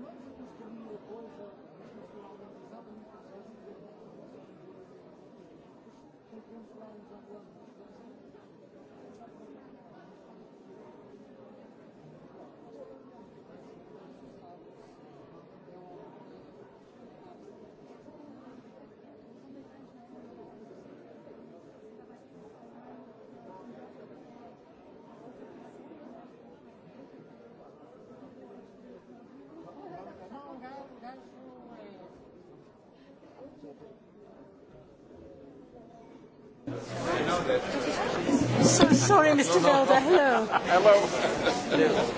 Thank you. sorry, Mr. Felder. Hello. Hello.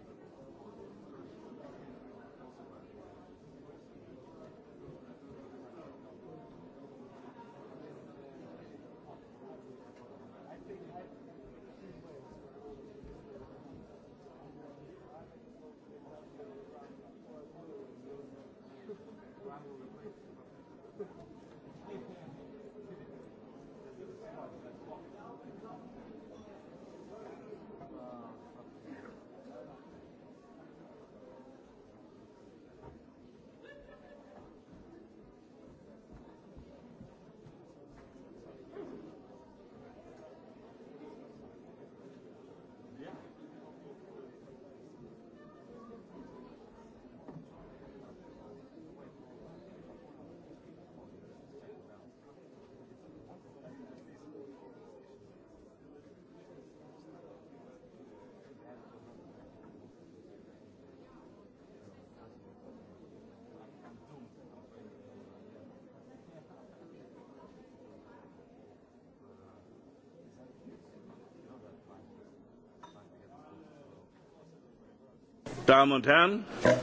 Dāmas un herri!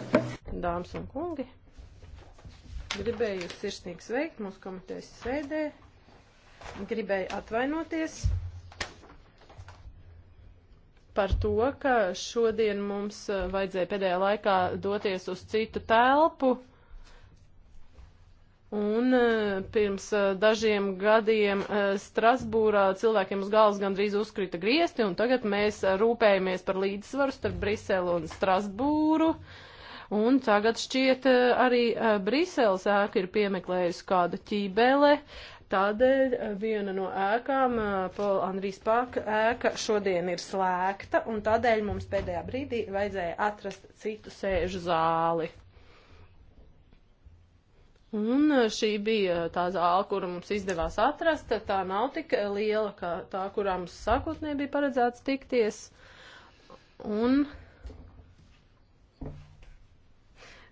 Dāmas un kungi! Gribēju jūs sirsnīgi sveikt mūsu komitejas sēdē. Gribēju atvainoties par to, ka šodien mums eh, vajadzēja pēdējā laikā doties uz citu telpu. Un e, pirms e, dažiem gadiem e, Strasbūrā cilvēkiem uz galvas gandrīz uzkrita griesti, un tagad mēs rūpējamies par līdzsvaru starp Briselu un Strasbūru. Un tagad šķiet arī Briseles ēka ir piemeklējusi kādu ķībele. Tādēļ viena no ēkām, Paul Andrīs Pāka ēka, šodien ir slēgta, un tādēļ mums pēdējā brīdī vajadzēja atrast citu sēžu zāli. Un e, šī bija tā zāle, kuru mums izdevās atrast. Tā nav tik liela, kā tā, kurā mums sākotnēji bija paredzēts tikties. Un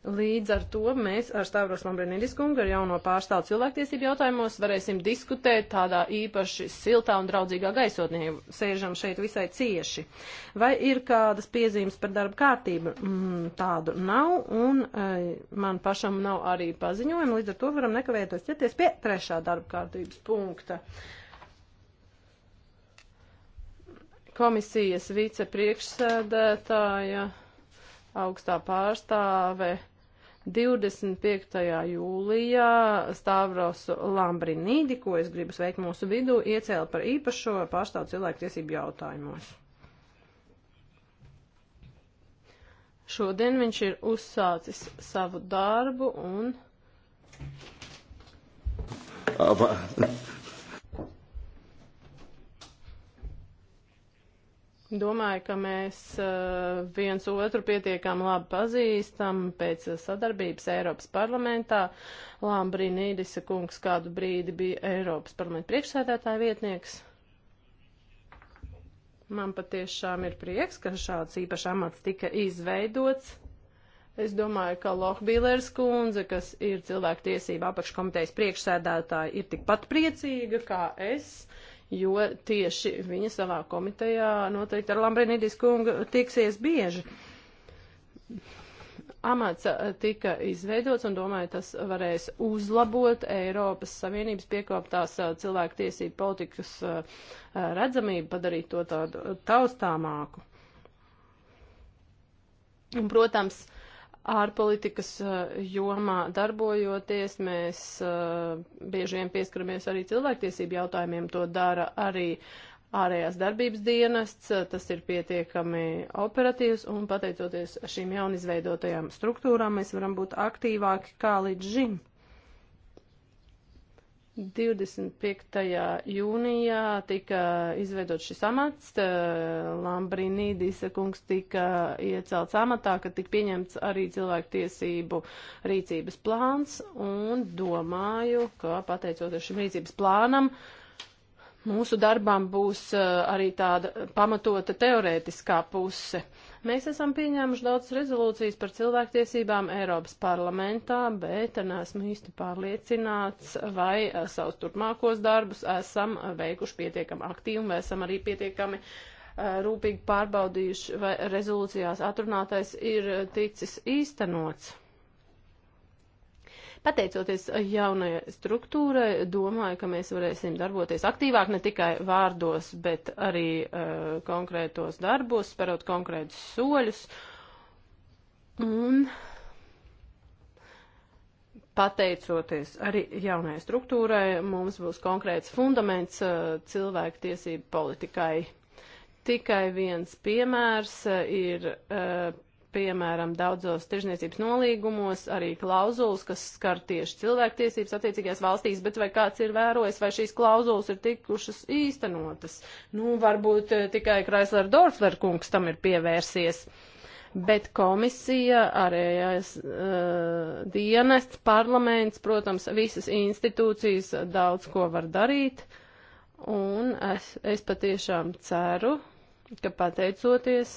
Līdz ar to mēs ar Stavros Lambrinidis kungu, ar jauno pārstāvu cilvēktiesību jautājumos, varēsim diskutēt tādā īpaši siltā un draudzīgā gaisotnē. Sēžam šeit visai cieši. Vai ir kādas piezīmes par darba kārtību? Mm, tādu nav, un e, man pašam nav arī paziņojumi, līdz ar to varam nekavētos ķerties pie trešā darba kārtības punkta. Komisijas vicepriekšsēdētāja augstā pārstāve 25. jūlijā Stavros Lambrinīdi, ko es gribu sveikt mūsu vidū, iecēla par īpašo pārstāvu cilvēktiesību jautājumos. Šodien viņš ir uzsācis savu darbu un. Aba. Domāju, ka mēs eh, viens otru pietiekam labi pazīstam pēc eh, sadarbības Eiropas parlamentā. Lambrinīdisa kungs kādu brīdi bija Eiropas parlamenta priekšsēdētāja vietnieks. Man patiešām ir prieks, ka šāds īpašs amats tika izveidots. Es domāju, ka Lohbīlers kundze, kas ir cilvēktiesība apakškomitejas priekšsēdētāja, ir tikpat priecīga kā es, jo tieši viņa savā komitejā noteikti ar Lambrinidis kungu tiksies bieži. Amats eh, tika izveidots un domāju, tas varēs uzlabot Eiropas Savienības piekoptās eh, cilvēku tiesību politikas eh, redzamību, padarīt to tādu taustāmāku. Un, protams, ārpolitikas eh, jomā darbojoties, mēs eh, bieži vien pieskaramies arī cilvēktiesību jautājumiem, to dara arī ārējās darbības dienests, tas ir pietiekami operatīvs, un pateicoties šīm jaunizveidotajām struktūrām, mēs varam būt aktīvāki kā līdz šim. 25. jūnijā tika izveidot šis amats, Lambrinīdis kungs tika iecelts amatā, kad tika pieņemts arī cilvēktiesību rīcības plāns, un domāju, ka pateicoties šim rīcības plānam, mūsu darbām būs arī tāda pamatota teorētiskā puse. Uh, Mēs esam pieņēmuši daudz rezolūcijas par cilvēktiesībām Eiropas parlamentā, bet neesmu īsti pārliecināts, vai eh, savus turpmākos darbus esam veikuši pietiekami aktīvi vai esam arī pietiekami eh, rūpīgi pārbaudījuši, vai rezolūcijās atrunātais ir eh, ticis īstenots. Pateicoties jaunajai struktūrai, domāju, ka mēs varēsim darboties aktīvāk ne tikai vārdos, bet arī uh, konkrētos darbos, sperot konkrētus soļus. Un pateicoties arī jaunajai struktūrai, mums būs konkrēts fundaments eh, cilvēku tiesību politikai. Tikai viens piemērs eh, ir piemēram, daudzos tirzniecības nolīgumos arī klauzulas, kas skar tieši cilvēktiesības attiecīgajās valstīs, bet vai kāds ir vērojis, vai šīs klauzulas ir tikušas īstenotas? Nu, varbūt eh, tikai Kreisler Dorfler kungs tam ir pievērsies. Bet komisija, arējais uh, dienests, parlaments, protams, visas institūcijas daudz ko var darīt. Un es, es patiešām ceru, ka pateicoties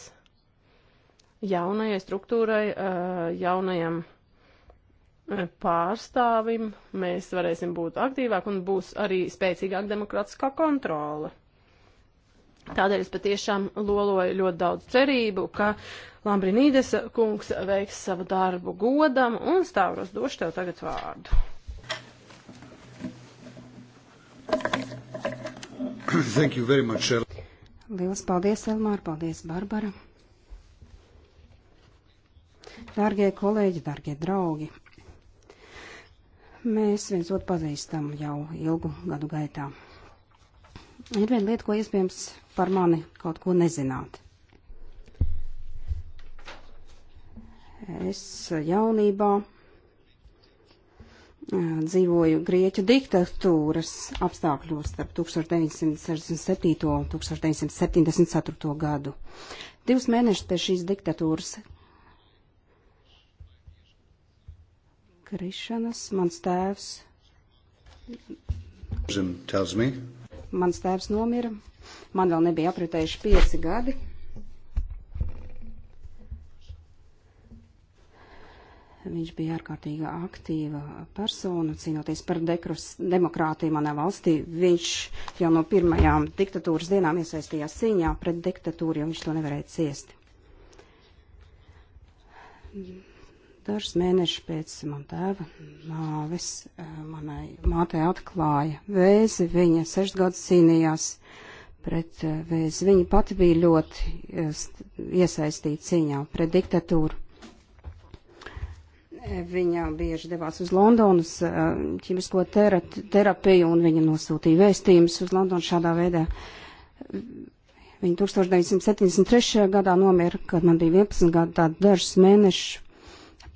jaunajai struktūrai, eh, jaunajam eh, pārstāvim, mēs varēsim būt aktīvāk un būs arī spēcīgāk demokrātiskā kontrole. Tādēļ es patiešām loloju ļoti daudz cerību, ka Lambrinīdes kungs veiks savu darbu godam un stāvros došu tev tagad vārdu. Thank you very much, Liels paldies, Elmār, paldies, Barbara. Dargie kolēģi, dargie draugi, mēs viens otru pazīstam jau ilgu gadu gaitā. Ir viena lieta, ko iespējams par mani kaut ko nezināt. Es jaunībā dzīvoju Grieķu diktatūras apstākļos starp 1967. un 1974. gadu. Divus mēnešus pēc šīs diktatūras krišanas mans tēvs. Mans tēvs nomira. Man vēl nebija apritējuši pieci gadi. Viņš bija ārkārtīgi aktīva persona, cīnoties par dekros, demokrātiju manā valstī. Viņš jau no pirmajām diktatūras dienām iesaistījās cīņā pret diktatūru, jo viņš to nevarēja ciest. Dažus mēnešus pēc man tēva nāves manai mātei atklāja vēzi, viņa sešas gadus cīnījās pret vēzi. Viņa pati bija ļoti iesaistīta cīņā pret diktatūru. Viņa bieži devās uz Londonas ķimisko terapiju un viņa nosūtīja vēstījumus uz Londonu šādā veidā. Viņa 1973. gadā nomira, kad man bija 11 gadu, tāda dažas mēnešas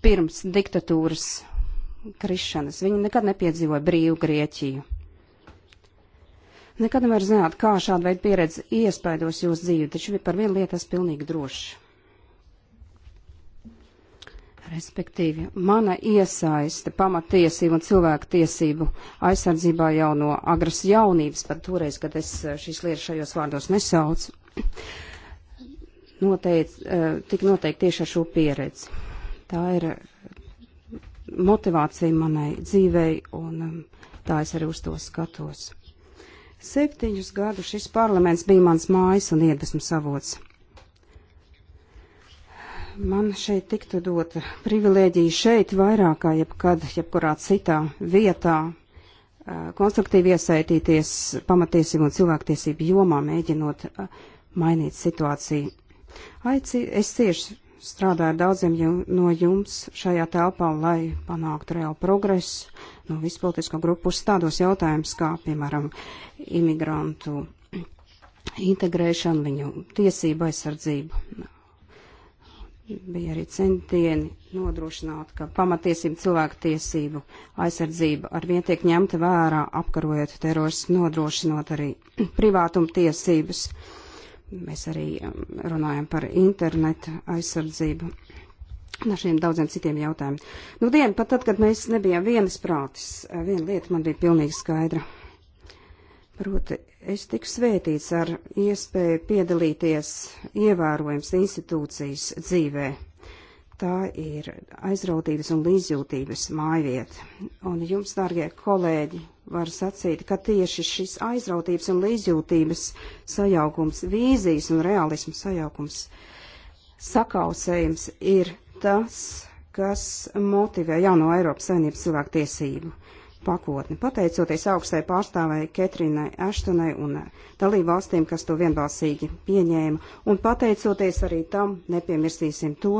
pirms diktatūras krišanas. Viņi nekad nepiedzīvoja brīvu Grieķiju. Nekad nevar zināt, kā šāda veida pieredze iespaidos jūsu dzīvi, taču par vienu lietu esmu pilnīgi droši. Respektīvi, mana iesaiste pamatiesību un cilvēku tiesību aizsardzībā jau no agras jaunības, pat toreiz, kad es eh, šīs lietas šajos vārdos nesaucu, noteic, eh, tik noteikti tieši ar šo pieredzi. Tā ir motivācija manai dzīvei, un um, tā es arī uz to skatos. Septiņus gadus šis parlaments bija mans mājas un iedvesmas avots. Man šeit tiktu dota privilēģija šeit vairāk kā jebkad, jebkurā citā vietā, uh, konstruktīvi iesaistīties pamatiesību un cilvēktiesību jomā, mēģinot uh, mainīt situāciju. Aici, es cieši strādāju ar daudziem jum, no jums šajā telpā, lai panāktu reālu progresu no vispolitisko grupu puses tādos jautājumus, kā, piemēram, imigrantu integrēšana, viņu tiesība aizsardzība. Bija arī centieni nodrošināt, ka pamatiesība cilvēku tiesību aizsardzība ar vien tiek ņemta vērā, apkarojot teroristu, nodrošinot arī privātumu tiesības Mēs arī um, runājam par internetu aizsardzību un ar šiem daudziem citiem jautājumiem. Nu, dien, pat tad, kad mēs nebijām vienas prātis, eh, viena lieta man bija pilnīgi skaidra. Proti, es tiku svētīts ar iespēju piedalīties ievērojams institūcijas dzīvē. Tā ir aizrautības un līdzjūtības mājvieta. Un jums, dārgie kolēģi, var sacīt, ka tieši šis aizrautības un līdzjūtības sajaukums, vīzijas un realismu sajaukums, sakausējums ir tas, kas motivē jauno Eiropas Savienības cilvēku tiesību pakotni. Pateicoties augstai pārstāvēji Ketrinai Ashtonai un dalību valstīm, kas to vienbalsīgi pieņēma, un pateicoties arī tam, nepiemirsīsim to,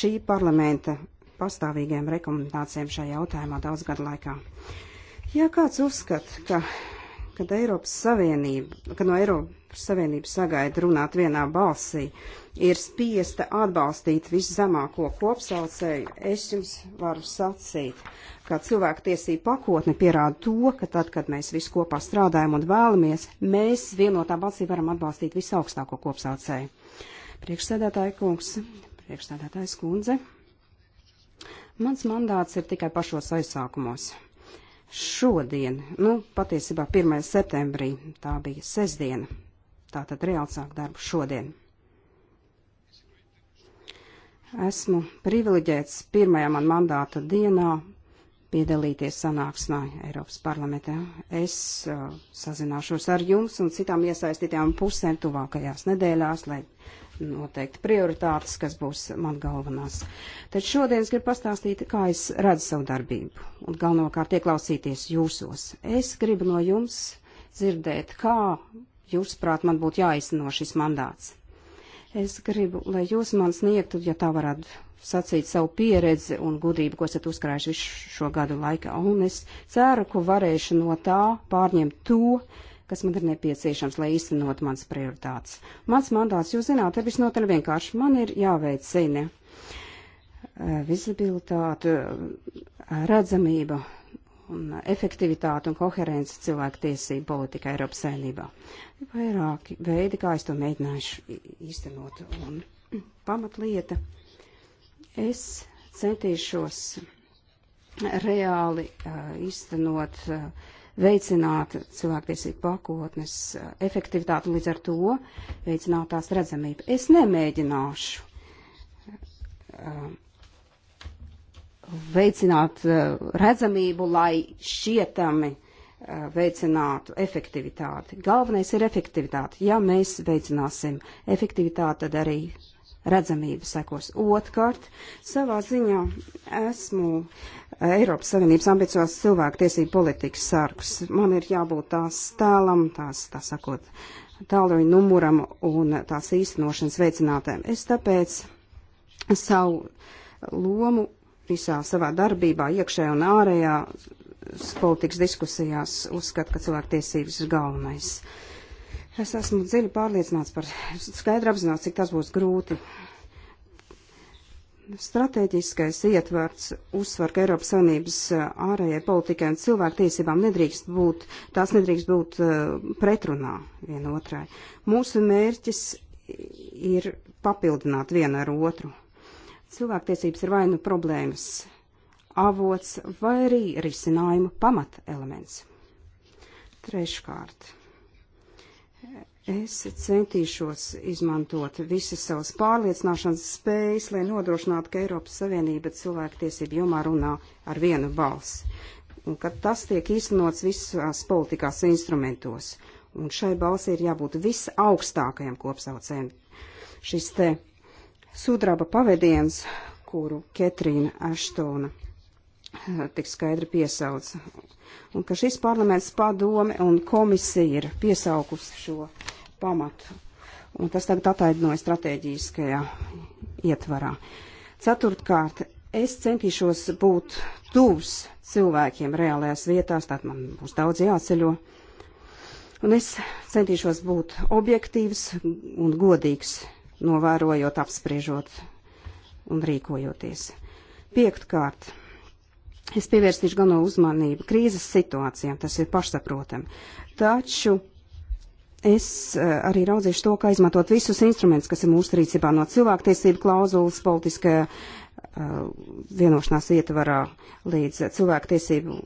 šī parlamenta pastāvīgajām rekomendācijām šajā jautājumā daudz gadu laikā. Ja kāds uzskata, ka, kad Eiropas Savienība, ka no Eiropas Savienības sagaida runāt vienā balsī, ir spiesta atbalstīt viszemāko kopsaucēju, es jums varu sacīt, ka cilvēktiesība pakotne pierāda to, ka tad, kad mēs visi kopā strādājam un vēlamies, mēs vienotā balsī varam atbalstīt visaugstāko kopsaucēju. Priekšsēdētāja kungs, priekšsēdētājs kundze, mans mandāts ir tikai pašos aizsākumos šodien, nu, patiesībā 1. septembrī, tā bija sestdiena, tā tad reāli sāk darbu šodien. Esmu privileģēts pirmajā man mandāta dienā piedalīties sanāksmā Eiropas parlamentā. Es uh, sazināšos ar jums un citām iesaistītām pusēm tuvākajās nedēļās, lai noteikti prioritātes, kas būs man galvenās. Tad šodien es gribu pastāstīt, kā es redzu savu darbību un galvenokārt ieklausīties jūsos. Es gribu no jums dzirdēt, kā jūs prāt man būtu jāizsno šis mandāts. Es gribu, lai jūs man sniegtu, ja tā varētu sacīt savu pieredzi un gudrību, ko esat uzkrājuši visu šo gadu laikā. Un es ceru, ka varēšu no tā pārņemt to, kas man ir nepieciešams, lai īstenot mans prioritātes. Mans mandāts, jūs zināt, ir visnotaļ vienkārši. Man ir jāveic zina eh, vizibilitāte, eh, redzamība un efektivitāte un koherence cilvēku tiesību politika Eiropas saimnībā. Ir vairāki veidi, kā es to mēģināšu īstenot. Un pamatlieta, es centīšos reāli uh, īstenot uh, veicināt cilvēktiesību pakotnes eh, efektivitāti un līdz ar to veicināt tās redzamību. Es nemēģināšu uh, veicināt uh, redzamību, lai šietami uh, veicinātu efektivitāti. Galvenais ir efektivitāte. Ja mēs veicināsim efektivitāti, tad arī redzamība sekos. Otkārt, savā ziņā esmu Eiropas Savienības ambiciozs cilvēku tiesību politikas sargs. Man ir jābūt tās tēlam, tās, tā sakot, tālruņa numuram un tās īstenošanas veicinātēm. Es tāpēc savu lomu visā savā darbībā, iekšējā un ārējā politikas diskusijās uzskatu, ka cilvēku tiesības ir galvenais. Es esmu dziļi pārliecināts par skaidru apzināts, cik tas būs grūti Stratēģiskais ietvarts uzsver, ka Eiropas Savienības eh, ārējai politikai un cilvēktiesībām nedrīkst būt, tās nedrīkst būt eh, pretrunā vienotrai. Mūsu mērķis ir papildināt vienu ar otru. Cilvēktiesības ir vai nu problēmas avots vai arī risinājuma pamata elements. Treškārt Es centīšos izmantot visas savas pārliecināšanas spējas, lai nodrošinātu, ka Eiropas Savienība cilvēktiesību jomā runā ar vienu balsi, un ka tas tiek īstenots visās politikās instrumentos. Un šai balsi ir jābūt visaugstākajam kopsaucējiem. Šis te sudraba pavadiens, kuru Ketrīna Aštona eh, tik skaidri piesauca, un ka šis parlaments padome un komisija ir piesaukusi šo pamatu. Un tas tagad ataidnoja strateģiskajā ietvarā. Ceturtkārt, es centīšos būt tuvs cilvēkiem reālajās vietās, tātad man būs daudz jāceļo. Un es centīšos būt objektīvs un godīgs, novērojot, apspriežot un rīkojoties. Piektkārt, es pievērstīšu galveno uzmanību krīzes situācijām, tas ir pašsaprotami. Taču es eh, arī raudzīšu to, kā izmantot visus instrumentus, kas ir mūsu rīcībā no cilvēktiesību klauzulas, politiskajā eh, vienošanās ietvarā līdz cilvēktiesību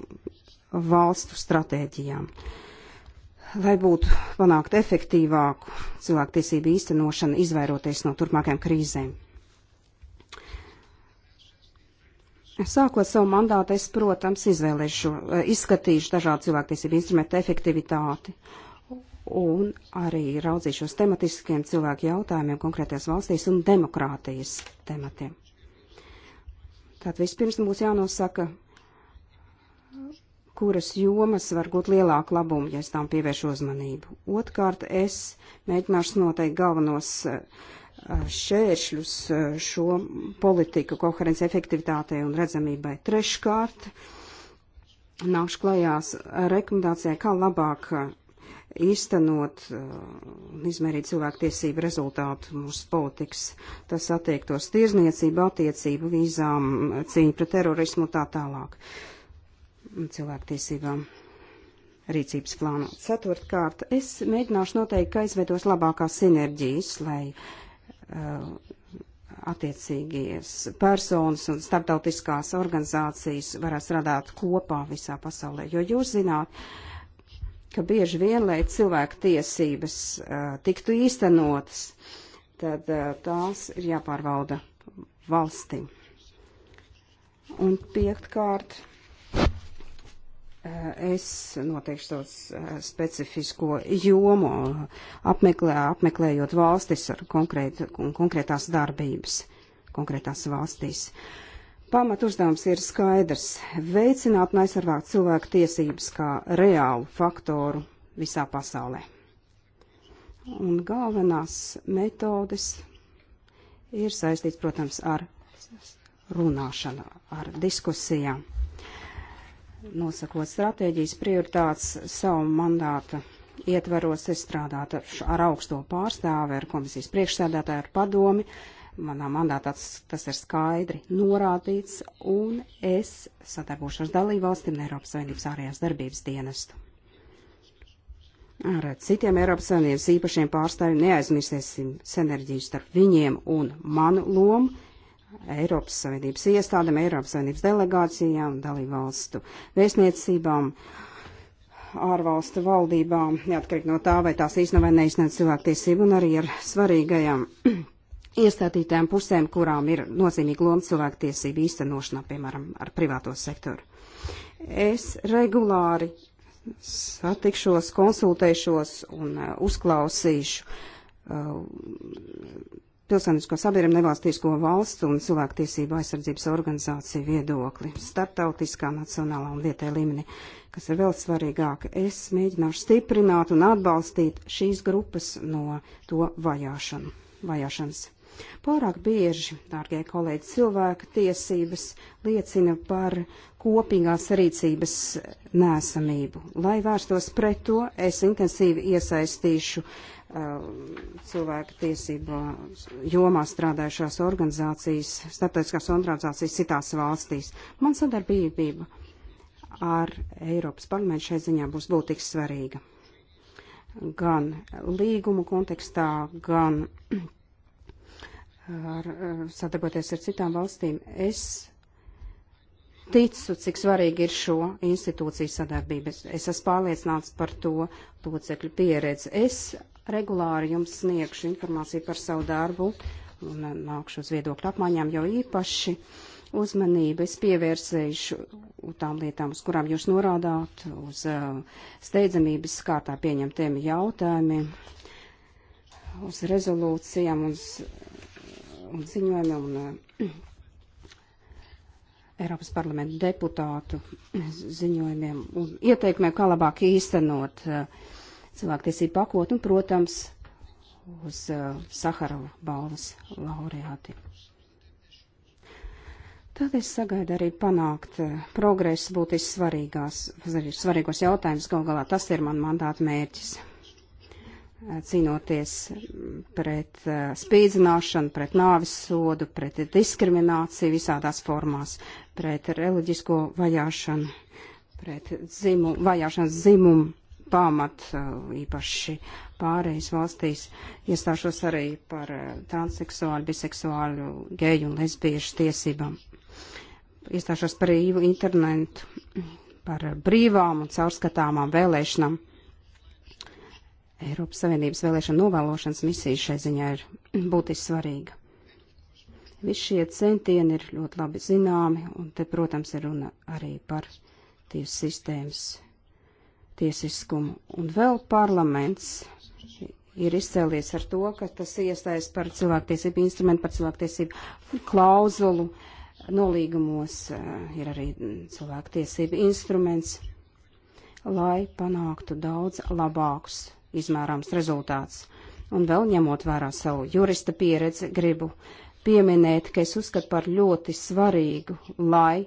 valstu stratēģijām. Lai būtu panākt efektīvāku cilvēktiesību īstenošanu, izvairoties no turpmākajām krīzēm. Sākot savu mandātu, es, protams, izvēlēšu, eh, izskatīšu dažādu cilvēktiesību instrumentu efektivitāti. Uh, un arī raudzīšos tematiskiem cilvēku jautājumiem konkrētajās valstīs un demokrātijas tematiem. Tātad vispirms mums jānosaka, kuras jomas var būt lielāka labuma, ja es tām pievēršu uzmanību. Otkārt, es mēģināšu noteikt galvenos eh, šēršļus eh, šo politiku koherence efektivitātei un redzamībai. Treškārt, nākšu klajās rekomendācijai, kā labāk īstenot uh, un izmērīt cilvēktiesību rezultātu mūsu politikas. Tas attiektos tirzniecību, attiecību, vīzām, cīņu pret terorismu un tā tālāk. Cilvēktiesībām rīcības plānā. Ceturtkārt, es mēģināšu noteikt, ka izveidos labākās sinerģijas, lai uh, attiecīgies personas un starptautiskās organizācijas varētu strādāt kopā visā pasaulē. Jo jūs zināt, uh, ka bieži vien, lai cilvēku tiesības uh, tiktu īstenotas, tad uh, tās ir jāpārvalda valstī. Un piektkārt, es noteikšu tos specifisko jomu, apmeklē, apmeklējot valstis ar konkrēt, konkrētās darbības, konkrētās valstīs. Uh, pamat uzdevums ir skaidrs - veicināt un aizsargāt cilvēku tiesības kā reālu faktoru visā pasaulē. Un galvenās metodes ir saistīts, protams, ar runāšanu, ar diskusijām, nosakot stratēģijas prioritātes savu mandātu ietvaros, es strādātu ar augsto pārstāvi, ar komisijas priekšsēdētāju, ar padomi, Manā mandātā tas ir skaidri norādīts, un es sadarbošos ar dalībvalstīm un Eiropas Savienības ārējās darbības dienestu. Ar citiem Eiropas Savienības īpašiem pārstāvjiem neaizmirsīsim sinerģiju starp viņiem un manu lomu. Eiropas Savienības iestādēm, Eiropas Savienības delegācijām, dalībvalstu vēstniecībām, ārvalstu valdībām, neatkarīgi no tā, vai tās īstenībā vai neizsniedz cilvēktiesību un arī ar svarīgajām iestātītēm pusēm, kurām ir nozīmīga loma cilvēktiesību īstenošanā, piemēram, ar privāto sektoru. Es regulāri satikšos, konsultēšos un uh, uzklausīšu uh, pilsonisko sabiedrību nevalstisko valstu un cilvēktiesību aizsardzības organizāciju viedokli starptautiskā, nacionālā un vietē līmenī, kas ir vēl svarīgāk. Es mēģināšu stiprināt un atbalstīt šīs grupas no to vajāšanu, vajāšanas. Pārāk bieži, dārgie kolēģi, cilvēka tiesības liecina par kopīgās rīcības nēsamību. Lai vērstos pret to, es intensīvi iesaistīšu um, cilvēku tiesību jomā strādājušās organizācijas, starptautiskās organizācijas citās valstīs. Man sadarbība ar Eiropas parlamentu šai ziņā būs būtiski svarīga. Gan līgumu kontekstā, gan ar, sadarboties ar citām valstīm. Es ticu, cik svarīgi ir šo institūciju sadarbība. Es esmu pārliecināts par to locekļu pieredzi. Es regulāri jums sniegšu informāciju par savu darbu un nākšu uz viedokļu apmaiņām, jo īpaši uzmanību es pievērsēšu tām lietām, uz kurām jūs norādāt, uz uh, steidzamības kārtā pieņemtiem jautājumiem, uz rezolūcijām, uz un ziņojumam un eh, Eiropas parlamenta deputātu ziņojumiem un ieteikumiem, kā labāk īstenot eh, cilvēktiesību pakot un, protams, uz eh, Saharovu balvas laureāti. Tad es sagaidu arī panākt progresu būtiski svarīgās, svarīgos jautājumus, gal galā tas ir man mandāta mērķis cīnoties pret eh, spīdzināšanu, pret nāvis sodu, pret diskrimināciju visādās formās, pret reliģisko vajāšanu, pret dzimu, vajāšanas dzimumu pamat, eh, īpaši pārējais valstīs. Iestāšos arī par eh, transseksuāļu, biseksuāļu, geju un lesbiešu tiesībām. Iestāšos par brīvu internetu, par brīvām un caurskatāmām vēlēšanām Eiropas Savienības vēlēšana novēlošanas misija šai ziņā ir būtiski svarīga. Visi šie centieni ir ļoti labi zināmi, un te, protams, ir runa arī par tiesu sistēmas tiesiskumu. Un vēl parlaments ir izcēlies ar to, ka tas iestājas par cilvēktiesību instrumentu, par cilvēktiesību klauzulu. Nolīgumos eh, ir arī mm, cilvēktiesība instruments, lai panāktu daudz labākus izmērāms rezultāts. Un vēl ņemot vērā savu jurista pieredzi, gribu pieminēt, ka es uzskatu par ļoti svarīgu, lai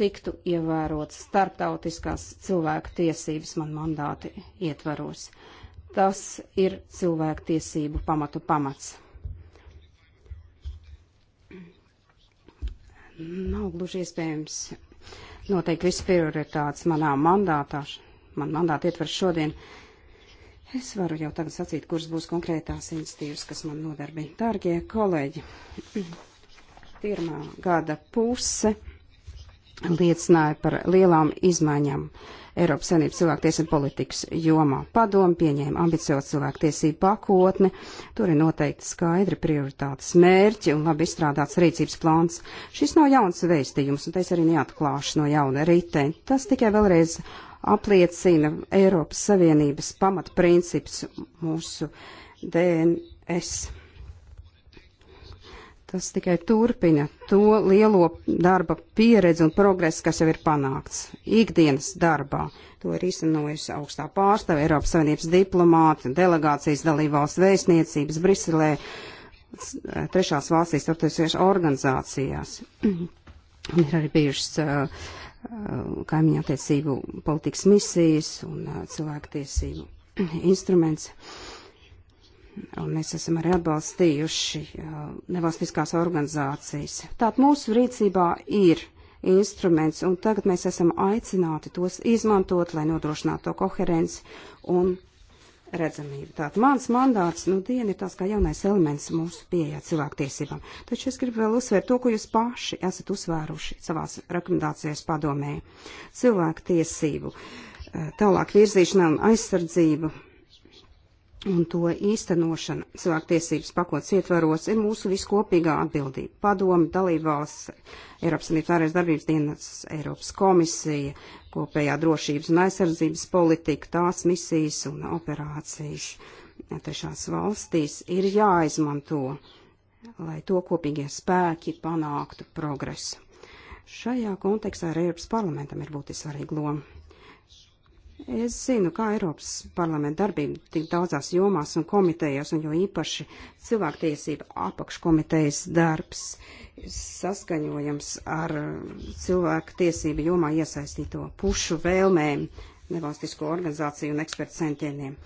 tiktu ievērot starptautiskās cilvēku tiesības man mandāti ietvaros. Tas ir cilvēku tiesību pamatu pamats. Nav gluži iespējams noteikt visu prioritātes manā mandātā. Man mandāti ietver šodien. Uh, Es varu jau tagad sacīt, kuras būs konkrētās institīvas, kas man nodarbina. Dārgie kolēģi, pirmā gada puse liecināja par lielām izmaiņām Eiropas Savienības cilvēktiesību politikas jomā. Padomu pieņēma ambiciozu cilvēktiesību pakotni, tur ir noteikti skaidri prioritātes mērķi un labi izstrādāts rīcības plāns. Šis nav jauns veistījums, un es arī neatklāšu no jauna rītē. Tas tikai vēlreiz apliecina Eiropas Savienības pamatprincips mūsu DNS. Tas tikai turpina to lielo darba pieredzi un progresu, kas jau ir panākts ikdienas darbā. To ir izcenojusi augstā pārstāve Eiropas Savienības diplomāti, delegācijas dalībvalsts vēstniecības Briselē, eh, trešās valstīs starptautiskajās organizācijās. Un ir arī bijušas uh, kaimiņu attiecību politikas misijas un cilvēktiesību instruments. Un mēs esam arī atbalstījuši nevalstiskās organizācijas. Tātad mūsu rīcībā ir instruments, un tagad mēs esam aicināti tos izmantot, lai nodrošinātu to koherenci un redzamību. Tātad mans mandāts, nu, diena ir tās kā jaunais elements mūsu pieejā cilvēktiesībām. Taču es gribu vēl uzsvērt to, ko jūs paši esat uzsvēruši savās rekomendācijās padomē. Cilvēktiesību, eh, tālāk virzīšana un aizsardzība un to īstenošana cilvēktiesības pakots ietvaros ir mūsu viskopīgā atbildība. Padomi, dalībvalsts, Eiropas Sanitārijas darbības dienas, Eiropas komisija, kopējā drošības un aizsardzības politika, tās misijas un operācijas trešās valstīs ir jāizmanto, lai to kopīgie spēki panāktu progresu. Šajā kontekstā ar Eiropas parlamentam ir būtiski svarīga loma. Es zinu, kā Eiropas parlamenta darbība tik daudzās jomās un komitejās, un jo īpaši cilvēktiesība apakškomitejas darbs saskaņojams ar cilvēktiesību jomā iesaistīto pušu vēlmēm, nevalstisko organizāciju un ekspertu centieniem.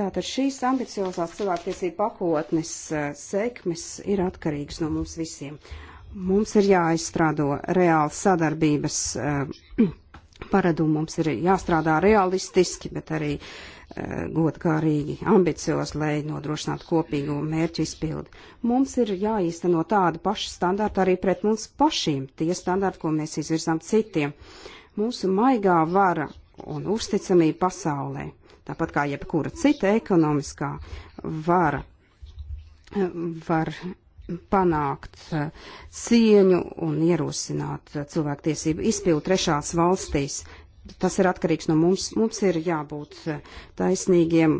Tātad šīs ambiciozās cilvēktiesība pakotnes eh, sekmes ir atkarīgas no mums visiem. Mums ir jāizstrādo reāls sadarbības uh, paradumu mums ir jāstrādā realistiski, bet arī uh, godkārīgi, ambiciozi, lai nodrošinātu kopīgu mērķu izpildi. Mums ir jāīsteno tādi paši standarti arī pret mums pašiem, tie standarti, ko mēs izvirzām citiem. Mūsu maigā vara un uzticamība pasaulē, tāpat kā jebkura cita ekonomiskā vara, var panākt e, cieņu un ierosināt e, cilvēktiesību izpildu trešās valstīs. Tas ir atkarīgs no mums. Mums ir jābūt e, taisnīgiem.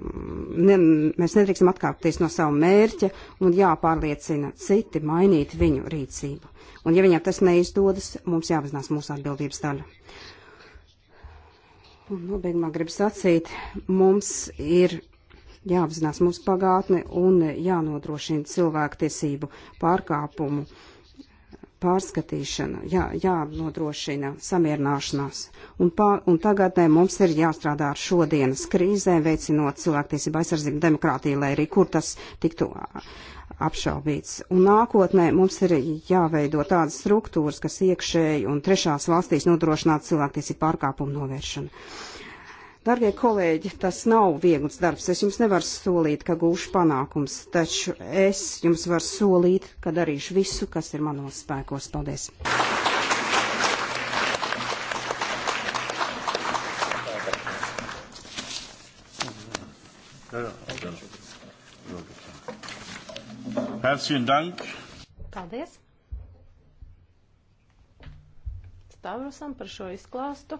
Ne, mēs nedrīkstam atkāpties no savu mērķa un jāpārliecina citi mainīt viņu rīcību. Un ja viņam tas neizdodas, mums jāapzinās mūsu atbildības daļa. Un nobeigumā gribu sacīt, mums ir jāapzinās mūsu pagātne un jānodrošina cilvēktiesību pārkāpumu pārskatīšana, jā, jānodrošina samierināšanās. Un, pār, un tagadnē mums ir jāstrādā ar šodienas krīzēm, veicinot cilvēktiesību aizsardzību demokrātiju, lai arī kur tas tiktu apšaubīts. Un nākotnē mums ir jāveido tādas struktūras, kas iekšēji un trešās valstīs nodrošinātu cilvēktiesību pārkāpumu novēršanu. Dargie kolēģi, tas nav viegls darbs. Es jums nevaru solīt, ka gūšu panākums, taču es jums varu solīt, ka darīšu visu, kas ir manos spēkos. Paldies! Herzlichen Dank. Paldies. Stavrosam par šo izklāstu.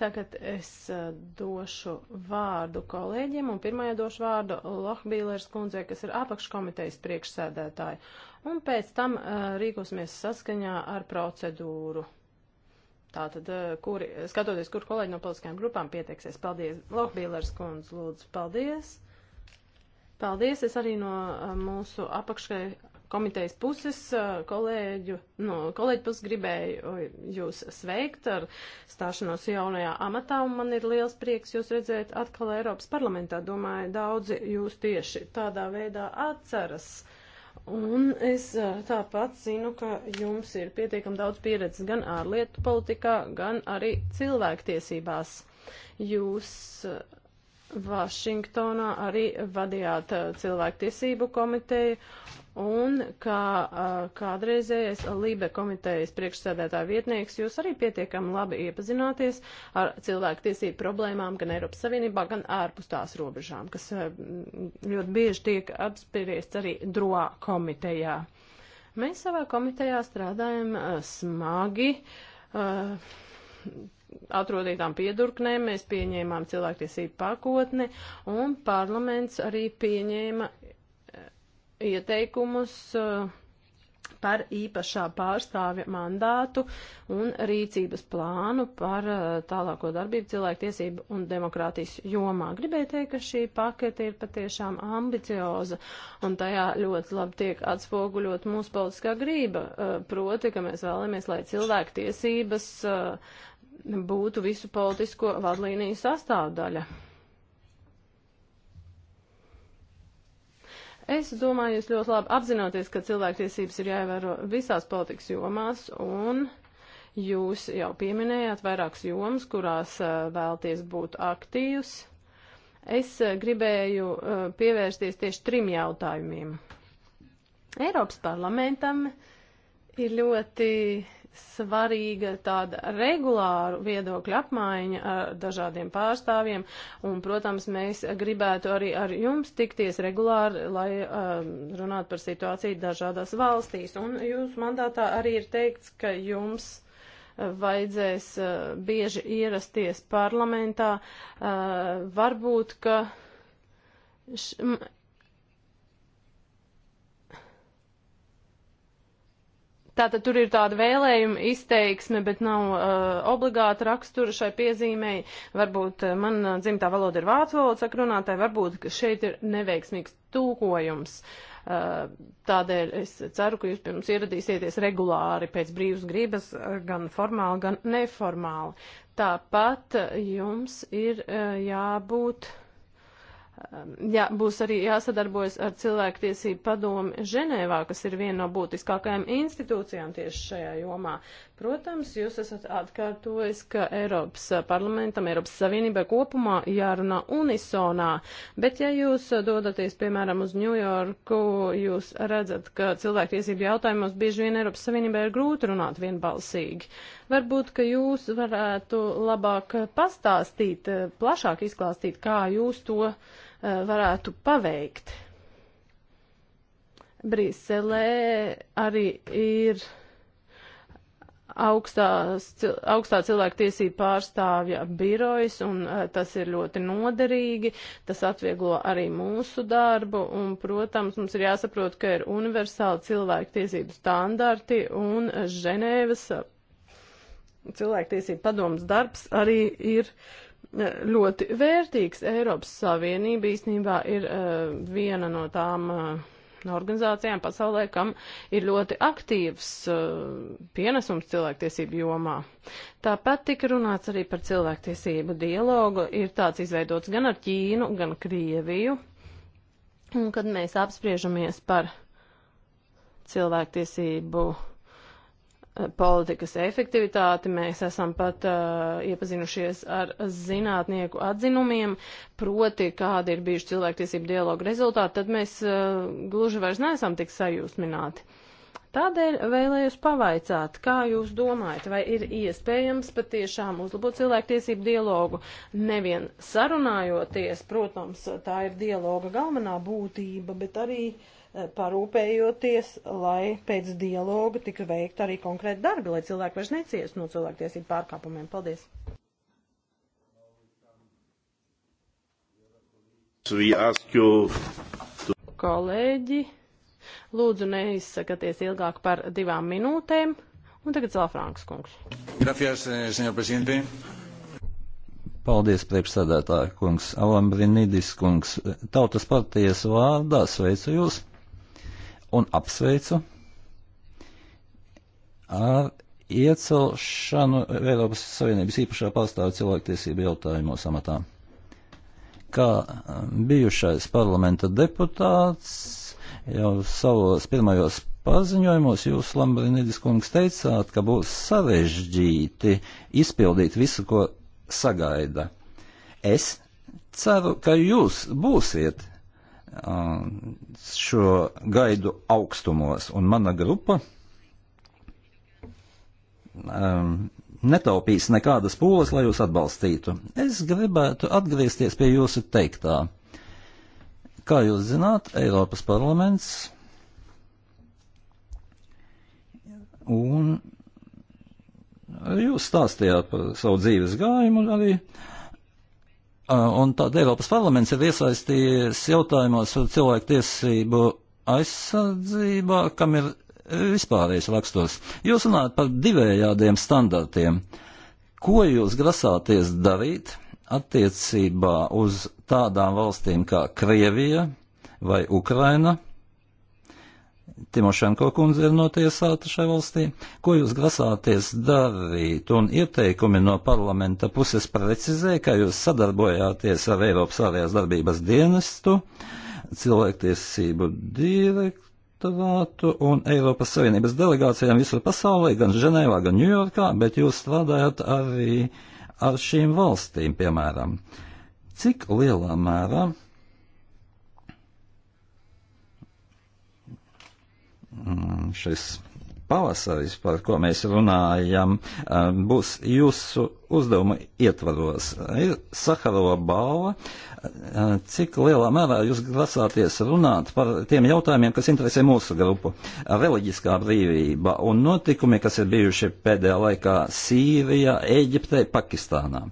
Tagad es uh, došu vārdu kolēģiem, un pirmajā došu vārdu Lohbīlers kundzei, kas ir apakškomitejas priekšsēdētāja. Un pēc tam uh, rīkosimies saskaņā ar procedūru. Tātad, uh, kuri, skatoties, kur kolēģi no politiskajām grupām pieteiksies. Paldies, Lohbīlers kundz, lūdzu, paldies. Paldies, es arī no mūsu apakškai, komitejas puses kolēģu, no nu, kolēģi puses gribēju jūs sveikt ar stāšanos jaunajā amatā, un man ir liels prieks jūs redzēt atkal Eiropas parlamentā. Domāju, daudzi jūs tieši tādā veidā atceras. Un es tāpat zinu, ka jums ir pietiekam daudz pieredzes gan ārlietu politikā, gan arī cilvēktiesībās. Jūs Vašingtonā arī vadījāt cilvēktiesību komiteju Un kā kādreizējais Lībe komitejas priekšsēdētāja vietnieks, jūs arī pietiekami labi iepazināties ar cilvēku tiesību problēmām gan Eiropas Savienībā, gan ārpus tās robežām, kas ļoti bieži tiek apspriests arī droā komitejā. Mēs savā komitejā strādājam smagi. Uh, atrodītām piedurknēm mēs pieņēmām cilvēktiesību pakotni, un parlaments arī pieņēma ieteikumus eh, par īpašā pārstāvja mandātu un rīcības plānu par eh, tālāko darbību cilvēktiesību un demokrātijas jomā. Gribēju teikt, ka šī pakete ir patiešām ambicioza un tajā ļoti labi tiek atspoguļot mūsu politiskā grība, eh, proti, ka mēs vēlamies, lai cilvēktiesības būtu visu politisko vadlīniju sastāvdaļa. Es domāju, jūs ļoti labi apzināties, ka cilvēktiesības ir jāievēro visās politikas jomās, un jūs jau pieminējāt vairākas jomas, kurās eh, vēlties būt aktīvs. Es eh, gribēju eh, pievērsties tieši trim jautājumiem. Eiropas parlamentam ir ļoti svarīga tāda regulāra viedokļa apmaiņa ar dažādiem pārstāvjiem, un, protams, mēs gribētu arī ar jums tikties regulāri, lai um, runātu par situāciju dažādās valstīs. Un jūsu mandātā arī ir teikts, ka jums uh, vajadzēs uh, bieži ierasties parlamentā, uh, varbūt, ka. Š, Tātad tur ir tāda vēlējuma izteiksme, bet nav uh, obligāta rakstura šai piezīmei. Varbūt uh, man uh, dzimtā valoda ir vācu valoda, saka runātāji, varbūt šeit ir neveiksmīgs tūkojums. Uh, tādēļ es ceru, ka jūs pie mums ieradīsieties regulāri pēc brīvas gribas, uh, gan formāli, gan neformāli. Tāpat uh, jums ir uh, jābūt. Uh, Um, jā, būs arī jāsadarbojas ar cilvēktiesību padomu Ženēvā, kas ir viena no būtiskākajām institūcijām tieši šajā jomā. Protams, jūs esat atkārtojis, ka Eiropas parlamentam, Eiropas Savienībai kopumā jārunā unisonā, bet ja jūs dodaties, piemēram, uz Ņujorku, jūs redzat, ka cilvēktiesību jautājumos bieži vien Eiropas Savienībai ir grūti runāt vienbalsīgi. Varbūt, ka jūs varētu labāk pastāstīt, plašāk izklāstīt, kā jūs to uh, Uh, varētu paveikt. Brīselē arī ir augstās, augstā cilvēktiesība pārstāvja birojas, un uh, tas ir ļoti noderīgi, tas atvieglo arī mūsu darbu, un, protams, mums ir jāsaprot, ka ir universāli cilvēktiesību standarti, un Ženēvas uh, cilvēktiesība padomas darbs arī ir uh, ļoti vērtīgs. Eiropas Savienība īstenībā ir uh, viena no tām uh, organizācijām pasaulē, kam ir ļoti aktīvs uh, pienesums cilvēktiesību jomā. Tāpat tika runāts arī par cilvēktiesību dialogu. Ir tāds izveidots gan ar Ķīnu, gan Krieviju. Un kad mēs apspriežamies par cilvēktiesību politikas efektivitāti. Mēs esam pat uh, iepazinušies ar zinātnieku atzinumiem, proti, kādi ir bijuši cilvēktiesību dialogu rezultāti, tad mēs uh, gluži vairs neesam tik sajūsmināti. Tādēļ vēlējos pavaicāt, kā jūs domājat, vai ir iespējams patiešām uzlabot cilvēktiesību dialogu, nevien sarunājoties, protams, tā ir dialoga galvenā būtība, bet arī uh, Eh, parūpējoties, lai pēc dialoga tiktu veikt arī konkrēti darbi, lai cilvēki vairs neciest no cilvēktiesību pārkāpumiem. Paldies! To... Kolēģi, lūdzu neizsakaties ilgāk par divām minūtēm. Un tagad Zalfrānks kungs. Gracias, eh, senjor presidente. Paldies, priekšsēdētāja kungs, Alambrinidis kungs. Eh, tautas partijas vārdā sveicu jūs un apsveicu ar iecelšanu Eiropas Savienības īpašā pārstāvja cilvēktiesību jautājumos amatā. Kā bijušais parlamenta deputāts jau savos pirmajos paziņojumos jūs, Lambrinidis kungs, teicāt, ka būs sarežģīti izpildīt visu, ko sagaida. Es ceru, ka jūs būsiet šo gaidu augstumos, un mana grupa um, netaupīs nekādas pūles, lai jūs atbalstītu. Es gribētu atgriezties pie jūsu teiktā. Kā jūs zināt, Eiropas parlaments un jūs stāstījāt par savu dzīves gājumu arī. Uh, Un tad Eiropas parlaments ir iesaistījies jautājumos par cilvēku tiesību aizsardzībā, kam ir vispārējais raksturs. Jūs runājat par divējādiem standartiem. Ko jūs grasāties darīt attiecībā uz tādām valstīm kā Krievija vai Ukraina? Timošenko kundze ir notiesāta šai valstī. Ko jūs grasāties darīt? Un ieteikumi no parlamenta puses precizē, ka jūs sadarbojāties ar Eiropas ārējās darbības dienestu, cilvēktiesību direktu direktorātu un Eiropas Savienības delegācijām visur pasaulē, gan Ženēvā, gan Ņujorkā, bet jūs strādājat arī ar šīm valstīm, piemēram. Cik lielā mērā Mm, šis pavasaris, par ko mēs runājam, eh, būs jūsu uzdevuma ietvaros. Ir eh, Sakarova balva, eh, cik lielā mērā jūs grasāties runāt par tiem jautājumiem, kas interesē mūsu grupu - reliģiskā brīvība un notikumi, kas ir bijuši pēdējā laikā Sīrijā, Eģiptē, Pakistānā.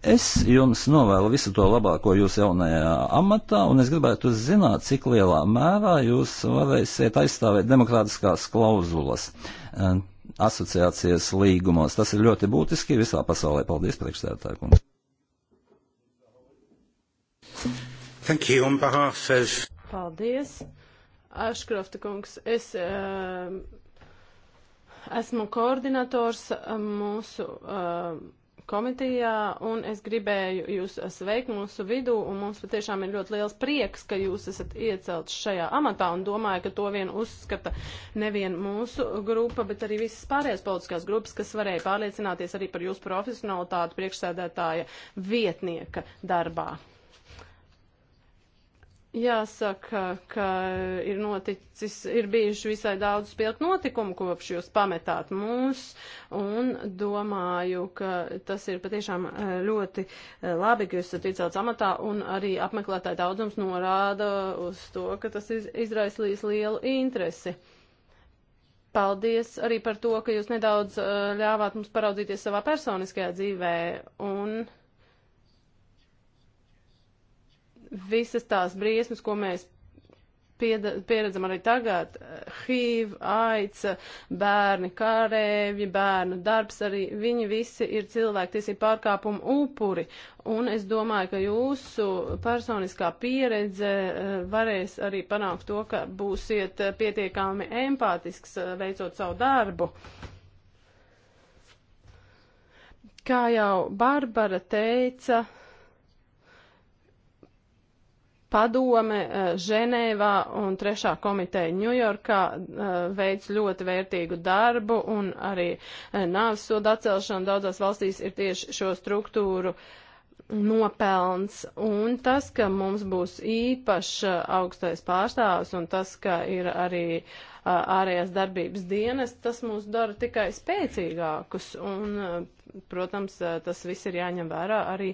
Es jums novēlu visu to labāko jūsu jaunajā amatā, un es gribētu zināt, cik lielā mērā jūs varēsiet aizstāvēt demokrātiskās klauzulas eh, asociācijas līgumos. Tas ir ļoti būtiski visā pasaulē. Paldies, priekšstādātāji kungs. Thank you on behalf of... Paldies. Aškrofta kungs, es. Uh, Esmu koordinators eh, mūsu uh, komitejā, un es gribēju jūs sveikt mūsu vidū, un mums patiešām ir ļoti liels prieks, ka jūs esat iecelts šajā amatā, un domāju, ka to vien uzskata nevien mūsu grupa, bet arī visas pārējās politiskās grupas, kas varēja pārliecināties arī par jūsu profesionalitāti priekšsēdētāja vietnieka darbā. Jāsaka, ka ir noticis, ir bijuši visai daudz spilgt notikumu, kopš jūs pametāt mūs, un domāju, ka tas ir patiešām eh, ļoti eh, labi, ka jūs esat iecelts amatā, un arī apmeklētāji daudzums norāda uz to, ka tas izraisīs lielu interesi. Paldies arī par to, ka jūs nedaudz eh, ļāvāt mums paraudzīties savā personiskajā dzīvē, un visas tās briesmas, ko mēs pieredzam arī tagad, HIV, AIDS, bērni kārēvi, bērnu darbs, arī viņi visi ir cilvēktiesību pārkāpumu upuri. Un es domāju, ka jūsu personiskā pieredze eh, varēs arī panākt to, ka būsiet eh, pietiekami empātisks eh, veicot savu darbu. Kā jau Barbara teica, padome eh, Ženēvā un trešā komiteja Ņujorkā eh, veids ļoti vērtīgu darbu un arī eh, nāves soda atcelšana daudzās valstīs ir tieši šo struktūru nopelns un tas, ka mums būs īpaša augstais pārstāvs un tas, ka ir arī uh, ārējās darbības dienas, tas mūs dara tikai spēcīgākus. Un, protams, tas viss ir jāņem vērā arī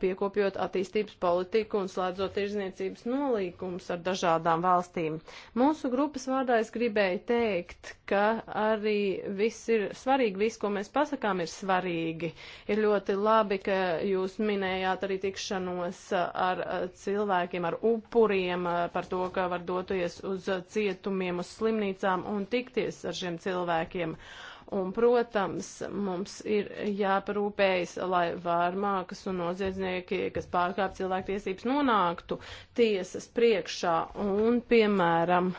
piekopjot attīstības politiku un slēdzot tirzniecības nolīkumus ar dažādām valstīm. Mūsu grupas vārdā es gribēju teikt, ka arī viss ir svarīgi, viss, ko mēs pasakām, ir svarīgi. Ir ļoti labi, ka jūs minējāt arī tikšanos ar cilvēkiem, ar upuriem par to, ka var doties uz cietumiem, uz slimībām slimnīcām un tikties ar šiem cilvēkiem. Un, protams, mums ir jāparūpējas, lai vārmākas un noziedznieki, kas pārkāp cilvēktiesības, nonāktu tiesas priekšā un, piemēram,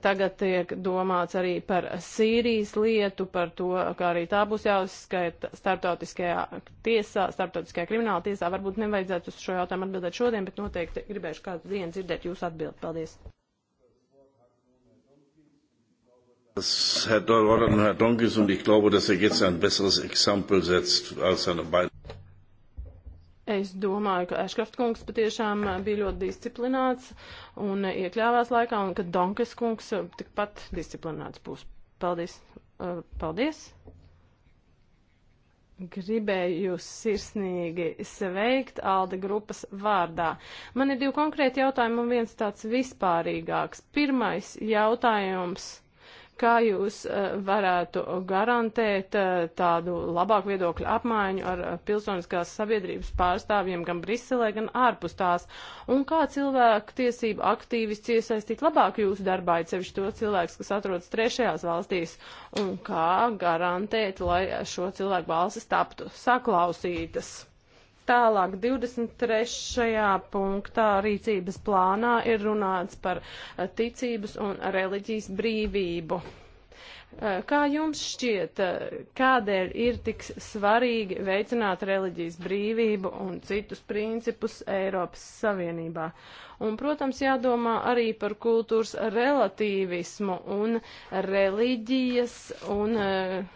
Tagad tiek domāts arī par Sīrijas lietu, par to, kā arī tā būs jāuzskaita starptautiskajā tiesā, starptautiskajā krimināla tiesā. Varbūt nevajadzētu uz šo jautājumu atbildēt šodien, bet noteikti gribēšu kādu dienu dzirdēt jūsu atbildi. Paldies! Das Herr Rodan und Herr Donkis und ich glaube, dass er jetzt ein besseres Exempel setzt als seine beiden. Es domāju, ka Eškraft kungs patiešām bija ļoti disciplināts un iekļāvās laikā, un ka Donkis kungs tikpat disciplināts būs. Paldies! Uh, paldies! Gribēju jūs sirsnīgi sveikt Alde grupas vārdā. Man ir divi konkrēti jautājumi un viens tāds vispārīgāks. Pirmais jautājums Kā jūs eh, varētu garantēt eh, tādu labāku viedokļu apmaiņu ar eh, pilsoniskās sabiedrības pārstāvjiem gan Briselē, gan ārpus tās? Un kā cilvēku tiesību aktīvists iesaistīt labāk jūsu darbā, it sevišķi to cilvēks, kas atrodas trešajās valstīs? Un kā garantēt, lai šo cilvēku balsis taptu saklausītas? Tālāk 23. punktā rīcības plānā ir runāts par eh, ticības un reliģijas brīvību. Eh, kā jums šķiet, eh, kādēļ ir tik svarīgi veicināt reliģijas brīvību un citus principus Eiropas Savienībā? Un, protams, jādomā arī par kultūras relativismu un reliģijas un uh,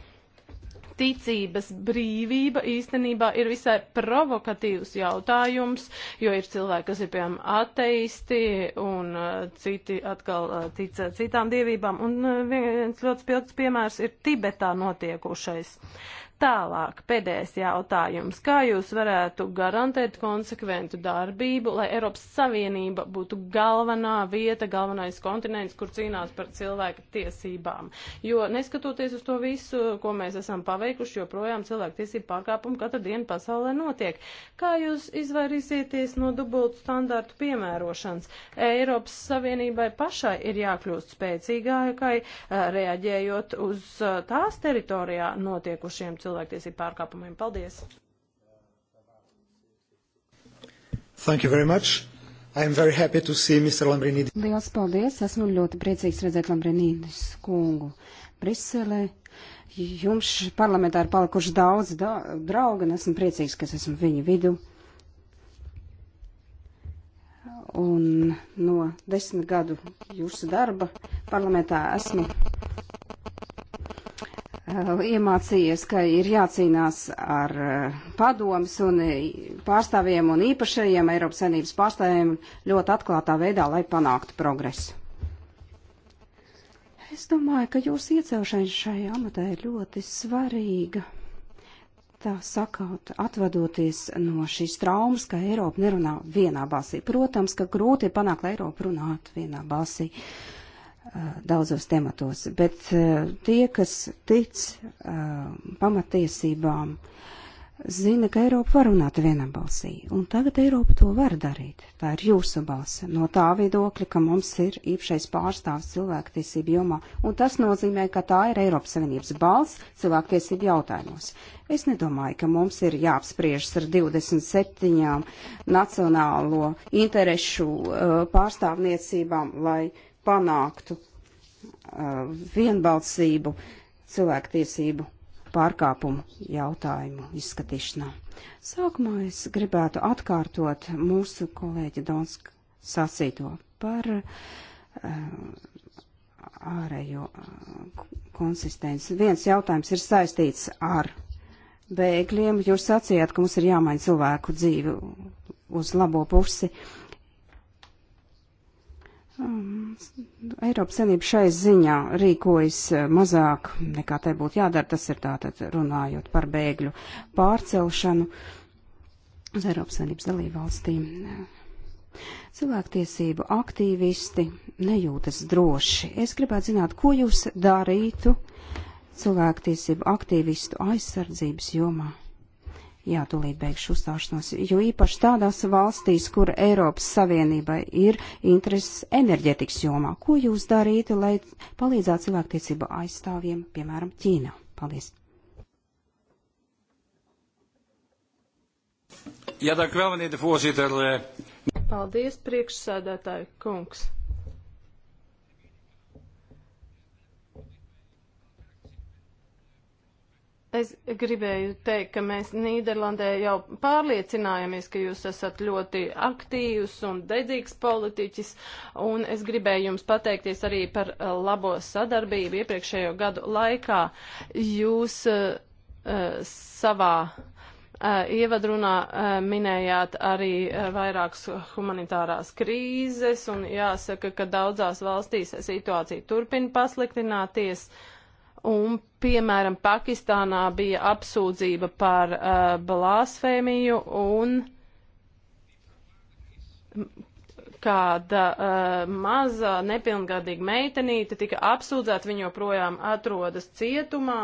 ticības brīvība īstenībā ir visai provokatīvs jautājums, jo ir cilvēki, kas ir piemēram ateisti un uh, citi atkal uh, tic uh, citām dievībām. Un viens ļoti spilgts piemērs ir Tibetā notiekušais. Tālāk, pēdējais jautājums. Kā jūs varētu garantēt konsekventu darbību, lai Eiropas Savienība būtu galvenā vieta, galvenais kontinents, kur cīnās par cilvēku tiesībām? Jo neskatoties uz to visu, ko mēs esam paveikuši, joprojām cilvēku tiesību pārkāpumu katru dienu pasaulē notiek. Kā jūs izvairīsieties no dubultu standārtu piemērošanas? Eiropas Savienībai pašai ir jākļūst spēcīgākai, eh, reaģējot uz eh, tās teritorijā notiekušiem cilvēkiem cilvēktiesību pārkāpumiem. Paldies! Thank you very much. I am very happy to see Mr. Lambrinidis. Liels paldies! Esmu ļoti priecīgs redzēt Lambrinidis kungu Briselē. Jums parlamentā ir palikuši daudz da draugi, un esmu priecīgs, ka esmu viņu vidu un no desmit gadu jūsu darba parlamentā esmu Uh, iemācījies, ka ir jācīnās ar uh, padomus un uh, pārstāvjiem un īpašajiem Eiropas Savienības pārstāvjiem ļoti atklātā veidā, lai panāktu progresu. Es domāju, ka jūsu iecelšana šajā amatā ir ļoti svarīga. Tā sakot, atvadoties no šīs traumas, ka Eiropa nerunā vienā balsī. Protams, ka grūti ir panākt, lai Eiropa runātu vienā balsī. Uh, daudzos tematos, bet tie, kas tic pamatiesībām, zina, ka Eiropa var runāt vienam balsī, un tagad Eiropa to var darīt. Tā ir jūsu balss, no tā viedokļa, ka mums ir īpašais pārstāvs cilvēktiesību jomā, un tas nozīmē, ka tā ir Eiropas Savienības balss cilvēktiesību jautājumos. Es nedomāju, ka mums ir jāapspriežas ar 27 nacionālo interešu uh, pārstāvniecībām, lai panāktu uh, vienbalsību cilvēktiesību pārkāpumu jautājumu izskatīšanā. Sākumā es gribētu atkārtot mūsu kolēģi Donska sacīto par uh, ārējo uh, konsistenci. Viens jautājums ir saistīts ar bēgļiem. Jūs sacījāt, ka mums ir jāmaina cilvēku dzīvi uz labo pusi. Um, Eiropas Savienība šai ziņā rīkojas uh, mazāk nekā tai būtu jādara. Tas ir tātad runājot par bēgļu pārcelšanu uz Eiropas Savienības dalībvalstīm. Cilvēktiesību aktīvisti nejūtas droši. Es gribētu zināt, ko jūs darītu cilvēktiesību aktīvistu aizsardzības jomā. Jā, tūlīt beigšu uzstāšanos, jo īpaši tādās valstīs, kur Eiropas Savienībai ir intereses enerģetikas jomā. Ko jūs darītu, lai palīdzētu cilvēktiesību aizstāvjiem, piemēram, Ķīnā? Paldies! Ja, dank vēl, meneer de voorzitter. Eh, Paldies, priekšsēdētāji kungs. Es gribēju teikt, ka mēs Nīderlandē jau pārliecinājāmies, ka jūs esat ļoti aktīvs un dedzīgs politiķis, un es gribēju jums pateikties arī par uh, labo sadarbību iepriekšējo gadu laikā. Jūs uh, uh savā uh, ievadrunā uh, minējāt arī uh, vairākas humanitārās krīzes, un jāsaka, ka daudzās valstīs situācija turpina pasliktināties. Uh, Un, piemēram, Pakistānā bija apsūdzība par uh, blasfēmiju un kāda uh, maza nepilngadīga meitenīte tika apsūdzēta, viņa joprojām atrodas cietumā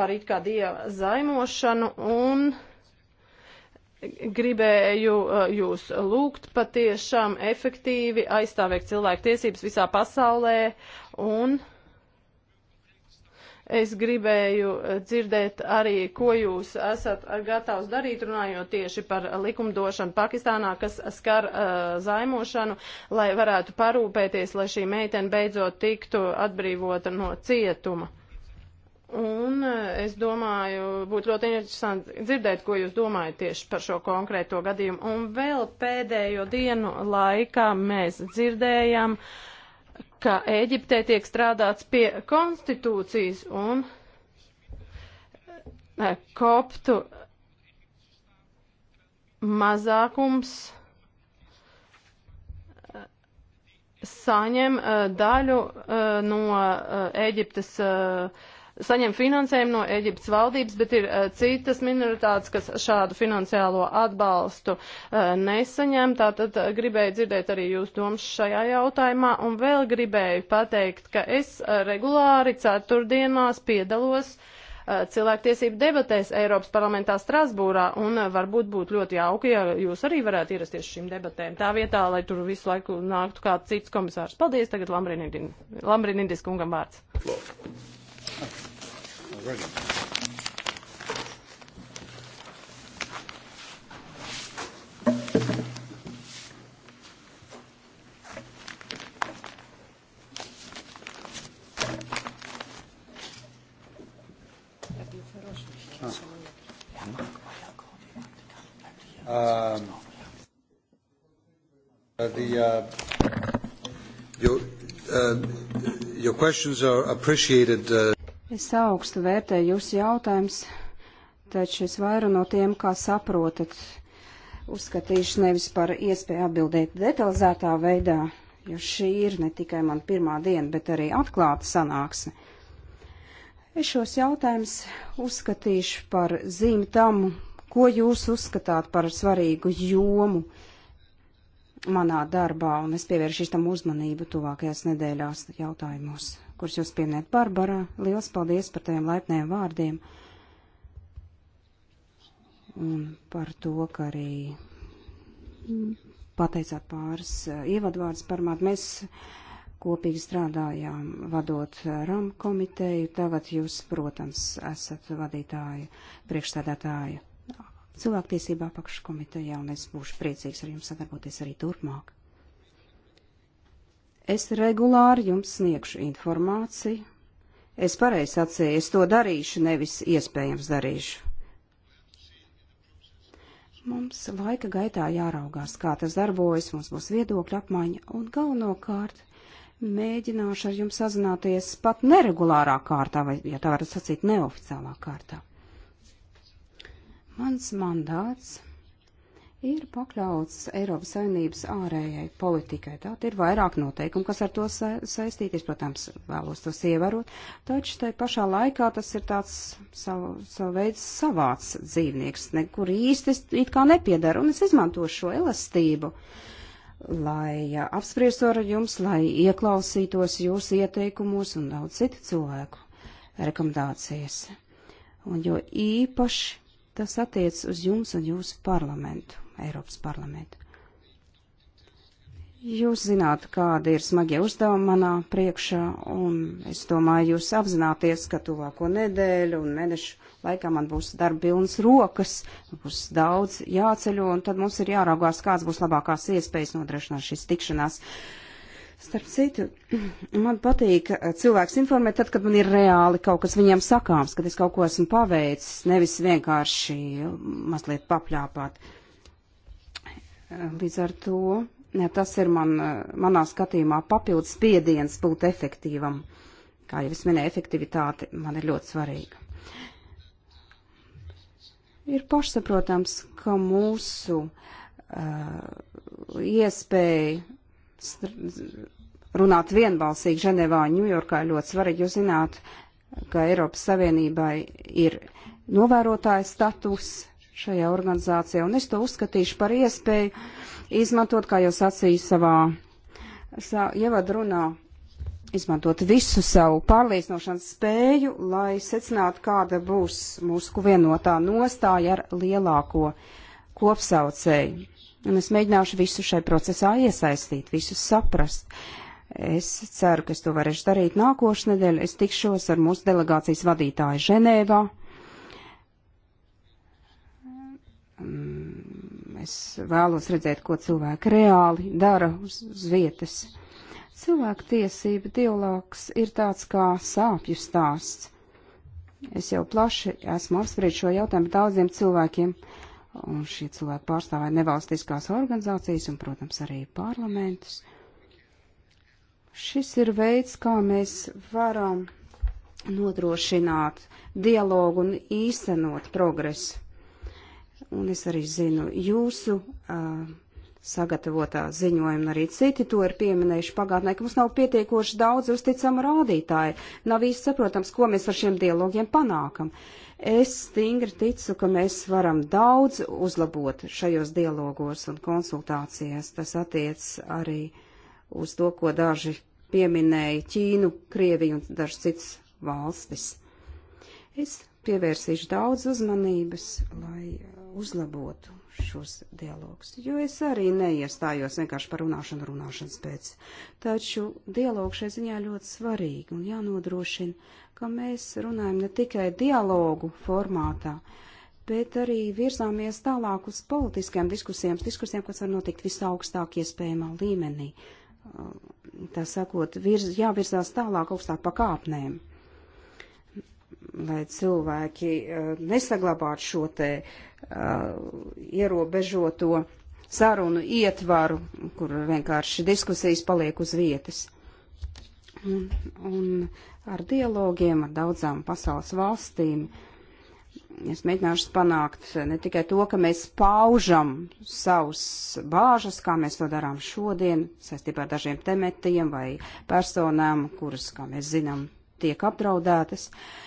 par it kā dieva zaimošanu un gribēju uh, jūs lūgt patiešām efektīvi aizstāvēt cilvēku tiesības visā pasaulē un Es gribēju eh, dzirdēt arī, ko jūs esat eh, gatavs darīt, runājot tieši par eh, likumdošanu Pakistānā, kas skar uh, zaimošanu, lai varētu parūpēties, lai šī meitene beidzot tiktu atbrīvota no cietuma. Un es domāju, būtu ļoti interesanti dzirdēt, ko jūs domājat tieši par šo konkrēto gadījumu. Un vēl pēdējo dienu laikā mēs dzirdējam uh, ka Ēģiptē tiek strādāts pie konstitūcijas un e, koptu mazākums e, saņem e, daļu no Ēģiptes uh, saņem finansējumu no Eģiptes valdības, bet ir uh, citas minoritātes, kas šādu finansiālo atbalstu uh, nesaņem. Tātad uh, gribēju dzirdēt arī jūs domas šajā jautājumā un vēl gribēju pateikt, ka es uh, regulāri ceturtdienās piedalos uh, cilvēktiesību debatēs Eiropas parlamentā Strasbūrā, un uh, varbūt būtu ļoti jauki, ja jūs arī varētu ierasties šīm debatēm. Tā vietā, lai tur visu laiku nāktu kāds cits komisārs. Paldies, tagad Lambrinidis kungam vārds. Lord ready. Ah. Um, uh, the, uh, your, uh, your questions are appreciated. Uh Es augstu vērtēju jūsu jautājums, taču es vairu no tiem, kā saprotat, uzskatīšu nevis par iespēju atbildēt detalizētā veidā, jo šī ir ne tikai man pirmā diena, bet arī atklāta sanāksme. Es šos jautājumus uzskatīšu par zīmi tam, ko jūs uzskatāt par svarīgu jomu manā darbā, un es pievēršīšu tam uzmanību tuvākajās nedēļās jautājumos kurus jūs pieminēt. Barbara, liels paldies par tajiem laipniem vārdiem un par to, ka arī pateicāt pāris eh, ievadvārdus par māt. Mēs kopīgi strādājām vadot eh, RAM komiteju, tagad jūs, protams, esat vadītāju, priekšstādātāju cilvēktiesībā apakškomitejā, un es būšu priecīgs ar jums sadarboties arī turpmāk. Es regulāri jums sniegšu informāciju. Es pareizi sacīju, es to darīšu, nevis iespējams darīšu. Mums laika gaitā jāraugās, kā tas darbojas, mums būs viedokļa apmaiņa un galvenokārt mēģināšu ar jums sazināties pat neregulārā kārtā, vai, ja tā varat sacīt, neoficiālā kārtā. Mans mandāts ir pakļauts Eiropas Savienības ārējai politikai. Tātad ir vairāk noteikumu, kas ar to sa saistīties, protams, vēlos tos ievarot, taču tai pašā laikā tas ir tāds savu, savu veidu savāds dzīvnieks, nekur īsti it kā nepiedara, un es izmantošu šo elastību, lai apspriestu ar jums, lai ieklausītos jūsu ieteikumos un daudz citu cilvēku rekomendācijas. Un jo īpaši tas attiec uz jums un jūsu parlamentu. Eiropas parlamentu. Jūs zināt, kādi ir smagie uzdevumi manā priekšā, un es domāju, jūs apzināties, ka tuvāko nedēļu un mēnešu laikā man būs darba pilnas rokas, būs daudz jāceļo, un tad mums ir jāraugās, kāds būs labākās iespējas nodrošināt šīs tikšanās. Starp citu, man patīk eh, cilvēks informēt tad, kad man ir reāli kaut kas viņiem sakāms, kad es kaut ko esmu paveicis, nevis vienkārši eh, mazliet papļāpāt. Līdz ar to ja, tas ir man, manā skatījumā papildus spiediens būt efektīvam. Kā jau es minēju, efektivitāte man ir ļoti svarīga. Ir pašsaprotams, ka mūsu uh, iespēja runāt vienbalsīgi Ženevā, Ņujorkā ir ļoti svarīgi, jo zināt, ka Eiropas Savienībai ir novērotāja status, šajā organizācijā, un es to uzskatīšu par iespēju izmantot, kā jau sacīju savā ievadrunā, izmantot visu savu pārliecinošanas spēju, lai secinātu, kāda būs mūsu vienotā nostāja ar lielāko kopsaucēju. Un es mēģināšu visu šai procesā iesaistīt, visu saprast. Es ceru, ka es to varēšu darīt nākošu nedēļu. Es tikšos ar mūsu delegācijas vadītāju Ženēvā Mm, es vēlos redzēt, ko cilvēki reāli dara uz, uz vietas. Cilvēku tiesība dialogs ir tāds kā sāpju stāsts. Es jau plaši esmu apspried šo jautājumu daudziem cilvēkiem, un šie cilvēki pārstāvēja nevalstiskās organizācijas un, protams, arī parlamentus. Šis ir veids, kā mēs varam nodrošināt dialogu un īstenot progresu un es arī zinu jūsu uh, sagatavotā ziņojuma, un arī citi to ir pieminējuši pagātnē, ka mums nav pietiekoši daudz uzticamu rādītāju. Nav īsti saprotams, ko mēs ar šiem dialogiem panākam. Es stingri ticu, ka mēs varam daudz uzlabot šajos dialogos un konsultācijās. Tas attiec arī uz to, ko daži pieminēja Ķīnu, Krieviju un dažas citas valstis. Es pievērsīšu daudz uzmanības, lai uzlabotu šos dialogus. Jo es arī neiestājos vienkārši par runāšanu runāšanas pēc. Taču dialogu šai ziņā ļoti svarīgi un jānodrošina, ka mēs runājam ne tikai dialogu formātā, bet arī virzāmies tālāk uz politiskajām diskusijām, diskusijām, kas var notikt visaugstāk iespējamā līmenī. Uh, tā sakot, virz, jāvirzās tālāk augstāk pakāpnēm lai cilvēki uh, nesaglabātu šo te uh, ierobežoto sarunu ietvaru, kur vienkārši diskusijas paliek uz vietas. Un, un ar dialogiem ar daudzām pasaules valstīm es mēģināšu panākt ne tikai to, ka mēs paužam savus bāžas, kā mēs to darām šodien, saistībā ar dažiem tematiem vai personām, kuras, kā mēs zinām, tiek apdraudētas. Uh,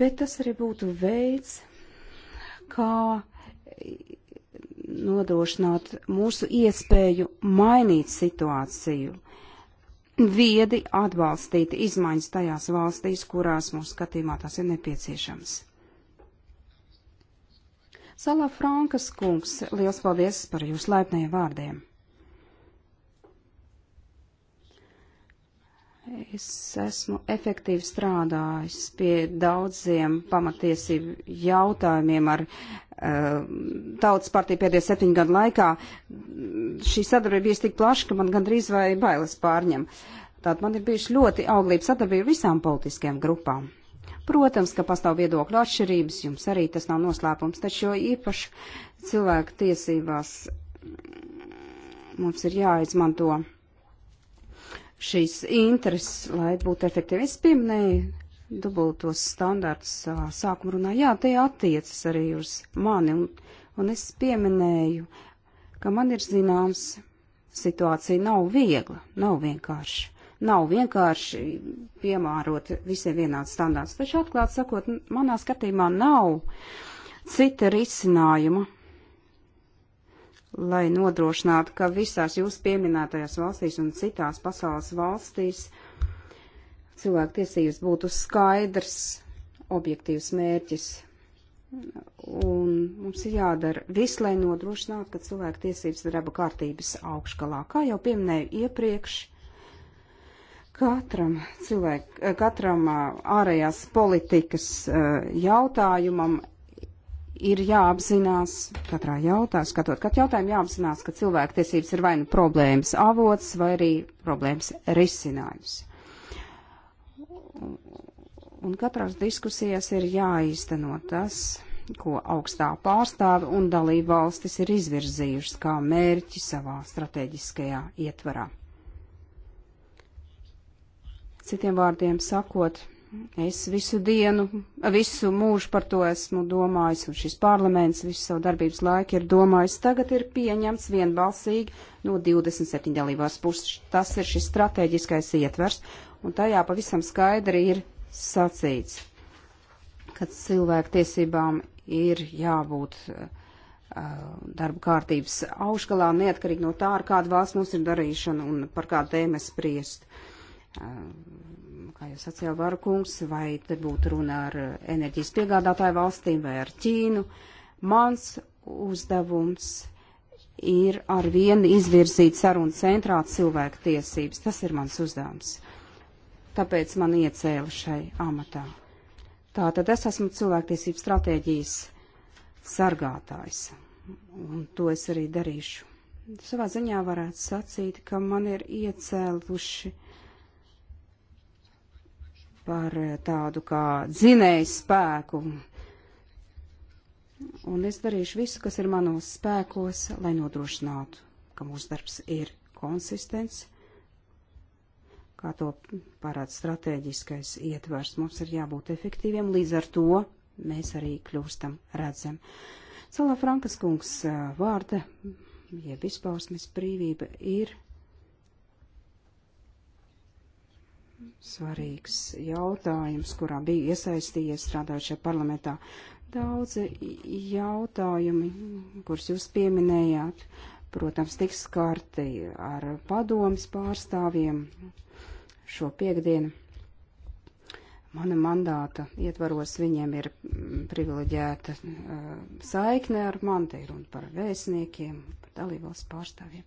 bet tas arī būtu veids, kā nodrošināt mūsu iespēju mainīt situāciju, viedi atbalstīt izmaiņas tajās valstīs, kurās mūsu skatījumā tas ir nepieciešams. Salā Frankas kungs, liels paldies par jūsu laipniem vārdiem! Es esmu efektīvi strādājis pie daudziem pamatiesību jautājumiem ar uh, Tautas partiju pēdējo septiņu gadu laikā. Šī sadarbība bijusi tik plaša, ka man gandrīz vai bailes pārņem. Tātad man ir bijuši ļoti auglība sadarbība visām politiskajām grupām. Protams, ka pastāv viedokļu atšķirības, jums arī tas nav noslēpums, taču jo īpaši cilvēku tiesībās mums ir jāizmanto šīs intereses, lai būtu efektīvi. Es pieminēju dubultos standārtus savā sākuma runā. Jā, tie attiecas arī uz mani, un, un es pieminēju, ka man ir zināms, situācija nav viegla, nav vienkārši. Nav vienkārši piemērot visiem vienāds standārts. Taču atklāt sakot, manā skatījumā nav cita risinājuma lai nodrošinātu, ka visās jūs pieminētajās valstīs un citās pasaules valstīs cilvēktiesības būtu skaidrs, objektīvs mērķis. Un mums ir jādara viss, lai nodrošinātu, ka cilvēktiesības ir darba kārtības augšgalā. Kā jau pieminēju iepriekš, katram cilvēku, katram ārējās politikas jautājumam ir jāapzinās, katrā jautā, skatot katru jautājumu, jāapzinās, ka cilvēktiesības ir vai nu problēmas avots, vai arī problēmas risinājums. Un katrās diskusijās ir jāīsteno tas, ko augstā pārstāve un dalība valstis ir izvirzījušas kā mērķi savā strateģiskajā ietvarā. Citiem vārdiem sakot, Es visu dienu, visu mūžu par to esmu domājis, un šis parlaments visu savu darbības laiku ir domājis. Tagad ir pieņemts vienbalsīgi no 27 dalībās puses. Tas ir šis strateģiskais ietvers, un tajā pavisam skaidri ir sacīts, ka cilvēktiesībām ir jābūt uh, darba kārtības augšgalā, neatkarīgi no tā, ar kādu valsts mums ir darīšana un par kādu tēmu spriest. Uh, kā jūs sacījāt, Varkungs, vai te būtu runa ar enerģijas piegādātāju valstīm vai ar Ķīnu. Mans uzdevums ir ar vienu izvirzīt sarunu centrā cilvēku tiesības. Tas ir mans uzdevums. Tāpēc man iecēla šai amatā. Tātad es esmu cilvēktiesību stratēģijas sargātājs. Un to es arī darīšu. Savā ziņā varētu sacīt, ka man ir iecēluši par eh, tādu kā dzinēju spēku. Un es darīšu visu, kas ir manos spēkos, lai nodrošinātu, ka mūsu darbs ir konsistents, kā to parāda strateģiskais ietvers. Mums ir jābūt efektīviem, līdz ar to mēs arī kļūstam redzam. Salā Frankas kungs eh, vārda, jeb izpausmes brīvība ir svarīgs jautājums, kurā bija iesaistījies strādājot šajā parlamentā. Daudzi jautājumi, kurus jūs pieminējāt, protams, tiks skarti ar padomas pārstāvjiem šo piekdienu. Mana mandāta ietvaros viņiem ir privileģēta uh, saikne ar mani, te ir runa par vēstniekiem, par dalībvalsts pārstāvjiem.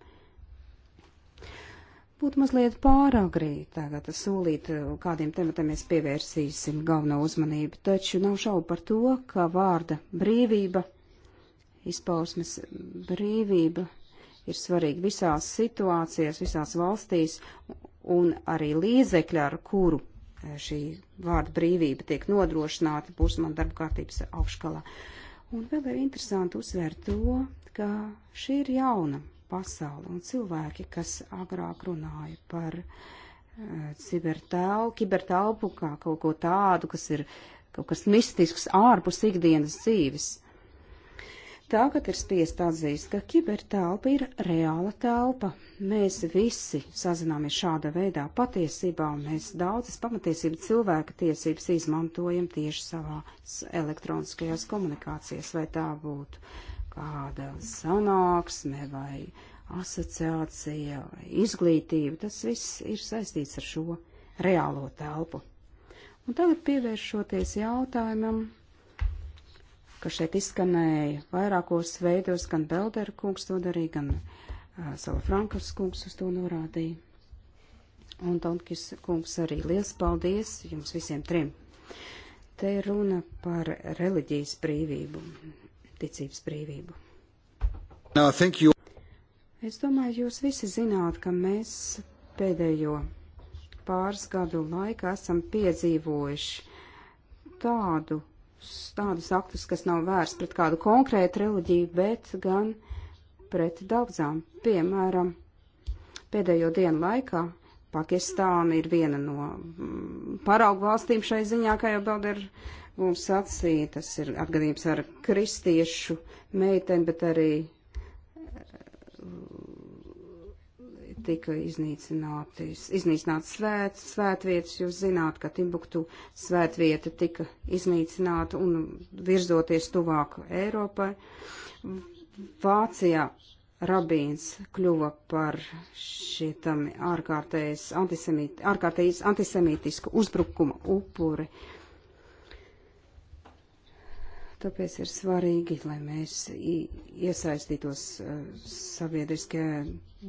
Būtu mazliet pāragri tagad solīt, eh, kādiem tematiem mēs pievērsīsim galveno uzmanību, taču nav šaubu par to, ka vārda brīvība, izpausmes brīvība ir svarīga visās situācijās, visās valstīs, un arī līdzekļi, ar kuru eh, šī vārda brīvība tiek nodrošināta, būs man darba kārtības augškalā. Un vēl ir interesanti uzsvērt to, ka šī ir jauna pasauli. Un cilvēki, kas agrāk runāja par eh, cibertelpu, kibertelpu kā kaut ko tādu, kas ir kaut kas mistisks ārpus ikdienas dzīves. Tagad ir spiest atzīst, ka kibertelpa ir reāla telpa. Mēs visi sazināmies šāda veidā patiesībā, un mēs daudzas pamatiesību cilvēka tiesības izmantojam tieši savās elektroniskajās komunikācijās, vai tā būtu kāda sanāksme vai asociācija vai izglītība, tas viss ir saistīts ar šo reālo telpu. Un tagad pievēršoties jautājumam, ka šeit izskanēja vairākos veidos, gan Beldera kungs to darīja, gan uh, Sala Frankas kungs uz to norādīja. Un Tonkis kungs arī liels paldies jums visiem trim. Te ir runa par reliģijas brīvību, ticības brīvību. No, es domāju, jūs visi zināt, ka mēs pēdējo pāris gadu laikā esam piedzīvojuši tādu, tādus aktus, kas nav vērsts pret kādu konkrētu reliģiju, bet gan pret daudzām. Piemēram, pēdējo dienu laikā Pakistāna ir viena no mm, paraugu valstīm šai ziņā, kā jau Belder mums sacīja, tas ir atgadījums ar kristiešu meiteni, bet arī eh, tika iznīcināts svēt, svētvietas. Jūs zināt, ka Timbuktu svētvieta tika iznīcināta un virzoties tuvāk Eiropai. Vācijā rabīns kļuva par šitami ārkārtējas antisemītisku uzbrukuma upuri. Uh, Tāpēc ir svarīgi, lai mēs iesaistītos e, sabiedriskajā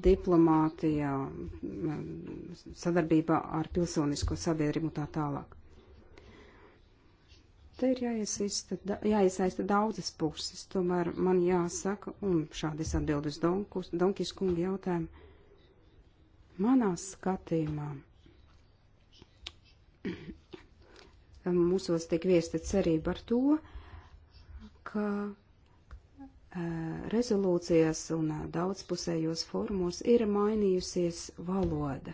diplomātijā, sadarbībā ar pilsonisko sabiedrību un tā tālāk. Te ir jāiesaista, jāiesaista daudzas puses, tomēr man jāsaka, un šādi es atbildu uz Donkus, Donkis kunga jautājumu. Manā skatījumā mūsos tiek viesta cerība ar to, ka e, rezolūcijās un e, daudzpusējos formos ir mainījusies valoda.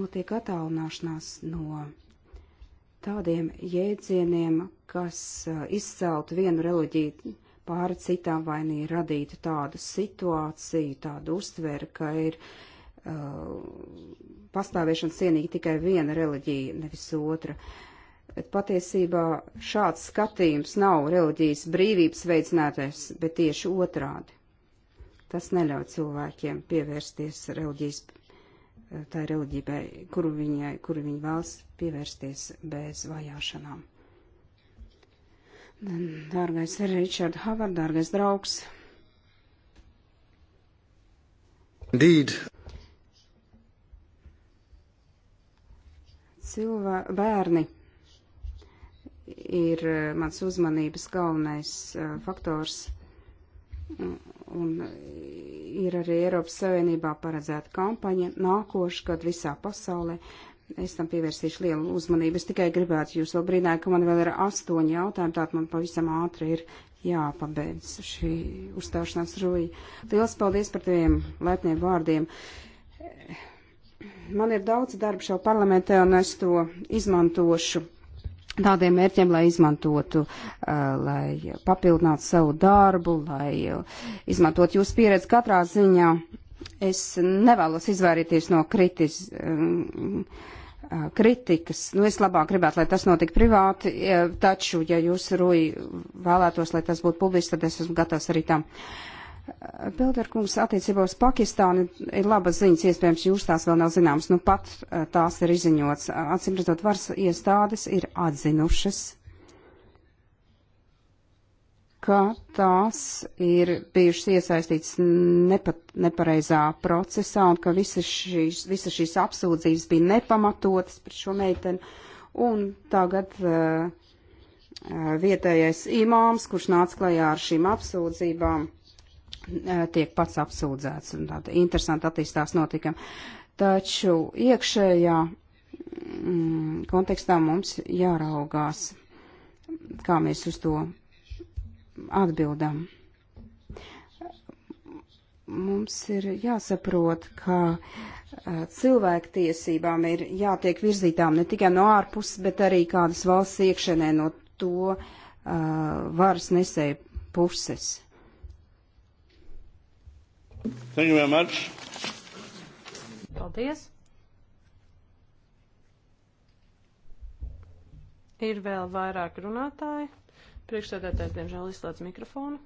Notiek attālināšanās no tādiem jēdzieniem, kas e, izceltu vienu reliģiju pāri citām vai nī radītu tādu situāciju, tādu uztveri, ka ir uh, pastāvēšana cienīga tikai viena reliģija, nevis otra. Uh, Bet patiesībā šāds skatījums nav reliģijas brīvības veicinātais, bet tieši otrādi. Tas neļauj cilvēkiem pievērsties reliģijas, tai reliģībai, kuru, viņai, kuru viņi vēlas pievērsties bez vajāšanām. Dārgais Richard Havard, dārgais draugs. Indeed. Cilvē, bērni ir eh, mans uzmanības galvenais uh, faktors. Un, un ir arī Eiropas Savienībā paredzēta kampaņa nākošu gadu visā pasaulē. Es tam pievērsīšu lielu uzmanību. Es tikai gribētu jūs vēl brīdināt, ka man vēl ir astoņi jautājumi, tātad man pavisam ātri ir jāpabeidz šī uzstāšanās ruja. Liels paldies par tiem laipniem vārdiem. Man ir daudz darba šo parlamentē, un es to izmantošu tādiem mērķiem, lai izmantotu, uh, lai papildinātu savu darbu, lai uh, izmantotu jūsu pieredzi katrā ziņā. Es nevēlos izvairīties no kritis, um, uh, kritikas. Nu, es labāk gribētu, lai tas notika privāti, taču, ja jūs, Rui, vēlētos, lai tas būtu publiski, tad es esmu gatavs arī tam. Uh, Pilderkungs, attiecībā uz Pakistānu ir labas ziņas, iespējams, jūs tās vēl nav zināmas, nu pat eh, tās ir izziņots. Atsimredzot, varas iestādes ir atzinušas, ka tās ir bijušas iesaistītas nepa, nepareizā procesā un ka visas šīs, visas šīs apsūdzības bija nepamatotas pret šo meiteni. Un tagad uh, vietējais imāms, kurš nāca klajā ar šīm apsūdzībām, uh, Eh, tiek pats apsūdzēts, un tāda interesanta attīstās notikam. Taču iekšējā mm, kontekstā mums jāraugās, kā mēs uz to atbildam. Mums ir jāsaprot, ka eh, cilvēktiesībām ir jātiek virzītām ne tikai no ārpuses, bet arī kādas valsts iekšēnē no to uh, varas nesēju puses. Thank you very much. Paldies. Ir vēl vairāk runātāji. Priekšsēdētājs, diemžēl, izslēdz mikrofonu.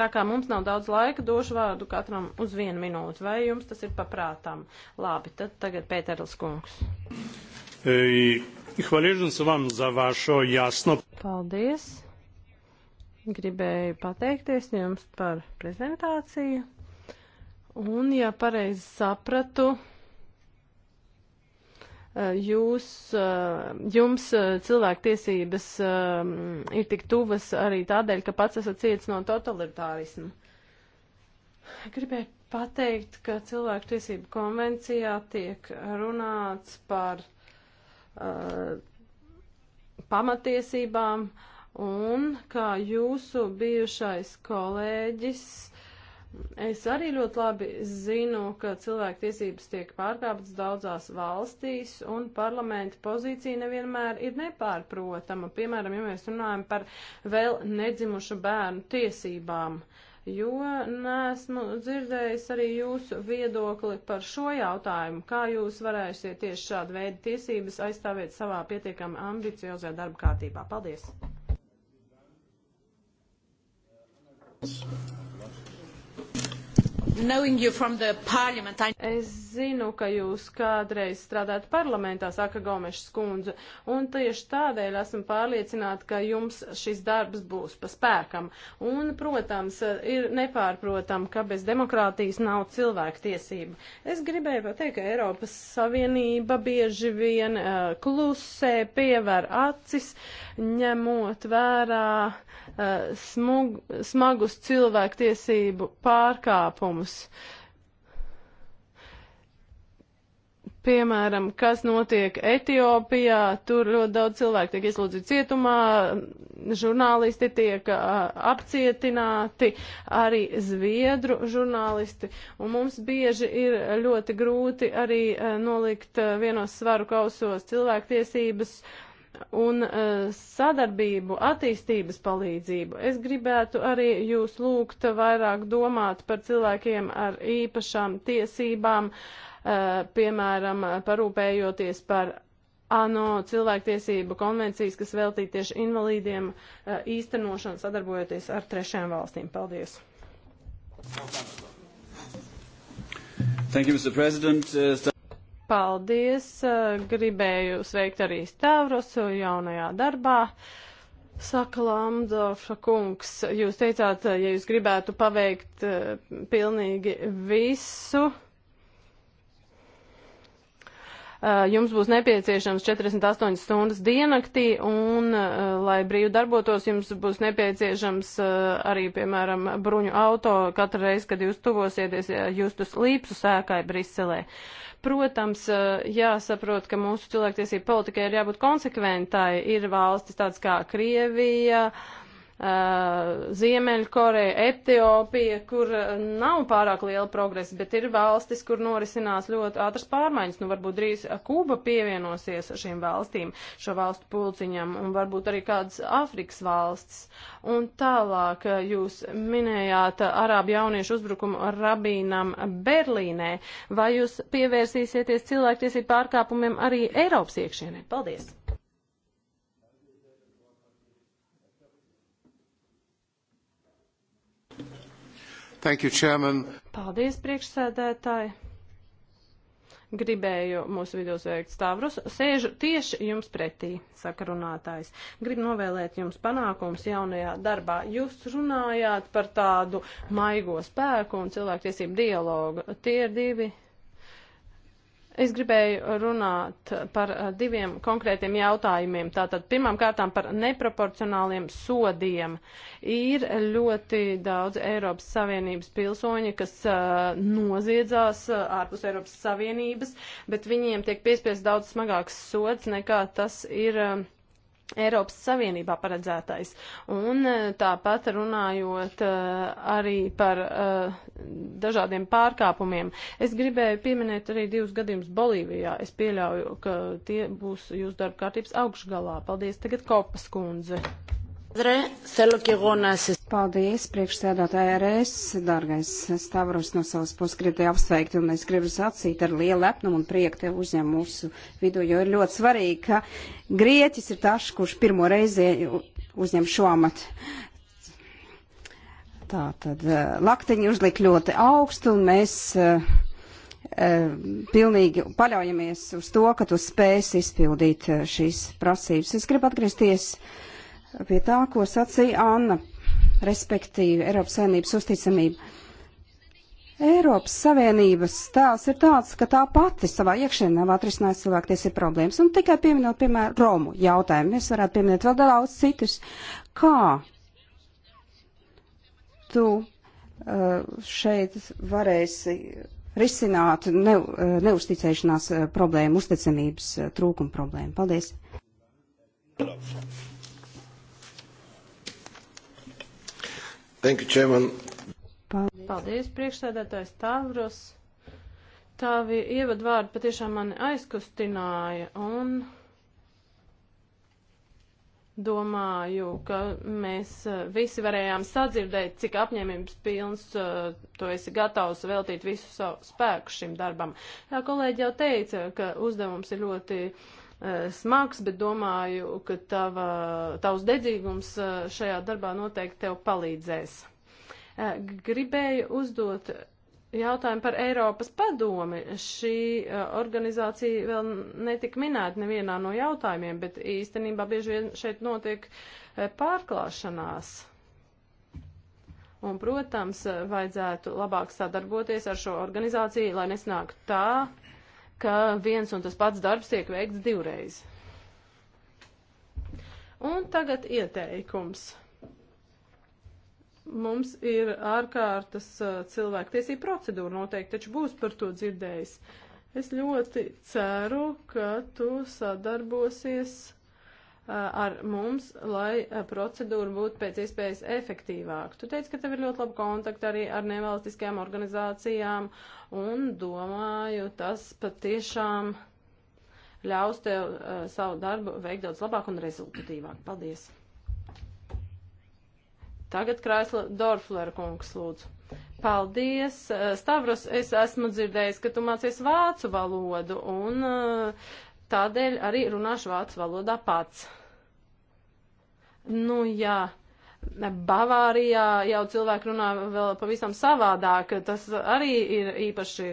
Tā kā mums nav daudz laika, došu vārdu katram uz vienu minūti. Vai jums tas ir paprātām? Labi, tad tagad Pēterls kungs. Hvaležam vam za vašo jasno. Paldies. Gribēju pateikties jums par prezentāciju. Un, ja pareizi sapratu, eh, jūs, eh, jums eh, cilvēktiesības ir tik tuvas arī tādēļ, ka pats esat ciets no totalitārismu. Gribēju pateikt, ka cilvēktiesību konvencijā tiek runāts par uh, pamatiesībām, uh, Un kā jūsu bijušais kolēģis, es arī ļoti labi zinu, ka cilvēktiesības tiek pārkāptas daudzās valstīs, un parlamenta pozīcija nevienmēr ir nepārprotama. Piemēram, ja mēs runājam par vēl nedzimušu bērnu tiesībām. Uh, jo nesmu dzirdējis arī jūsu viedokli par šo jautājumu. Kā jūs varēsiet tieši šādu veidu tiesības aizstāvēt savā pietiekami ambiciozajā darba kārtībā? Paldies! Es zinu, ka jūs kādreiz strādājat parlamentā, saka Gomeša skundze, un tieši tādēļ esmu pārliecināta, ka jums šis darbs būs pa spēkam. Un, protams, ir nepārprotam, ka bez demokrātijas nav cilvēktiesība. Es gribēju pateikt, ka Eiropas Savienība bieži vien uh, klusē, piever acis, ņemot vērā. Uh, Eh, smug, smagus cilvēktiesību pārkāpumus. Piemēram, kas notiek Etiopijā, tur ļoti daudz cilvēku tiek ieslodzīti cietumā, žurnālisti tiek eh, apcietināti, arī zviedru žurnālisti, un mums bieži ir ļoti grūti arī eh, nolikt vienos svaru kausos cilvēktiesības, uh, un uh, sadarbību, attīstības palīdzību. Es gribētu arī jūs lūgt vairāk domāt par cilvēkiem ar īpašām tiesībām, uh, piemēram, parūpējoties par ANO cilvēktiesību konvencijas, kas veltīta tieši invalīdiem uh, īstenošanu, sadarbojoties ar trešajām valstīm. Paldies! Thank you, Mr. President. Uh, Paldies! Eh, gribēju sveikt arī Stavrosu jaunajā darbā. Saka Lamdorfa kungs, jūs teicāt, eh, ja jūs gribētu paveikt eh, pilnīgi visu, jums būs nepieciešams 48 stundas diennaktī un, lai brīvi darbotos, jums būs nepieciešams arī, piemēram, bruņu auto katru reizi, kad jūs tuvosieties justus līpsu sēkai Briselē. Uh, Protams, jāsaprot, ka mūsu cilvēktiesība politikai ir jābūt konsekventai. Ir valstis tādas kā Krievija, uh, Uh, Ziemeļkoreja, Etiopija, kur uh, nav pārāk liela progresa, bet ir valstis, kur norisinās ļoti ātras pārmaiņas. Nu, varbūt drīz uh, Kuba pievienosies šīm valstīm, šo valstu pulciņam, un varbūt arī kādas Afrikas valsts. Un tālāk jūs minējāt arābu jauniešu uzbrukumu rabīnam Berlīnē. Vai jūs pievērsīsieties cilvēktiesību pārkāpumiem arī Eiropas iekšienē? Paldies! Thank you, Chairman. Paldies, priekšsēdētāji. Gribēju mūsu vidū sveikt stāvrus. Sēžu tieši jums pretī, saka runātājs. Gribu novēlēt jums panākums jaunajā darbā. Jūs runājāt par tādu maigo spēku un cilvēktiesību dialogu. Tie ir divi Es gribēju runāt par eh, diviem konkrētiem jautājumiem. Tātad pirmām kārtām par neproporcionāliem sodiem. Ir ļoti daudz Eiropas Savienības pilsoņi, kas uh, noziedzās uh, ārpus Eiropas Savienības, bet viņiem tiek piespies daudz smagāks sods nekā tas ir. Uh, Eiropas Savienībā paredzētais. Un eh, tāpat runājot eh, arī par eh, dažādiem pārkāpumiem. Es gribēju pieminēt arī divus gadījumus Bolīvijā. Es pieļauju, ka tie būs jūsu darba kārtības augšgalā. Paldies tagad Kopas kundze. Paldies, priekšsēdātāja Rēs, dārgais Stavros no savas puses grib te apsveikt, un es gribu sacīt ar lielu lepnumu un prieku te uzņem mūsu vidu, jo ir ļoti svarīgi, ka Grieķis ir tas, kurš pirmo reizi uzņem šo amatu. Tā tad eh, laktiņi uzlik ļoti augstu, un mēs uh, pilnīgi paļaujamies uz to, ka tu spēsi izpildīt šīs prasības. Es gribu atgriezties. Uh, pie tā, ko sacīja Anna, respektīvi Eiropas Savienības uzticamība. Eiropas Savienības tēls ir tāds, ka tā pati savā iekšienē nav atrisinājusi cilvēktiesību problēmas. Un tikai pieminot, piemēram, Romu jautājumu, mēs varētu pieminēt vēl daudz citus. Kā tu uh, šeit varēsi risināt ne, uh, neusticēšanās uh, problēmu, uzticamības trūkuma problēmu? Paldies! Bravo. Thank you, Chairman. Paldies, Paldies priekšsēdētājs Tavros. Tavi ievadvārdi patiešām mani aizkustināja un domāju, ka mēs eh, visi varējām sadzirdēt, cik apņēmības pilns eh, tu esi gatavs veltīt visu savu spēku šim darbam. Jā, kolēģi jau teica, ka uzdevums ir ļoti uh, Eh, smags, bet domāju, ka tava, tavs dedzīgums eh, šajā darbā noteikti tev palīdzēs. Eh, gribēju uzdot jautājumu par Eiropas padomi. Šī uh, organizācija vēl netika minēta nevienā no jautājumiem, bet īstenībā bieži vien šeit notiek uh, pārklāšanās. Un, protams, vajadzētu labāk sadarboties ar šo organizāciju, lai nesnāk tā, ka viens un tas pats darbs tiek veikts divreiz. Un tagad ieteikums. Mums ir ārkārtas uh, cilvēktiesība procedūra noteikti, taču būs par to dzirdējis. Es ļoti ceru, ka tu sadarbosies Eh, ar mums, lai eh, procedūra būtu pēc iespējas efektīvāka. Tu teici, ka tev ir ļoti labi kontakti arī ar nevalstiskajām organizācijām un domāju, tas patiešām ļaus tev uh, savu darbu veikt daudz labāk un rezultatīvāk. Paldies! Tagad krēsla Dorflera kungs lūdzu. Paldies! Stavros, es esmu dzirdējis, ka tu mācies vācu valodu un uh, tādēļ arī runāšu vācu valodā pats. Nu jā. Bavārijā jau cilvēki runā vēl pavisam savādāk, tas arī ir īpaši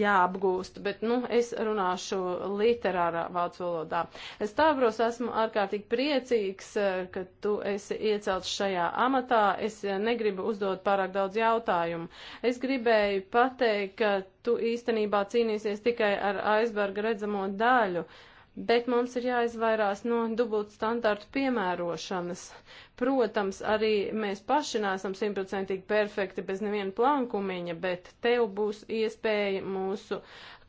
jāapgūst, bet, nu, es runāšu literārā vācu valodā. Es tāpros esmu ārkārtīgi priecīgs, eh, ka tu esi iecelts šajā amatā. Es eh, negribu uzdot pārāk daudz jautājumu. Es gribēju pateikt, ka tu īstenībā cīnīsies tikai ar aizberga redzamo daļu. Uh, bet mums ir jāizvairās no dubult standartu piemērošanas. Protams, arī mēs paši neesam simtprocentīgi perfekti bez neviena plankumiņa, bet tev būs iespēja mūsu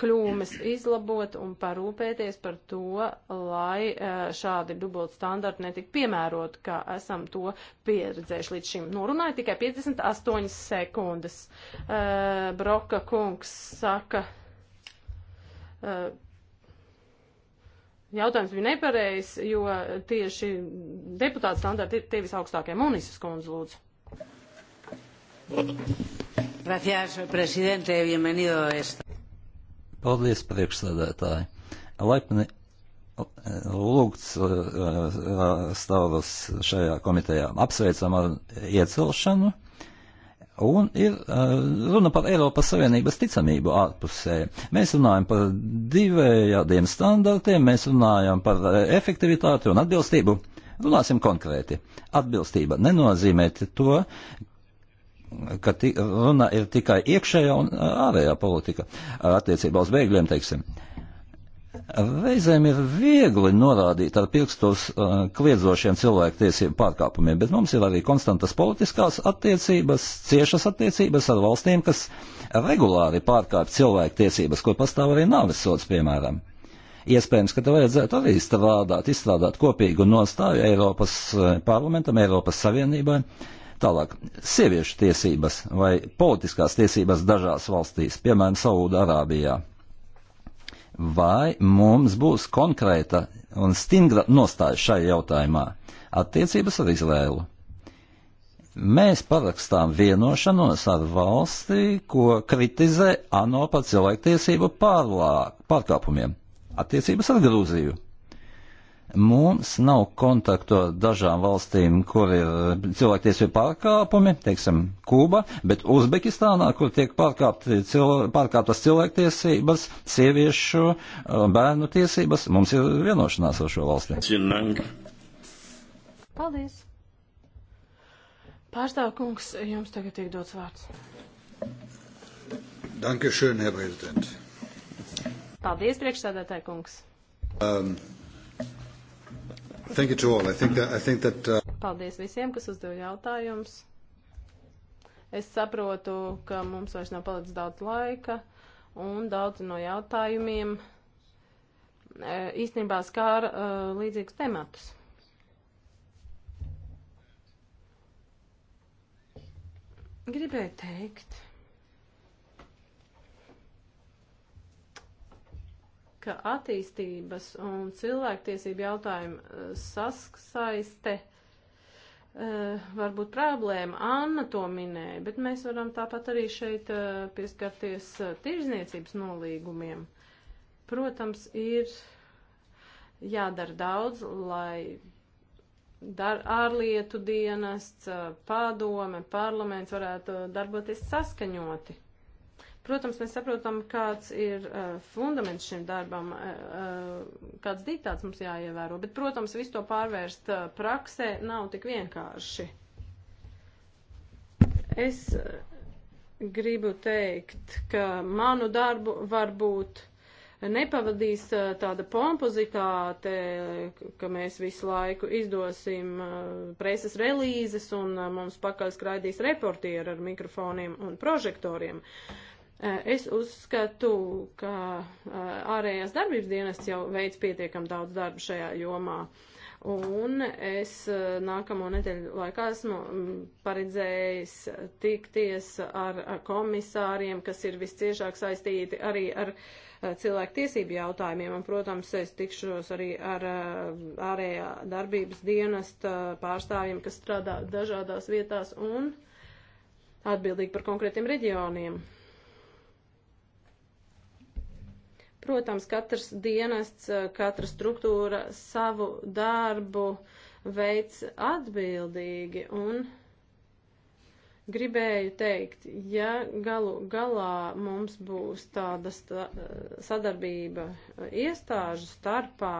kļūmes izlabot un parūpēties par to, lai eh, šādi dubult standarti netik piemērot, kā esam to pieredzējuši līdz šim. Norunāju nu, tikai 58 sekundes. Eh, Broka kungs saka. Uh, Jautājums bija nepareizs, jo tieši deputāta standarti ir tie visaugstākie. Munisas kundze, lūdzu. Gracias, presidente, bienvenido esta. Paldies, priekšsēdētāji. Laipni lūgts uh, uh, stāvus šajā komitejā. Apsveicam ar iecelšanu un ir eh, runa par Eiropas Savienības ticamību ārpusē. Mēs runājam par divējādiem standartiem, mēs runājam par eh, efektivitāti un atbilstību. Runāsim konkrēti. Atbilstība nenozīmē to, ka runa ir tikai iekšējā un eh, ārējā politika attiecībā uz bēgļiem, teiksim. Uh, Reizēm ir viegli norādīt ar pirkstos uh, kliedzošiem cilvēktiesību pārkāpumiem, bet mums ir arī konstantas politiskās attiecības, ciešas attiecības ar valstīm, kas regulāri pārkāpj cilvēktiesības, kur pastāv arī nāvisots, piemēram. Iespējams, ka te vajadzētu arī strādāt, izstrādāt kopīgu nostāju Eiropas uh, parlamentam, Eiropas Savienībai. Tālāk, sieviešu tiesības vai politiskās tiesības dažās valstīs, piemēram, Saūda Arābijā vai mums būs konkrēta un stingra nostāja šai jautājumā attiecības ar Izrēlu. Mēs parakstām vienošanos ar valsti, ko kritizē ANO par cilvēktiesību pārlāk, pārkāpumiem attiecības ar Grūziju. Mums nav kontaktu ar dažām valstīm, kur ir eh, cilvēktiesību pārkāpumi, teiksim, Kuba, bet Uzbekistānā, kur tiek cilvē, pārkāptas cilvēktiesības, sieviešu, eh, bērnu tiesības, mums ir vienošanās ar šo valsti. Paldies! Pārstāv kungs, jums tagad tiek dots vārds. Dankeschön, Herr Präsident. Paldies, priekšstādātāji kungs. Um. Thank you to all. I think that, I think that, uh... Paldies visiem, kas uzdeva jautājumus. Es saprotu, ka mums vairs nav palicis daudz laika un daudz no jautājumiem e, īstenībā skāra uh, e, līdzīgus tematus. Gribēju teikt, ka attīstības un cilvēktiesību jautājumu eh, sasaiste uh, eh, varbūt problēma. Anna to minēja, bet mēs varam tāpat arī šeit uh, pieskarties uh, tirzniecības nolīgumiem. Protams, ir jādara daudz, lai dar, ārlietu dienests, padome, parlaments varētu darboties saskaņoti. Protams, mēs saprotam, kāds ir uh, fundaments šim darbam, uh, kāds diktāts mums jāievēro, bet, protams, visu to pārvērst uh, praksē nav tik vienkārši. Es uh, gribu teikt, ka manu darbu varbūt nepavadīs tāda pompozitāte, ka mēs visu laiku izdosim preses relīzes un mums pakaļ skraidīs reportieri ar mikrofoniem un prožektoriem. Uh, Es uzskatu, ka ārējās darbības dienests jau veids pietiekam daudz darbu šajā jomā. Un es nākamo nedēļu laikā esmu paredzējis tikties ar komisāriem, kas ir visciešāk saistīti arī ar cilvēku tiesību jautājumiem. Un, protams, es tikšos arī ar ārējā darbības dienesta pārstāvjiem, kas strādā dažādās vietās un atbildīgi par konkrētiem reģioniem. Protams, katrs dienests, eh, katra struktūra savu darbu veids atbildīgi un gribēju teikt, ja galu galā mums būs tāda stā, eh, sadarbība eh, iestāžu starpā,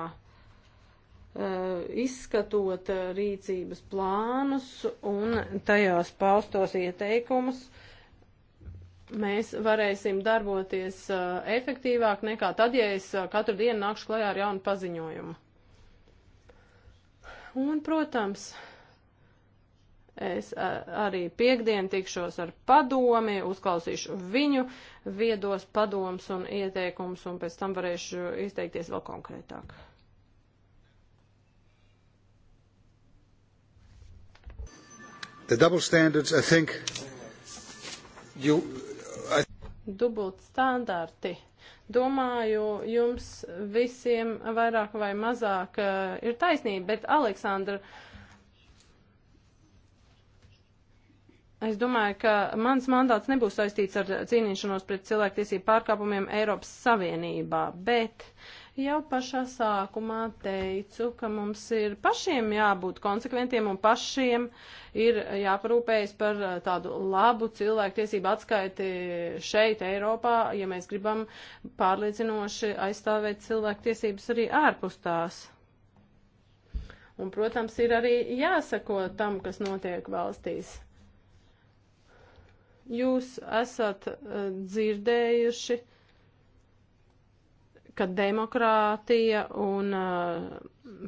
izskatot rīcības plānus un tajos paustos ieteikumus, mēs varēsim darboties uh, efektīvāk nekā tad, ja es uh, katru dienu nākšu klajā ar jaunu paziņojumu. Un, protams, es uh, arī piekdien tikšos ar padomi, uzklausīšu viņu viedos padoms un ieteikums, un pēc tam varēšu izteikties vēl konkrētāk. The double standards, I think, you dubult standarti. Domāju, jums visiem vairāk vai mazāk uh, ir taisnība, bet Aleksandra, es domāju, ka mans mandāts nebūs saistīts ar cīnīšanos pret cilvēktiesību pārkāpumiem Eiropas Savienībā, bet uh, Jau pašā sākumā teicu, ka mums ir pašiem jābūt konsekventiem un pašiem ir jāparūpējas par eh, tādu labu cilvēktiesību atskaiti šeit, Eiropā, ja mēs gribam pārliecinoši aizstāvēt cilvēktiesības arī ārpus tās. Un, protams, ir arī jāsako tam, kas notiek valstīs. Jūs esat uh, dzirdējuši. Uh, ka demokrātija un uh,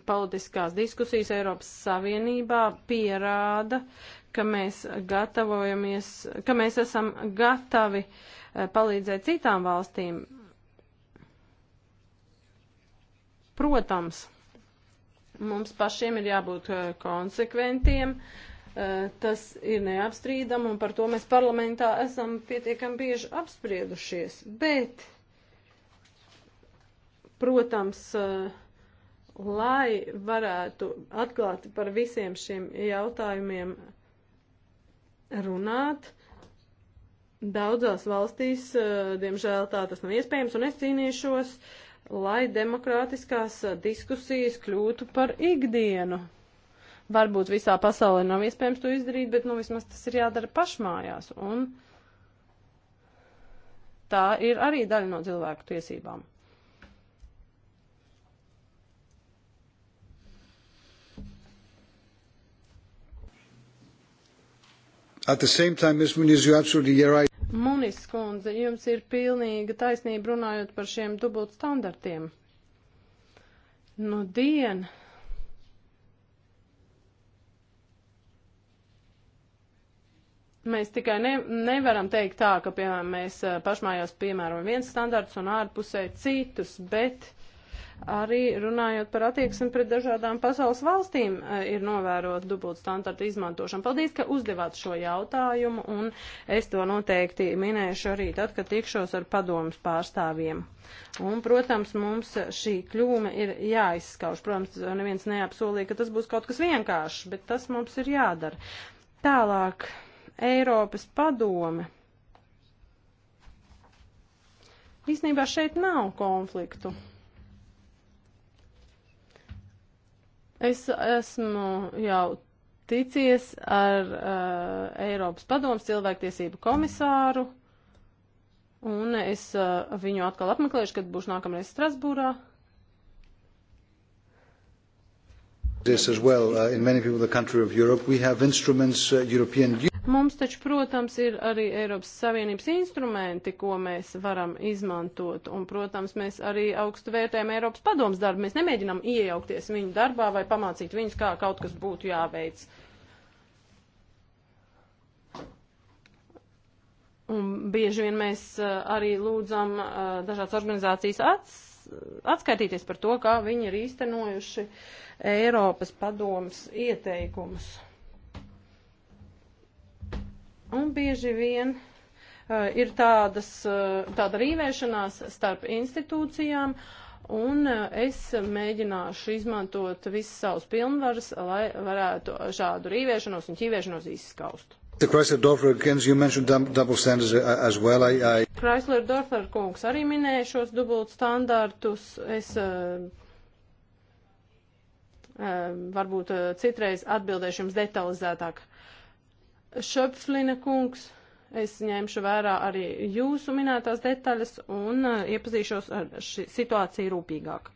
politiskās diskusijas Eiropas Savienībā pierāda, ka mēs gatavojamies, ka mēs esam gatavi uh, palīdzēt citām valstīm. Protams, mums pašiem ir jābūt uh, konsekventiem, uh, tas ir neapstrīdam, un par to mēs parlamentā esam pietiekami bieži apspriedušies. Bet Protams, eh, lai varētu atklāti par visiem šiem jautājumiem runāt, daudzās valstīs, eh, diemžēl, tā tas nav iespējams, un es cīnīšos, lai demokrātiskās diskusijas kļūtu par ikdienu. Varbūt visā pasaulē nav iespējams to izdarīt, bet nu vismaz tas ir jādara pašmājās, un tā ir arī daļa no cilvēku tiesībām. Right. Munis kundze, jums ir pilnīga taisnība runājot par šiem dubult standartiem. Nu, dien. Mēs tikai ne, nevaram teikt tā, ka, piemēram, mēs eh, pašmājās piemērojam viens standarts un ārpusē citus, bet Arī runājot par attieksmi pret dažādām pasaules valstīm, e, ir novērot dubult standartu izmantošanu. Paldies, ka uzdevāt šo jautājumu, un es to noteikti minēšu arī tad, kad tikšos ar padomus pārstāvjiem. Un, protams, mums šī kļūme ir jāizskauž. Protams, neviens neapsolīja, ka tas būs kaut kas vienkāršs, bet tas mums ir jādara. Tālāk, Eiropas padome. Īsnībā šeit nav konfliktu. Mm. Es esmu jau ticies ar uh, Eiropas padomus cilvēktiesību komisāru, un es uh, viņu atkal apmeklēšu, kad būšu nākamreiz Strasbūrā. This as well, uh, in many people of the country of Europe, we have instruments, uh, European Mums taču, protams, ir arī Eiropas Savienības instrumenti, ko mēs varam izmantot, un, protams, mēs arī augstu vērtējam Eiropas padomas darbu. Mēs nemēģinām iejaukties viņu darbā vai pamācīt viņus, kā kaut kas būtu jāveic. Un bieži vien mēs uh, arī lūdzam uh, dažādas organizācijas ats, atskaitīties par to, kā viņi ir īstenojuši Eiropas padomas ieteikumus. Un bieži vien uh, ir tādas, uh, tāda rīvēšanās starp institūcijām, un uh, es mēģināšu izmantot visas savas pilnvaras, lai varētu šādu rīvēšanos un ķīvēšanos izskaust. Uh, well. I, I... Chrysler Dorfer kungs arī minēja šos dubult standartus. Es uh, uh, varbūt uh, citreiz atbildēšu jums detalizētāk. Šöpflina kungs, es ņemšu vērā arī jūsu minētās detaļas un uh, iepazīšos ar ši, situāciju rūpīgāk.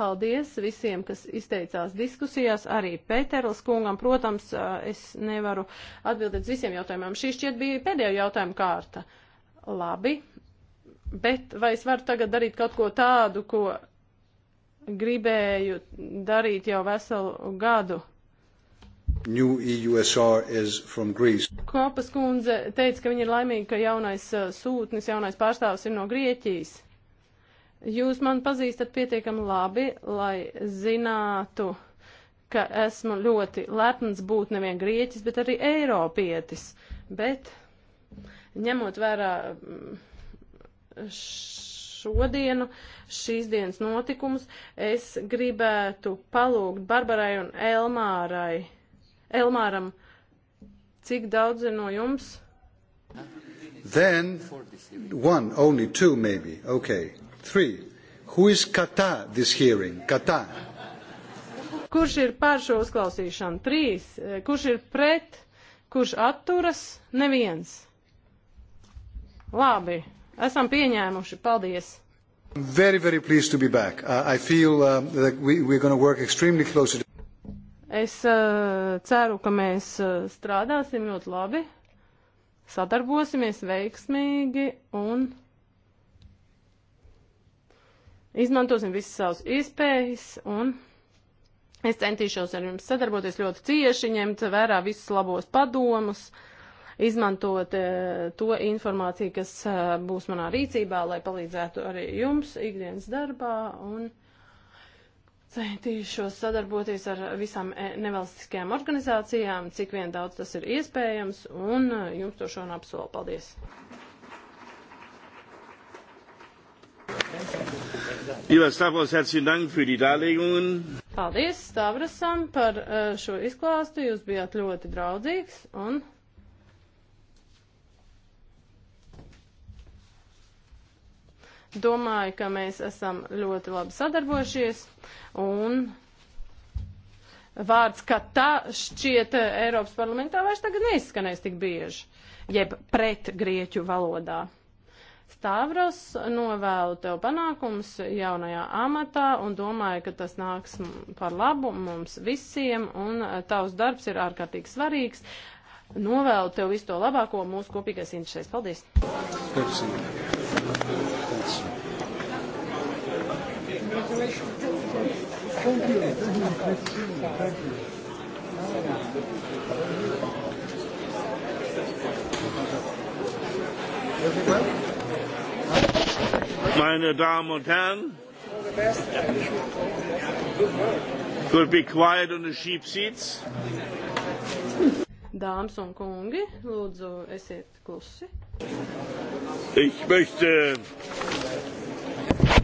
Paldies visiem, kas izteicās diskusijās, arī Pēterls kungam. Protams, uh, es nevaru atbildēt visiem jautājumiem. Šī šķiet bija pēdējā jautājuma kārta. Labi, bet vai es varu tagad darīt kaut ko tādu, ko gribēju darīt jau veselu gadu? new EUSR is from Greece. Kopas kundze teica, ka viņa ir laimīga, ka jaunais uh, sūtnis, jaunais pārstāvs ir no Grieķijas. Jūs man pazīstat pietiekami labi, lai zinātu, ka esmu ļoti lepns būt nevien Grieķis, bet arī Eiropietis. Bet ņemot vērā mm, šodienu, šīs dienas notikumus, es gribētu palūgt Barbarai un Elmārai Elmāram, cik daudzi no jums? Then one, only two maybe. Okay. Three. Who is kata this hearing? Kata. Kurš ir pār šo uzklausīšanu? Trīs. Kurš ir pret? Kurš atturas? Neviens. Labi. Esam pieņēmuši. Paldies. Very, very pleased to be back. Uh, I feel uh, that we, we're going to work extremely closely. Es uh, ceru, ka mēs uh, strādāsim ļoti labi, sadarbosimies veiksmīgi un izmantosim visas savas iespējas un es centīšos ar jums sadarboties ļoti cieši, ņemt vērā visus labos padomus, izmantot uh, to informāciju, kas uh, būs manā rīcībā, lai palīdzētu arī jums ikdienas darbā un. Centīšos sadarboties ar visām e, nevalstiskajām organizācijām, cik vien daudz tas ir iespējams, un e, jums to šodien apsolu. Paldies! Lieber Stavros, herzlichen Dank für die Darlegungen. Paldies Stavrasam par e, šo izklāstu. Jūs bijāt ļoti draudzīgs un Domāju, ka mēs esam ļoti labi sadarbojušies un vārds, ka tā šķiet eh, Eiropas parlamentā vairs tagad neizskanēs tik bieži, jeb pret grieķu valodā. Stāvros novēlu tev panākums jaunajā amatā un domāju, ka tas nāks par labu mums visiem un eh, tavs darbs ir ārkārtīgi svarīgs. Novēlu tev visu to labāko mūsu kopīgais interesēs. Paldies! Personu. Thank you. Thank you. Thank you. Meine Damen und Herren, could be quiet on the sheep seats. Dāmas un kungi, lūdzu, esiet klusi. Ich möchte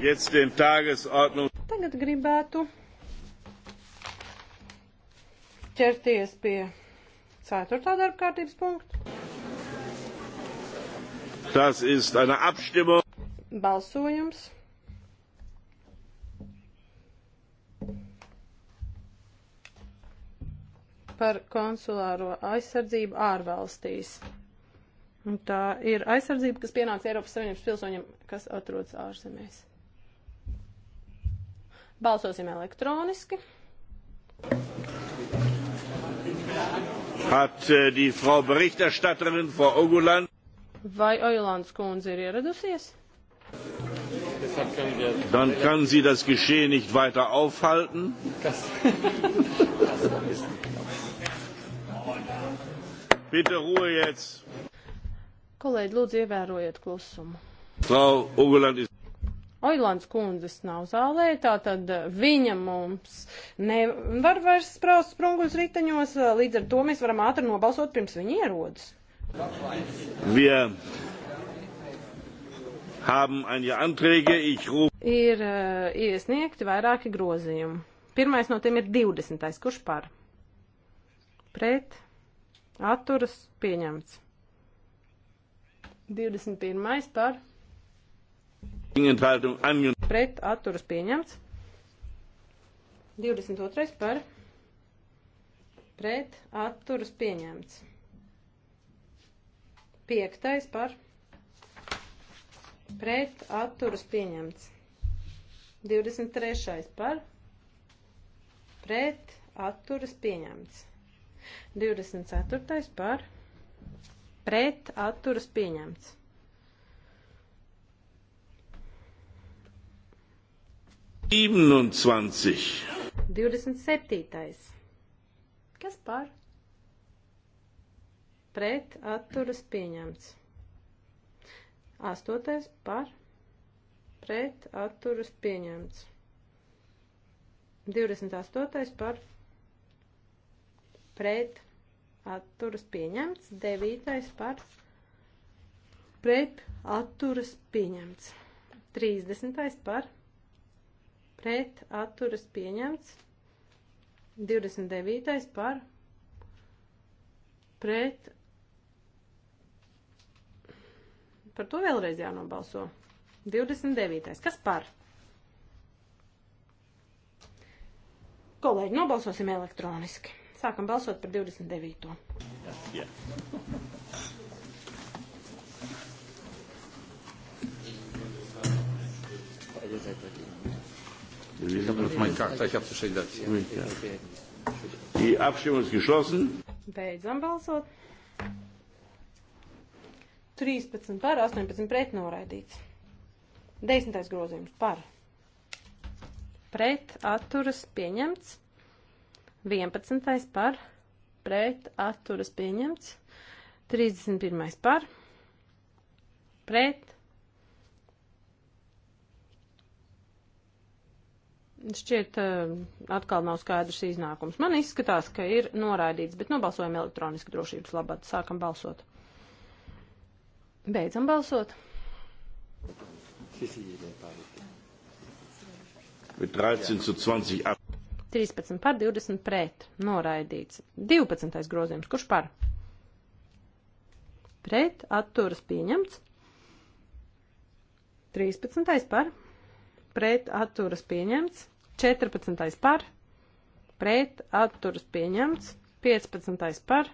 jetzt den Tagesordnung. Tagad gribētu ķerties pie ceturtā darba kārtības punkta. Tas ir tāda apšķimo. Balsojums. Par konsulāro aizsardzību ārvalstīs. Un tā ir aizsardzība, kas pienāks Eiropas Savienības pilsoņiem, kas atrodas ārzemēs. Balsosim elektroniski hat äh, die Frau Berichterstatterin, Frau Oguland. Vai Ojulands kundze ir ieradusies? Dann kann sie das Geschehen nicht weiter aufhalten. Bitte Ruhe jetzt. Kolēģi, lūdzu, ievērojiet klusumu. Frau Oguland ist. Oilands kundzes nav zālē, tātad viņa mums nevar vairs spraust sprungus riteņos, līdz ar to mēs varam ātri nobalsot pirms viņa ierodas. Wir haben einige Anträge, ich ruf... Ir uh, iesniegti vairāki grozījumi. Pirmais no tiem ir 20. Kurš par? Pret? Atturas pieņemts. 21. par? Enthaltung angenommen. Pret atturas pieņemts. 22. par. Pret atturas pieņemts. 5. par. Pret atturas pieņemts. 23. par. Pret atturas pieņemts. 24. par. Pret atturas pieņemts. 27. 27. Kas par? Pret atturas pieņemts. 8. par? Pret atturas pieņemts. 28. par? Pret atturas pieņemts. 9. par? Pret atturas pieņemts. 30. par? pret atturas pieņemts. 29. par pret. Par to vēlreiz jānobalso. 29. Kas par? Kolēģi, nobalsosim elektroniski. Sākam balsot par 29. Yeah. Yeah. Die Abstimmung ist geschlossen. Beidzam balsot. 13 par, 18 pret noraidīts. 10. grozījums par. Pret atturas pieņemts. 11. par. Pret atturas pieņemts. 31. par. Pret Šķiet, eh, atkal nav skaidrs iznākums. Man izskatās, ka ir noraidīts, bet nobalsojam elektroniski drošības labad. Sākam balsot. Beidzam balsot. Bet 13 zu 20 ap. 13 par 20 pret. Noraidīts. 12. grozījums. Kurš par? Pret. Atturas pieņemts. 13. par. Pret. Atturas pieņemts. 14. par, pret atturas pieņemts, 15. par,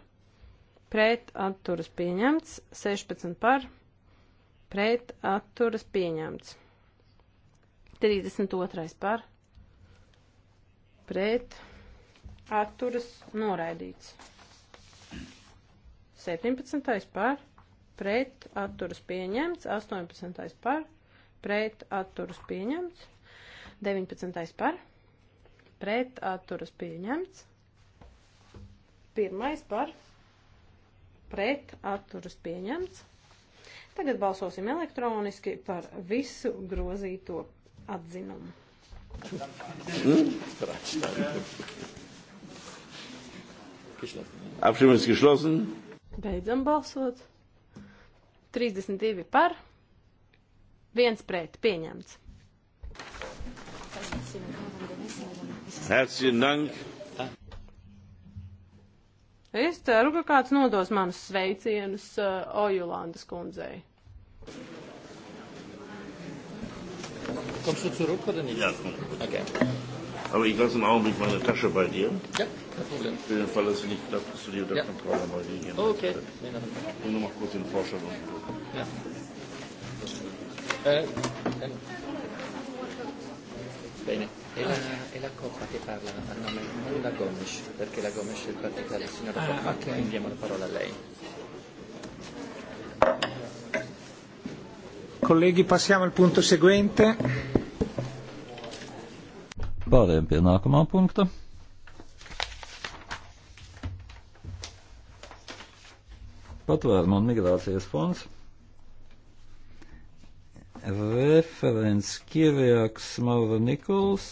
pret atturas pieņemts, 16 par, pret atturas pieņemts, 32. par, pret atturas noraidīts, 17. par, pret atturas pieņemts, 18. par, pret atturas pieņemts, 19. par, pret atturas pieņemts. 1. par, pret atturas pieņemts. Tagad balsosim elektroniski par visu grozīto atzinumu. Hm? Abstimmung ist geschlossen. Beidzam balsot. 32 par, 1 pret, pieņemts. Herzlichen Dank! Es ceru, ka kāds nodos manus sveicienus uh, Ojulandas kundzei. Kommst du zurück oder nicht? Ja. Okay. Aber ich lasse einen Augenblick meine Tasche bei dir. Ja, kein Problem. Für den Fall, dass sie nicht klappt, dass du die unter ja. Kontrolle bei dir hier oh, Okay. Ich nur mal kurz den Vorschlag. Ja. Äh, Bene. E la, e la coppa che parla a nome non la Gomes, perché la Gomes è il partito della signora ah, Coppa, okay. quindi diamo la parola a lei. Colleghi, passiamo al punto seguente. Pārējiem pie nākamā punkta. Patvērumu un migrācijas fonds referents Kirjāks Mava Nikols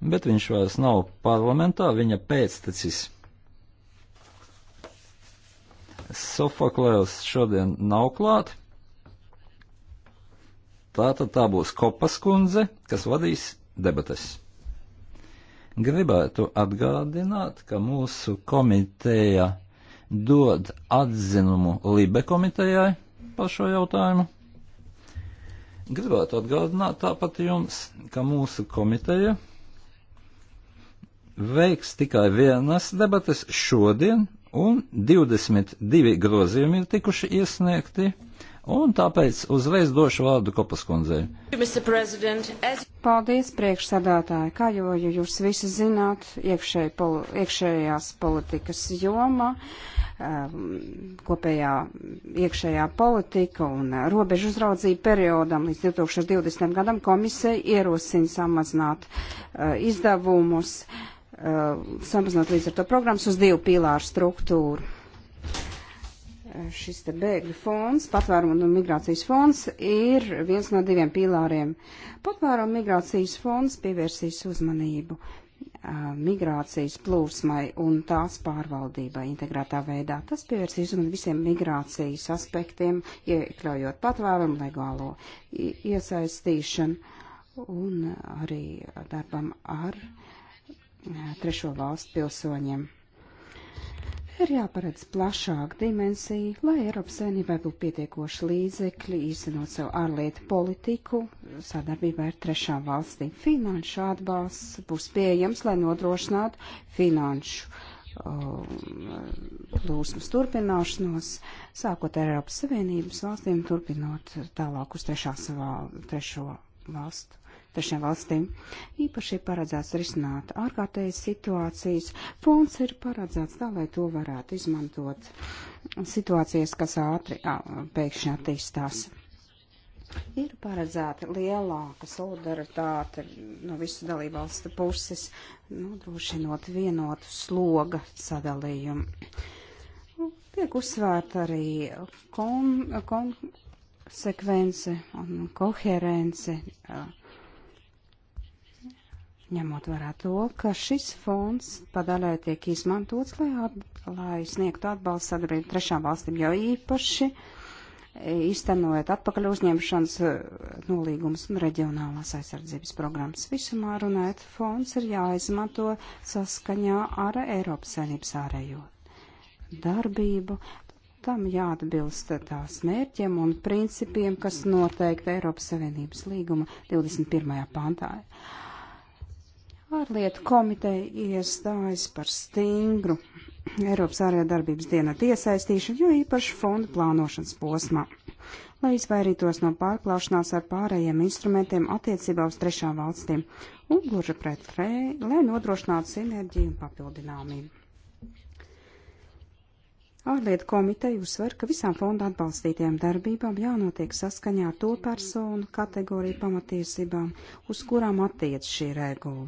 bet viņš vairs nav parlamentā, viņa pēctecis. Sofoklēls šodien nav klāt. Tātad tā būs Kopas kundze, kas vadīs debates. Gribētu atgādināt, ka mūsu komiteja dod atzinumu Libe komitejai par šo jautājumu. Gribētu atgādināt tāpat jums, ka mūsu komiteja veiks tikai vienas debates šodien, un 22 grozījumi ir tikuši iesniegti. Un tāpēc uzreiz došu vārdu Kopas kundzei. Paldies, priekšsādātāji. Kā jau jūs visi zināt, iekšēj poli, iekšējās politikas joma, um, kopējā iekšējā politika un robežu uzraudzība periodam līdz 2020. gadam komisija ierosina samazināt uh, izdevumus. Uh, Uh, samazināt līdz ar to programmas uz divu pīlāru struktūru. Uh, šis te bēgļu fonds, patvērumu un migrācijas fonds, ir viens no diviem pīlāriem. Patvērumu migrācijas fonds pievērsīs uzmanību uh, migrācijas plūsmai un tās pārvaldībai integrētā veidā. Tas pievērsīs uzmanību visiem migrācijas aspektiem, iekļaujot patvērumu, legālo iesaistīšanu un arī darbam ar uh, trešo valstu pilsoņiem. Ir jāparedz plašāka dimensija, lai Eiropas Savienībai būtu pietiekoši līdzekļi īstenot savu ārlietu politiku sadarbībā ar trešām valstīm. Finanšu atbalsts būs pieejams, lai nodrošinātu finanšu um, plūsmas turpināšanos, sākot ar Eiropas Savienības valstīm, turpinot tālāk uz trešās, val, trešo valstu trešiem valstīm. Īpaši ir paredzēts risināt ārkārtējas situācijas. Fonds ir paredzēts tā, lai to varētu izmantot situācijas, kas ātri pēkšņi attīstās. Ir paredzēta lielāka solidaritāte no visu dalībvalstu puses, nodrošinot vienotu sloga sadalījumu. Tiek uzsvērta arī kon, konsekvence un koherence. Uh, ņemot vērā to, ka šis fonds padaļai tiek izmantots, lai, at, lai sniegtu atbalstu sadarbību trešām valstīm, jo īpaši e, īstenojot atpakaļ uzņemšanas e, nolīgumus un reģionālās aizsardzības programmas. Visumā runājot, fonds ir jāizmanto saskaņā ar Eiropas saimnības ārējo darbību. Tam jāatbilst tās mērķiem un principiem, kas noteikti Eiropas Savienības līguma 21. pantā. Uh, Ārlietu komiteja iestājas par stingru Eiropas ārējā darbības dienā iesaistīšanu, jo īpaši fondu plānošanas posmā, lai izvairītos no pārklāšanās ar pārējiem instrumentiem attiecībā uz trešām valstīm un gluži pret frēju, lai nodrošinātu sinerģiju un papildināmību. Ārlietu komiteja uzsver, ka visām fonda atbalstītajām darbībām jānotiek saskaņā ar to personu kategoriju pamatiesībām, uz kurām attiec šī regula.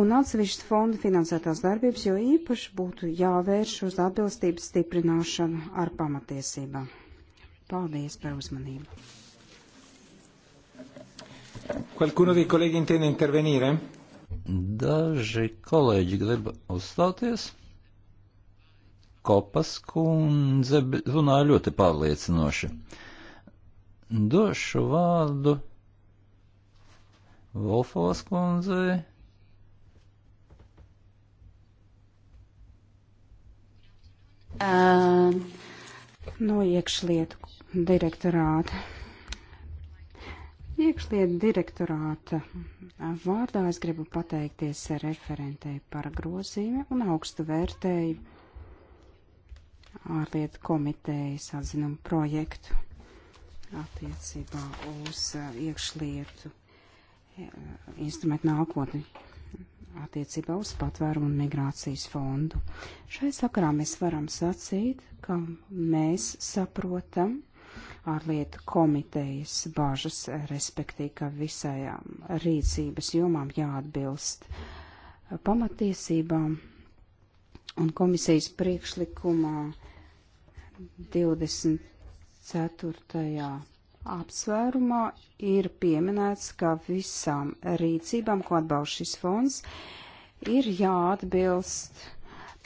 Un atsevišķas fonda finansētās darbības jo īpaši būtu jāvērš uz atbilstības stiprināšanu ar pamatiesībām. Paldies par uzmanību. Qualcuno dei colleghi intende intervenire? Daži kolēģi grib uzstāties. Kopas kundze runāja ļoti pārliecinoši. Došu vārdu Volfovas kundzei. Uh, no iekšlietu direktorāta. Iekšlietu direktorāta vārdā es gribu pateikties referentei par grozīmi un augstu vērtēju ārlietu komitejas atzinumu projektu attiecībā uz uh, iekšlietu uh, instrumentu nākotni attiecībā uz patvērumu un migrācijas fondu. Šai sakarā mēs varam sacīt, ka mēs saprotam ārlietu komitejas bažas, respektīvi, ka visajām rīcības jomām jāatbilst pamatiesībām un komisijas priekšlikumā 24. apsvērumā ir pieminēts, ka visām rīcībām, ko atbalst šis fonds, ir jāatbilst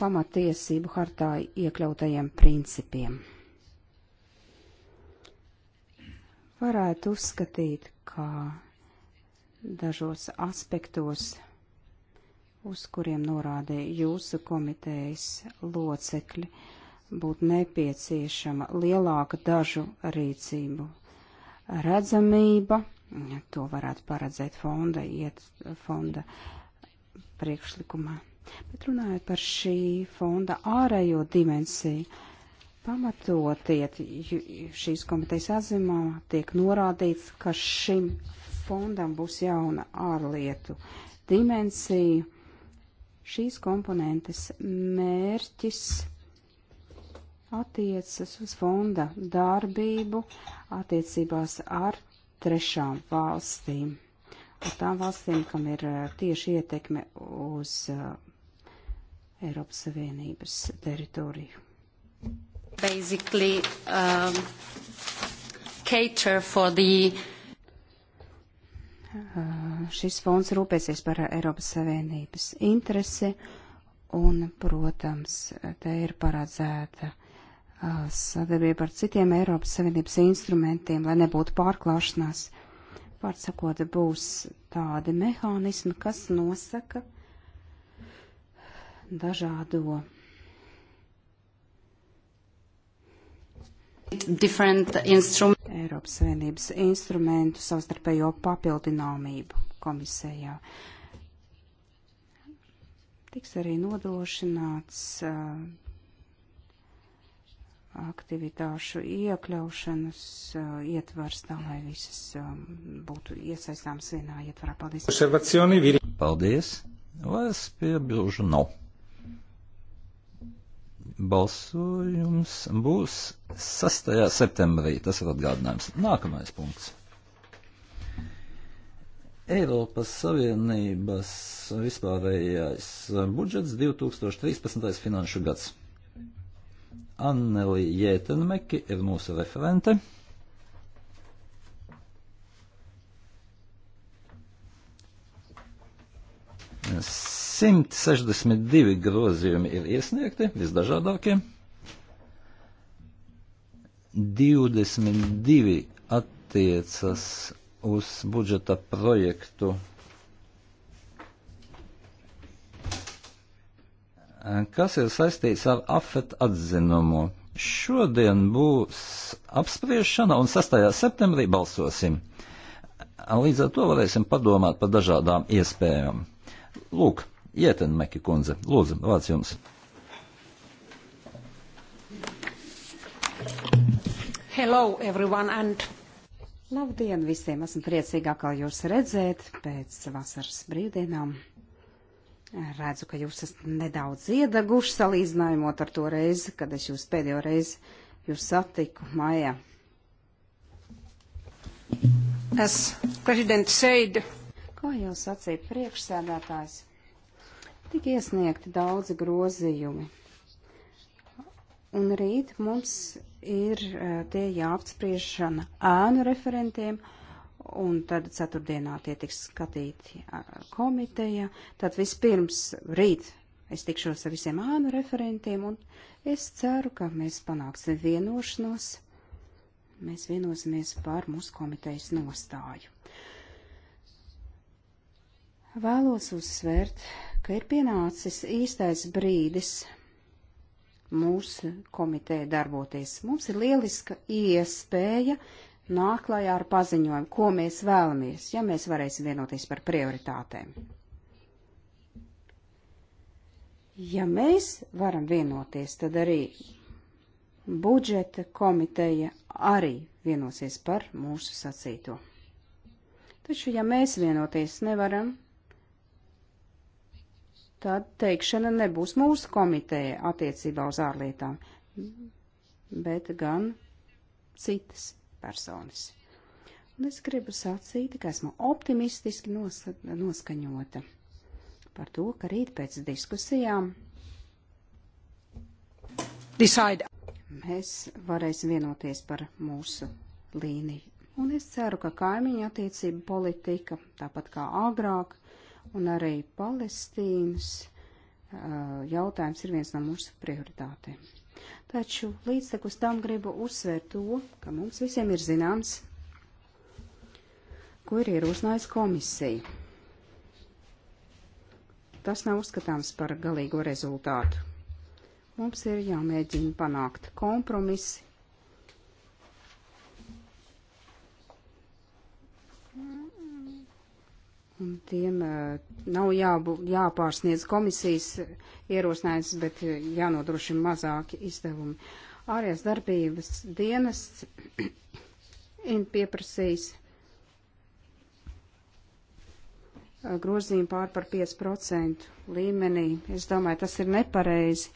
pamatiesību hartā iekļautajiem principiem. Varētu uzskatīt, ka dažos aspektos uz kuriem norādīja jūsu komitejas locekļi, būtu nepieciešama lielāka dažu rīcību redzamība, to varētu paredzēt fonda, iet fonda priekšlikumā. Bet runājot par šī fonda ārējo dimensiju, pamatotiet šīs komitejas atzīmā tiek norādīts, ka šim fondam būs jauna ārlietu dimensija Šīs komponentes mērķis attiecas uz fonda darbību attiecībās ar trešām valstīm, ar tām valstīm, kam ir eh, tieši ietekme uz eh, Eiropas Savienības teritoriju. Basically, um, cater for the uh, šis fonds rūpēsies par Eiropas Savienības interesi un, protams, te ir paredzēta sadarbība ar citiem Eiropas Savienības instrumentiem, lai nebūtu pārklāšanās. Pārsakot, būs tādi mehānismi, kas nosaka dažādo. Eiropas Savienības instrumentu savstarpējo papildināmību komisijā. Tiks arī nodrošināts uh, aktivitāšu iekļaušanas uh, ietvars, tā lai visas um, būtu iesaistāmas vienā ietvarā. Paldies! Paldies! Vairs piebilžu nav. No balsojums būs 6. septembrī. Tas ir atgādinājums. Nākamais punkts. Eiropas Savienības vispārējais budžets 2013. finanšu gads. Anneli Jētenmeki ir mūsu referente. Simt sešdesmit divi grozījumi ir iesniegti, visdažādākie. Divdesmit divi attiecas uz budžeta projektu, kas ir saistīts ar afet atzinumu. Šodien būs apspriešana un 6. septembrī balsosim. Līdz ar to varēsim padomāt par dažādām iespējām. Lūk, Ietenmeki kundze, lūdzu, vārds jums. Hello everyone and Labdien visiem! Esmu priecīga atkal jūs redzēt pēc vasaras brīvdienām. Redzu, ka jūs esat nedaudz iedeguši salīdzinājumot ar to reizi, kad es jūs pēdējo reizi jūs satiku mājā. Es prezidents Seidu. Kā jau sacīja priekšsēdētājs, tik iesniegti daudzi grozījumi. Un rīt mums ir eh, tie jāapspriešana ēnu referentiem, un tad ceturtdienā tie tiks skatīti eh, komiteja. Tad vispirms rīt es tikšos ar visiem ēnu referentiem, un es ceru, ka mēs panāksim vienošanos. Mēs vienosimies par mūsu komitejas nostāju. Vēlos uzsvērt, ka ir pienācis īstais brīdis mūsu komiteja darboties. Mums ir lieliska iespēja nāklājā ar paziņojumu, ko mēs vēlamies, ja mēs varēsim vienoties par prioritātēm. Ja mēs varam vienoties, tad arī budžeta komiteja arī vienosies par mūsu sacīto. Taču, ja mēs vienoties nevaram, tad teikšana nebūs mūsu komiteja attiecībā uz ārlietām, bet gan citas personas. Un es gribu sacīt, ka esmu optimistiski nos, noskaņota par to, ka rīt pēc diskusijām Decide. mēs varēsim vienoties par mūsu līniju. Un es ceru, ka kaimiņa attiecība politika, tāpat kā agrāk, un arī Palestīnas jautājums ir viens no mūsu prioritātēm. Taču līdztekus tam gribu uzsvērt to, ka mums visiem ir zināms, ko ir ierosinājusi komisija. Tas nav uzskatāms par galīgo rezultātu. Mums ir jāmēģina panākt kompromiss, Un tiem nav jābū, jāpārsniedz komisijas ierosinājums, bet jānodrošina mazāki izdevumi. Ārējās darbības dienests pieprasīs grozījumu pār par 5% līmenī. Es domāju, tas ir nepareizi,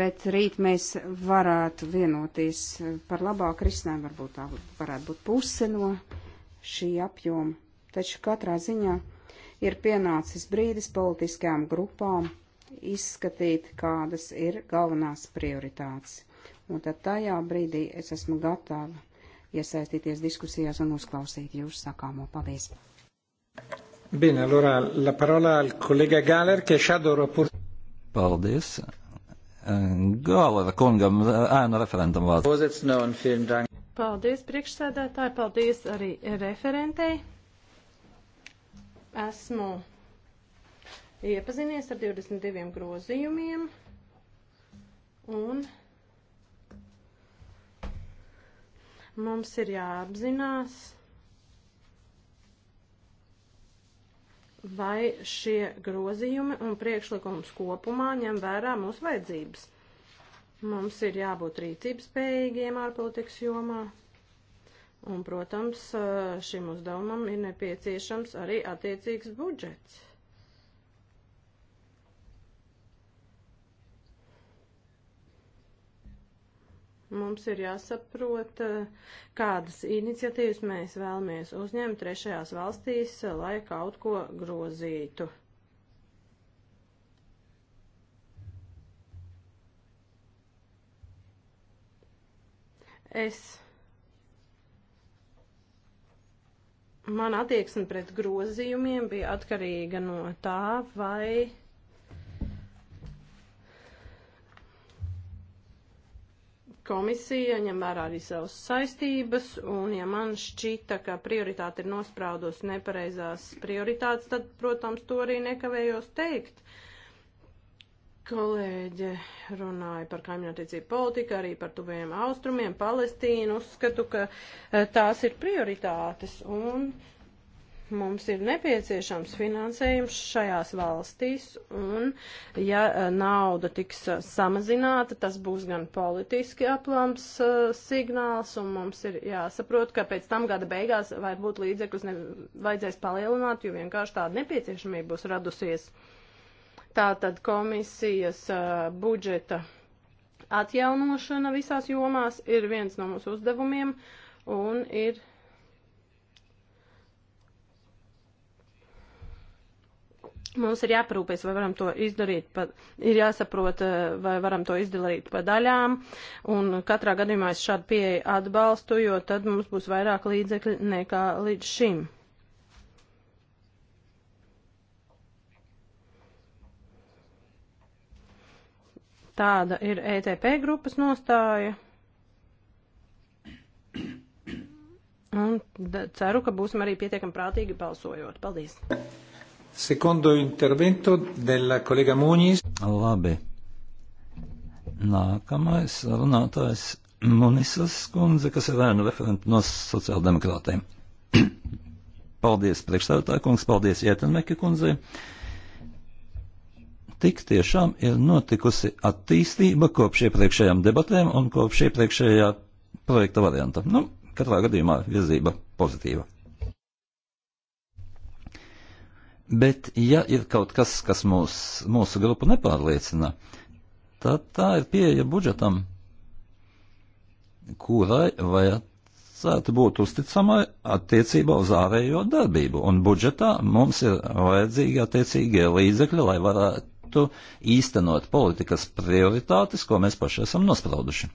bet rīt mēs varētu vienoties par labāku risinājumu. Varbūt tā varētu būt puse no šī apjoma taču katrā ziņā ir pienācis brīdis politiskajām grupām izskatīt, kādas ir galvenās prioritātes. Un tad tajā brīdī es esmu gatava iesaistīties diskusijās un uzklausīt jūsu sakāmo. Paldies! Bene, allora la parola al collega Galer, che shadow report. Paldies. Galera kungam, ēnu referentam vārds. Paldies, priekšsēdētāji, paldies arī referentei. Esmu iepazinies ar 22 grozījumiem un mums ir jāapzinās, vai šie grozījumi un priekšlikums kopumā ņem vērā mūsu vajadzības. Mums ir jābūt rīcības spējīgiem ārpolitikas jomā. Un, protams, šim uzdevumam ir nepieciešams arī attiecīgs budžets. Mums ir jāsaprot, kādas iniciatīvas mēs vēlamies uzņemt trešajās valstīs, lai kaut ko grozītu. Es Mana attieksme pret grozījumiem bija atkarīga no tā, vai komisija ņem vērā arī savas saistības, un ja man šķita, ka prioritāte ir nospraudusi nepareizās prioritātes, tad, protams, to arī nekavējos teikt. Uh, Kolēģe runāja par kaimiņattiecību politiku, arī par tuvējiem austrumiem, Palestīnu. Uzskatu, ka e, tās ir prioritātes un mums ir nepieciešams finansējums šajās valstīs un, ja e, nauda tiks e, samazināta, tas būs gan politiski aplams uh, signāls un mums ir jāsaprot, ka pēc tam gada beigās varbūt līdzekļus ne, vajadzēs palielināt, jo vienkārši tāda nepieciešamība būs radusies. Uh, Tātad komisijas uh, budžeta atjaunošana visās jomās ir viens no mūsu uzdevumiem un ir. Mums ir jāparūpēs, vai varam to izdarīt, pa, ir jāsaprot, vai varam to izdarīt pa daļām, un katrā gadījumā es šādu pieeju atbalstu, jo tad mums būs vairāk līdzekļu nekā līdz šim. Tāda ir ETP grupas nostāja. Un ceru, ka būsim arī pietiekami prātīgi balsojot. Paldies! Secondo intervento della collega Muniz. Labi. Nākamais runātājs Munisas skundze, kas ir ēnu referenta no sociāldemokrātiem. paldies priekšstādātāju kungs, paldies Ietenmeki kundzei tik tiešām ir notikusi attīstība kopš iepriekšējām debatēm un kopš iepriekšējā projekta varianta. Nu, katrā gadījumā virzība pozitīva. Bet, ja ir kaut kas, kas mūs, mūsu grupu nepārliecina, tad tā ir pieeja budžetam, kurai vajadzētu būt uzticamai attiecībā uz ārējo darbību. Un budžetā mums ir vajadzīgi attiecīgie līdzekļi, lai varētu ļautu īstenot politikas prioritātes, ko mēs paši esam nosprauduši.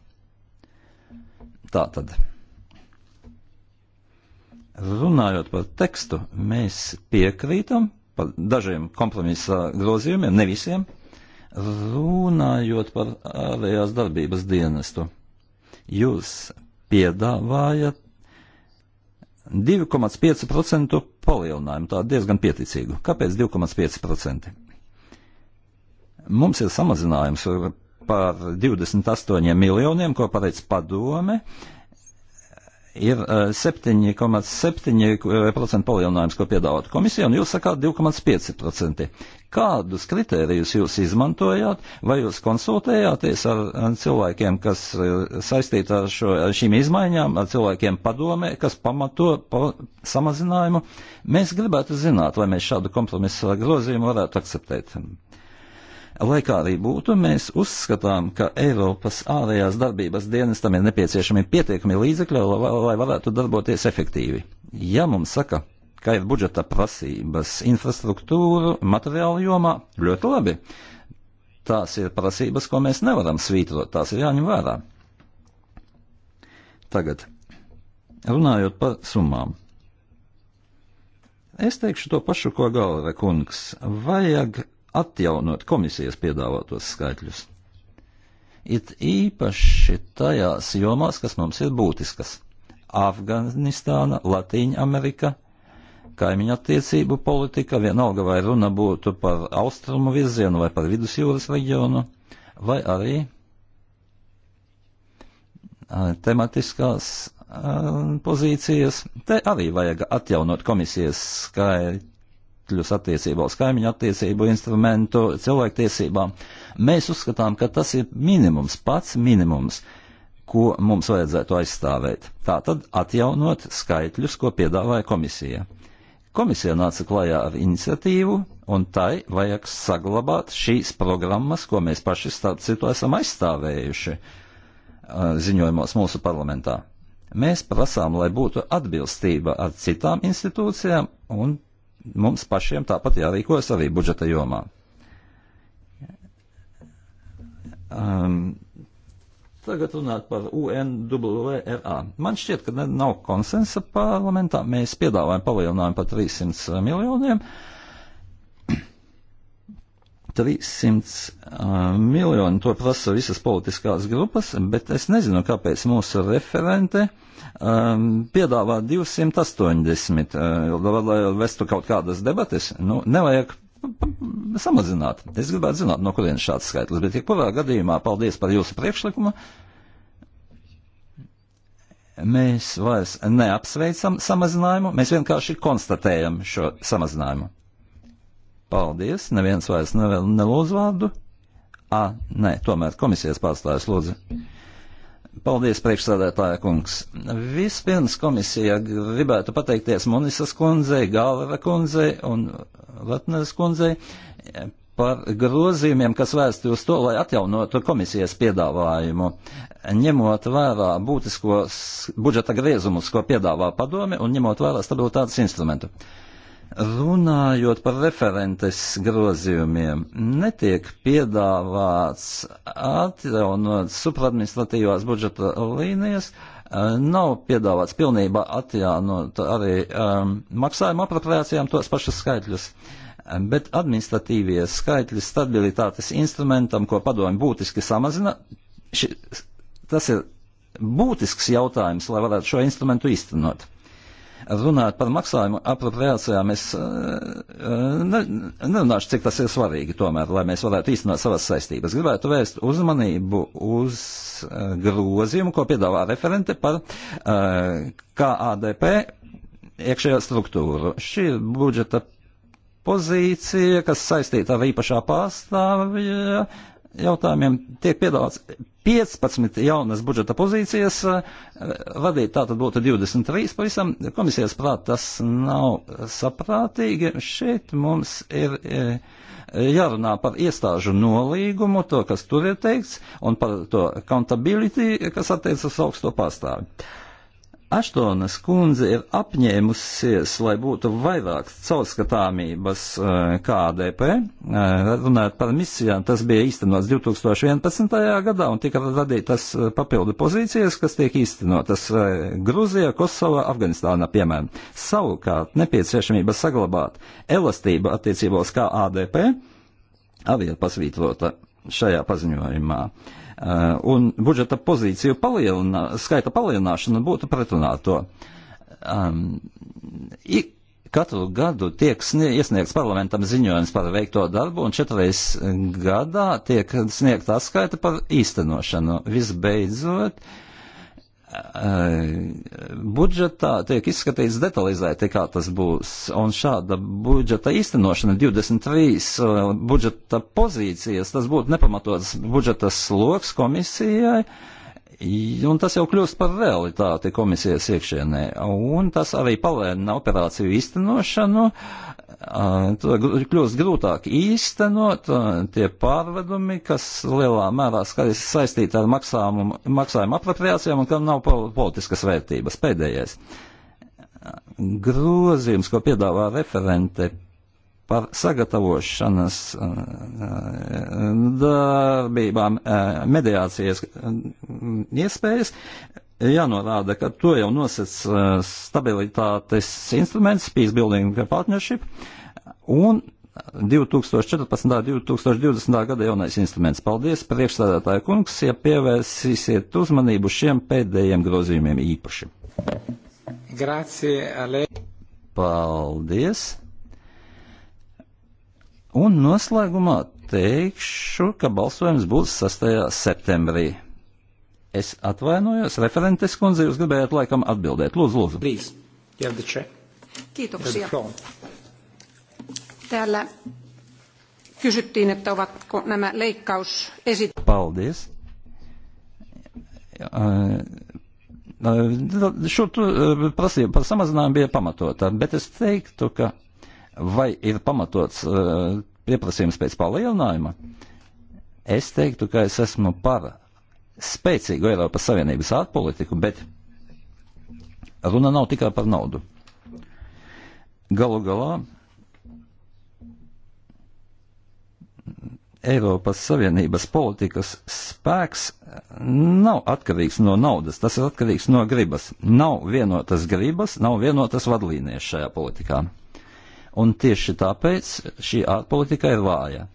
Tātad. Runājot par tekstu, mēs piekrītam par dažiem kompromisa grozījumiem, ne visiem, runājot par ārējās darbības dienestu. Jūs piedāvājat 2,5% palielinājumu, tā diezgan pieticīgu. Kāpēc 2,5%? Mums ir samazinājums par 28 miljoniem, ko paredz padome. Ir 7,7% eh, eh, palielinājums, ko piedāvāt komisija, un jūs sakāt 2,5%. Kādus kritērijus jūs izmantojāt, vai jūs konsultējāties ar, ar cilvēkiem, kas eh, saistīti ar, šo, ar šīm izmaiņām, ar cilvēkiem padomē, kas pamato pa, samazinājumu? Mēs gribētu zināt, vai mēs šādu kompromisu grozījumu varētu akceptēt. Uh, Lai kā arī būtu, mēs uzskatām, ka Eiropas ārējās darbības dienestam ir nepieciešami pietiekami līdzekļi, lai varētu darboties efektīvi. Ja mums saka, ka ir budžeta prasības infrastruktūru, materiālu jomā, ļoti labi. Tās ir prasības, ko mēs nevaram svītrot, tās ir jāņem vērā. Tagad, runājot par summām. Es teikšu to pašu, ko Galve kungs. Vajag atjaunot komisijas piedāvātos skaitļus. It īpaši tajās jomās, kas mums ir būtiskas - Afganistāna, Latīņa Amerika, kaimiņu attiecību politika, vienalga vai runa būtu par austrumu virzienu vai par vidusjūras reģionu, vai arī tematiskās pozīcijas. Te arī vajag atjaunot komisijas skaitļus līdzekļus attiecībā uz kaimiņu attiecību instrumentu cilvēktiesībām, mēs uzskatām, ka tas ir minimums, pats minimums, ko mums vajadzētu aizstāvēt. Tātad atjaunot skaitļus, ko piedāvāja komisija. Komisija nāca klajā ar iniciatīvu, un tai vajag saglabāt šīs programmas, ko mēs paši starp citu esam aizstāvējuši uh, ziņojumos mūsu parlamentā. Mēs prasām, lai būtu atbilstība ar citām institūcijām un mums pašiem tāpat jārīkojas arī budžeta jomā. Um, tagad runāt par UNWRA. Man šķiet, ka nav konsensa parlamentā. Mēs piedāvājam palielinājumu par 300 miljoniem. Uh, 300 miljoni, to prasa visas politiskās grupas, bet es nezinu, kāpēc mūsu referente um, piedāvā 280, uh, lai vestu kaut kādas debates. Nu, nevajag samazināt. Es gribētu zināt, no kurienes šāds skaitlis, bet jebkurā ja gadījumā paldies par jūsu priekšlikumu. Mēs vairs neapsveicam samazinājumu, mēs vienkārši konstatējam šo samazinājumu. Paldies, neviens vairs nevēl nelūdz vārdu. Ā, nē, tomēr komisijas pārstājas lūdzu. Paldies, priekšsādētāja kungs. Vispirms komisija gribētu pateikties Monisas kundzei, Gālera kundzei un Latneres kundzei par grozījumiem, kas vērsti uz to, lai atjaunotu komisijas piedāvājumu, ņemot vērā būtiskos budžeta griezumus, ko piedāvā padome, un ņemot vērā stabilitātes instrumentu. Uh, Runājot par referentes grozījumiem, netiek piedāvāts atjaunot supradministratīvās budžeta līnijas, eh, nav piedāvāts pilnībā atjaunot arī um, maksājuma apropriācijām tos pašus skaitļus. Bet administratīvie skaitļi stabilitātes instrumentam, ko padomju būtiski samazina, ši, tas ir būtisks jautājums, lai varētu šo instrumentu īstenot runāt par maksājumu apropriācijām, es eh, eh, ne, nerunāšu, cik tas ir svarīgi tomēr, lai mēs varētu īstenot savas saistības. Gribētu vērst uzmanību uz eh, grozījumu, ko piedāvā referente par KADP iekšējo struktūru. Šī ir budžeta pozīcija, kas saistīta ar īpašā pārstāvja jautājumiem, tiek piedāvāts 15 jaunas budžeta pozīcijas radīt, eh, tā tad būtu 23 pavisam. Komisijas prāt tas nav saprātīgi. Šeit mums ir eh, jārunā par iestāžu nolīgumu, to, kas tur ir teikts, un par to accountability, kas attiecas uz augsto pārstāvi. Aštonas kundze ir apņēmusies, lai būtu vairāk caurskatāmības eh, KDP, eh, runājot par misijām, tas bija īstenots 2011. gadā un tika radītas eh, papildu pozīcijas, kas tiek īstenotas Gruzijā, Kosovā, Afganistānā, piemēram. Savukārt nepieciešamība saglabāt elastību attiecībā uz KADP arī ir pasvītrota šajā paziņojumā. Eh, un budžeta pozīciju palielinā, skaita palielināšana būtu pretrunā to. Um, i, Katru gadu tiek iesniegts parlamentam ziņojums par veikto darbu, un četreiz gadā tiek sniegta atskaita par īstenošanu. Visbeidzot, uh, budžetā tiek izskatīts detalizēti, kā tas būs, un šāda budžeta īstenošana 23 budžeta pozīcijas, tas būtu nepamatots budžeta sloks komisijai, un tas jau kļūst par realitāti komisijas iekšienē, un tas arī palēna operāciju īstenošanu, to kļūst grūtāk īstenot, tie pārvedumi, kas lielā mērā saistīti ar maksājumu, maksājumu apropriācijām un kam nav politiskas vērtības. Pēdējais grozījums, ko piedāvā referente par sagatavošanas darbībām, mediācijas iespējas, jānorāda, ka to jau nosacīs eh, stabilitātes instruments Peace Building Partnership un 2014. un 2020. gada jaunais instruments. Paldies, priekšstādātāja kungs, ja pievērsīsiet uzmanību šiem pēdējiem grozījumiem īpaši. Grazie, Ale. Paldies. Un noslēgumā teikšu, ka balsojums būs 6. septembrī. Es atvainojos, referentes kundze, jūs gribējāt laikam atbildēt. Lūdzu, lūdzu. Please, you have the chair. Kiitoksia. Täällä kysyttiin, että ovatko nämä leikkausesitykset. Paldies. Šo prasību par samazinājumu bija pamatota, bet es teiktu, ka vai ir pamatots pieprasījums pēc palielinājuma, es teiktu, ka es esmu par spēcīgu Eiropas Savienības ārpolitiku, bet runa nav tikai par naudu. Galu galā Eiropas Savienības politikas spēks nav atkarīgs no naudas, tas ir atkarīgs no gribas. Nav vienotas gribas, nav vienotas vadlīnijas šajā politikā. Un tieši tāpēc šī ārpolitika ir vāja.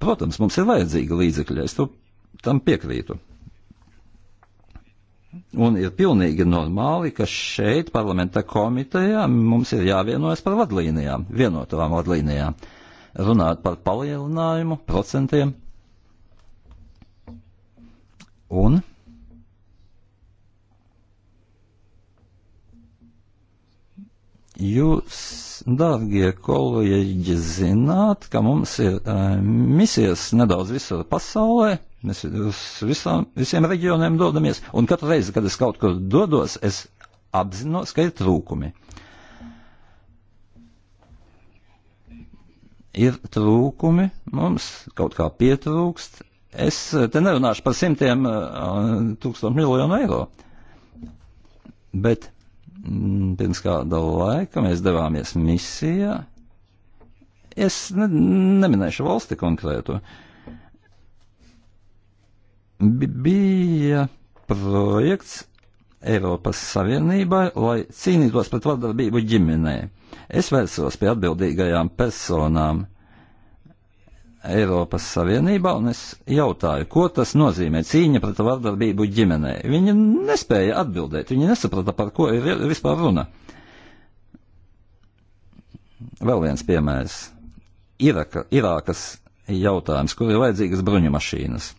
Protams, mums ir vajadzīga līdzekļa, es to tam piekrītu. Un ir pilnīgi normāli, ka šeit, parlamenta komitejā, mums ir jāvienojas par vadlīnijām, vienotām vadlīnijām. Runāt par palielinājumu, procentiem. Un Jūs, dārgie kolēģi, zināt, ka mums ir uh, misijas nedaudz visur pasaulē, mēs uz visām, visiem reģioniem dodamies, un katru reizi, kad es kaut kur dodos, es apzinos, ka ir trūkumi. Ir trūkumi, mums kaut kā pietrūkst. Es te nerunāšu par simtiem uh, tūkstošu miljonu eiro, bet pirms kāda laika mēs devāmies misijā. Es ne, neminēšu valsti konkrēto. B bija projekts Eiropas Savienībai, lai cīnītos pret vardarbību ģimenē. Es vērsos pie atbildīgajām personām Eiropas Savienībā, un es jautāju, ko tas nozīmē cīņa pret vardarbību ģimenē. Viņi nespēja atbildēt, viņi nesaprata, par ko ir vispār runa. Vēl viens piemērs - Iraka, Irākas jautājums, kur ir vajadzīgas bruņumašīnas.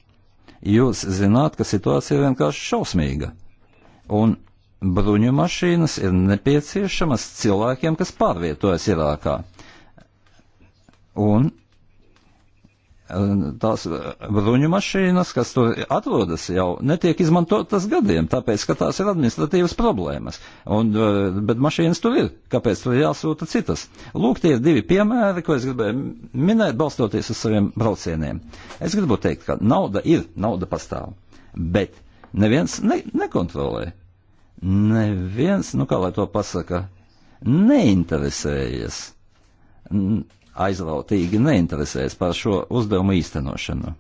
Jūs zināt, ka situācija ir vienkārši šausmīga, un bruņumašīnas ir nepieciešamas cilvēkiem, kas pārvietojas Irākā. Un tās bruņu mašīnas, kas tur atrodas jau, netiek izmantotas gadiem, tāpēc, ka tās ir administratīvas problēmas. Un, eh, bet mašīnas tur ir, kāpēc tur ir jāsūta citas. Lūk, tie ir divi piemēri, ko es gribēju minēt, balstoties uz saviem braucieniem. Es gribu teikt, ka nauda ir, nauda pastāv, bet neviens ne, nekontrolē. Neviens, nu kā lai to pasaka, neinteresējas aizrautīgi neinteresēs par šo uzdevumu īstenošanu.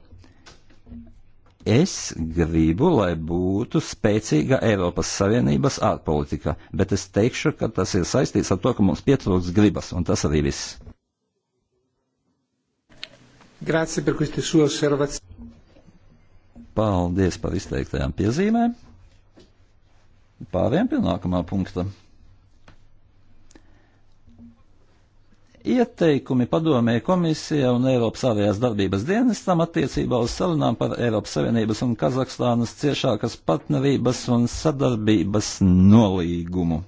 Es gribu, lai būtu spēcīga Eiropas Savienības ārpolitika, bet es teikšu, ka tas ir saistīts ar to, ka mums pietrūks gribas, un tas arī viss. Grazie par queste sue osservazioni. Paldies par izteiktajām piezīmēm. Pāriem pie nākamā punkta. Ieteikumi padomē komisija un Eiropas ārējās darbības dienestam attiecībā uz sarunām par Eiropas Savienības un Kazahstānas ciešākas partnerības un sadarbības nolīgumu.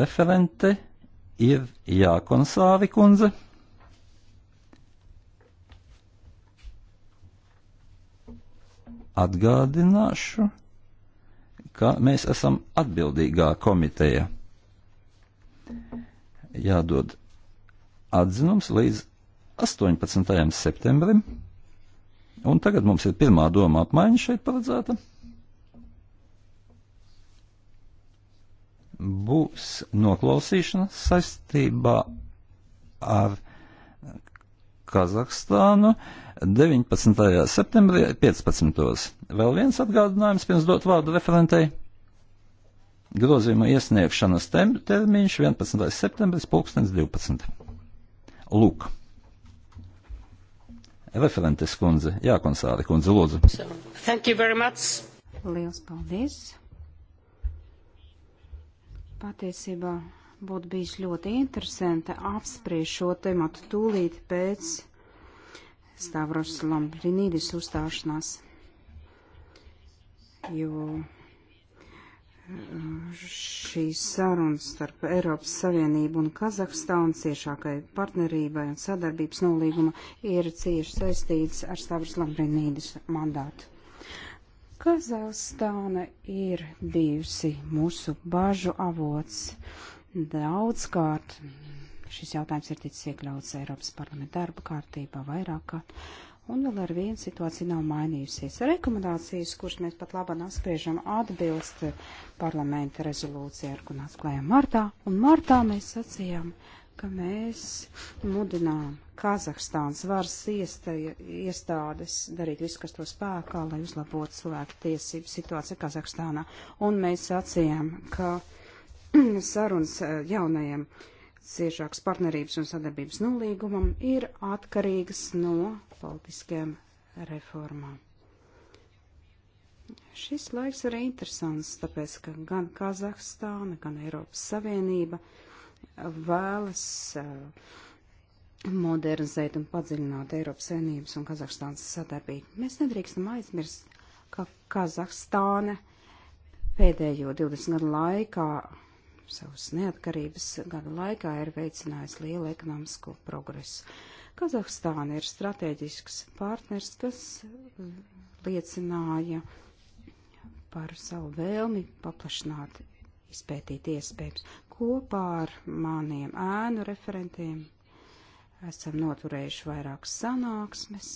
Referente ir Jākonsāvi kundze. Atgādināšu ka mēs esam atbildīgā komiteja. Jādod atzinums līdz 18. septembrim, un tagad mums ir pirmā doma apmaiņa šeit paredzēta. Būs noklausīšana saistībā ar Kazahstānu 19. septembrī 15. Vēl viens atgādinājums pirms dot vārdu referentei. Grozījuma iesniegšanas termiņš 11. septembris 2012. Lūk. Referentes kundze, jā, konsāri kundze, lūdzu. So, thank you very much. Liels paldies. Patiesībā Būtu bijis ļoti interesanti apspriest šo tematu tūlīt pēc Stavros Lambrinīdis uzstāšanās, jo eh, šīs sarunas starp Eiropas Savienību un Kazahstānu ciešākai partnerībai un sadarbības nolīguma ir cieši saistīts ar Stavros Lambrinīdis mandātu. Kazahstāna ir bijusi mūsu bažu avots Daudzkārt šis jautājums ir ticis iekļauts Eiropas parlamenta darba kārtībā vairāk kārt. Un vēl ar vienu situāciju nav mainījusies. Rekomendācijas, kuras mēs pat labā apspriežam, atbilst parlamenta rezolūcijai, ar ko atklājām martā. Un martā mēs sacījām, ka mēs mudinām Kazahstānas varas iesta, iestādes darīt visu, kas to spēkā, lai uzlabotu cilvēku tiesību situāciju Kazahstānā. Un mēs sacījām, ka sarunas eh, jaunajam ciešāks partnerības un sadarbības nolīgumam ir atkarīgas no politiskajām reformām. Šis laiks arī interesants, tāpēc, ka gan Kazahstāna, gan Eiropas Savienība vēlas eh, modernizēt un padziļināt Eiropas Savienības un Kazahstānas sadarbību. Mēs nedrīkstam aizmirst, ka Kazahstāna pēdējo 20 gadu laikā savas neatkarības gadu laikā ir veicinājis lielu ekonomisko progresu. Kazahstāna ir strateģisks partners, kas eh, liecināja par savu vēlmi paplašināt izpētīt iespējams. Kopā ar maniem ēnu referentiem esam noturējuši vairākas sanāksmes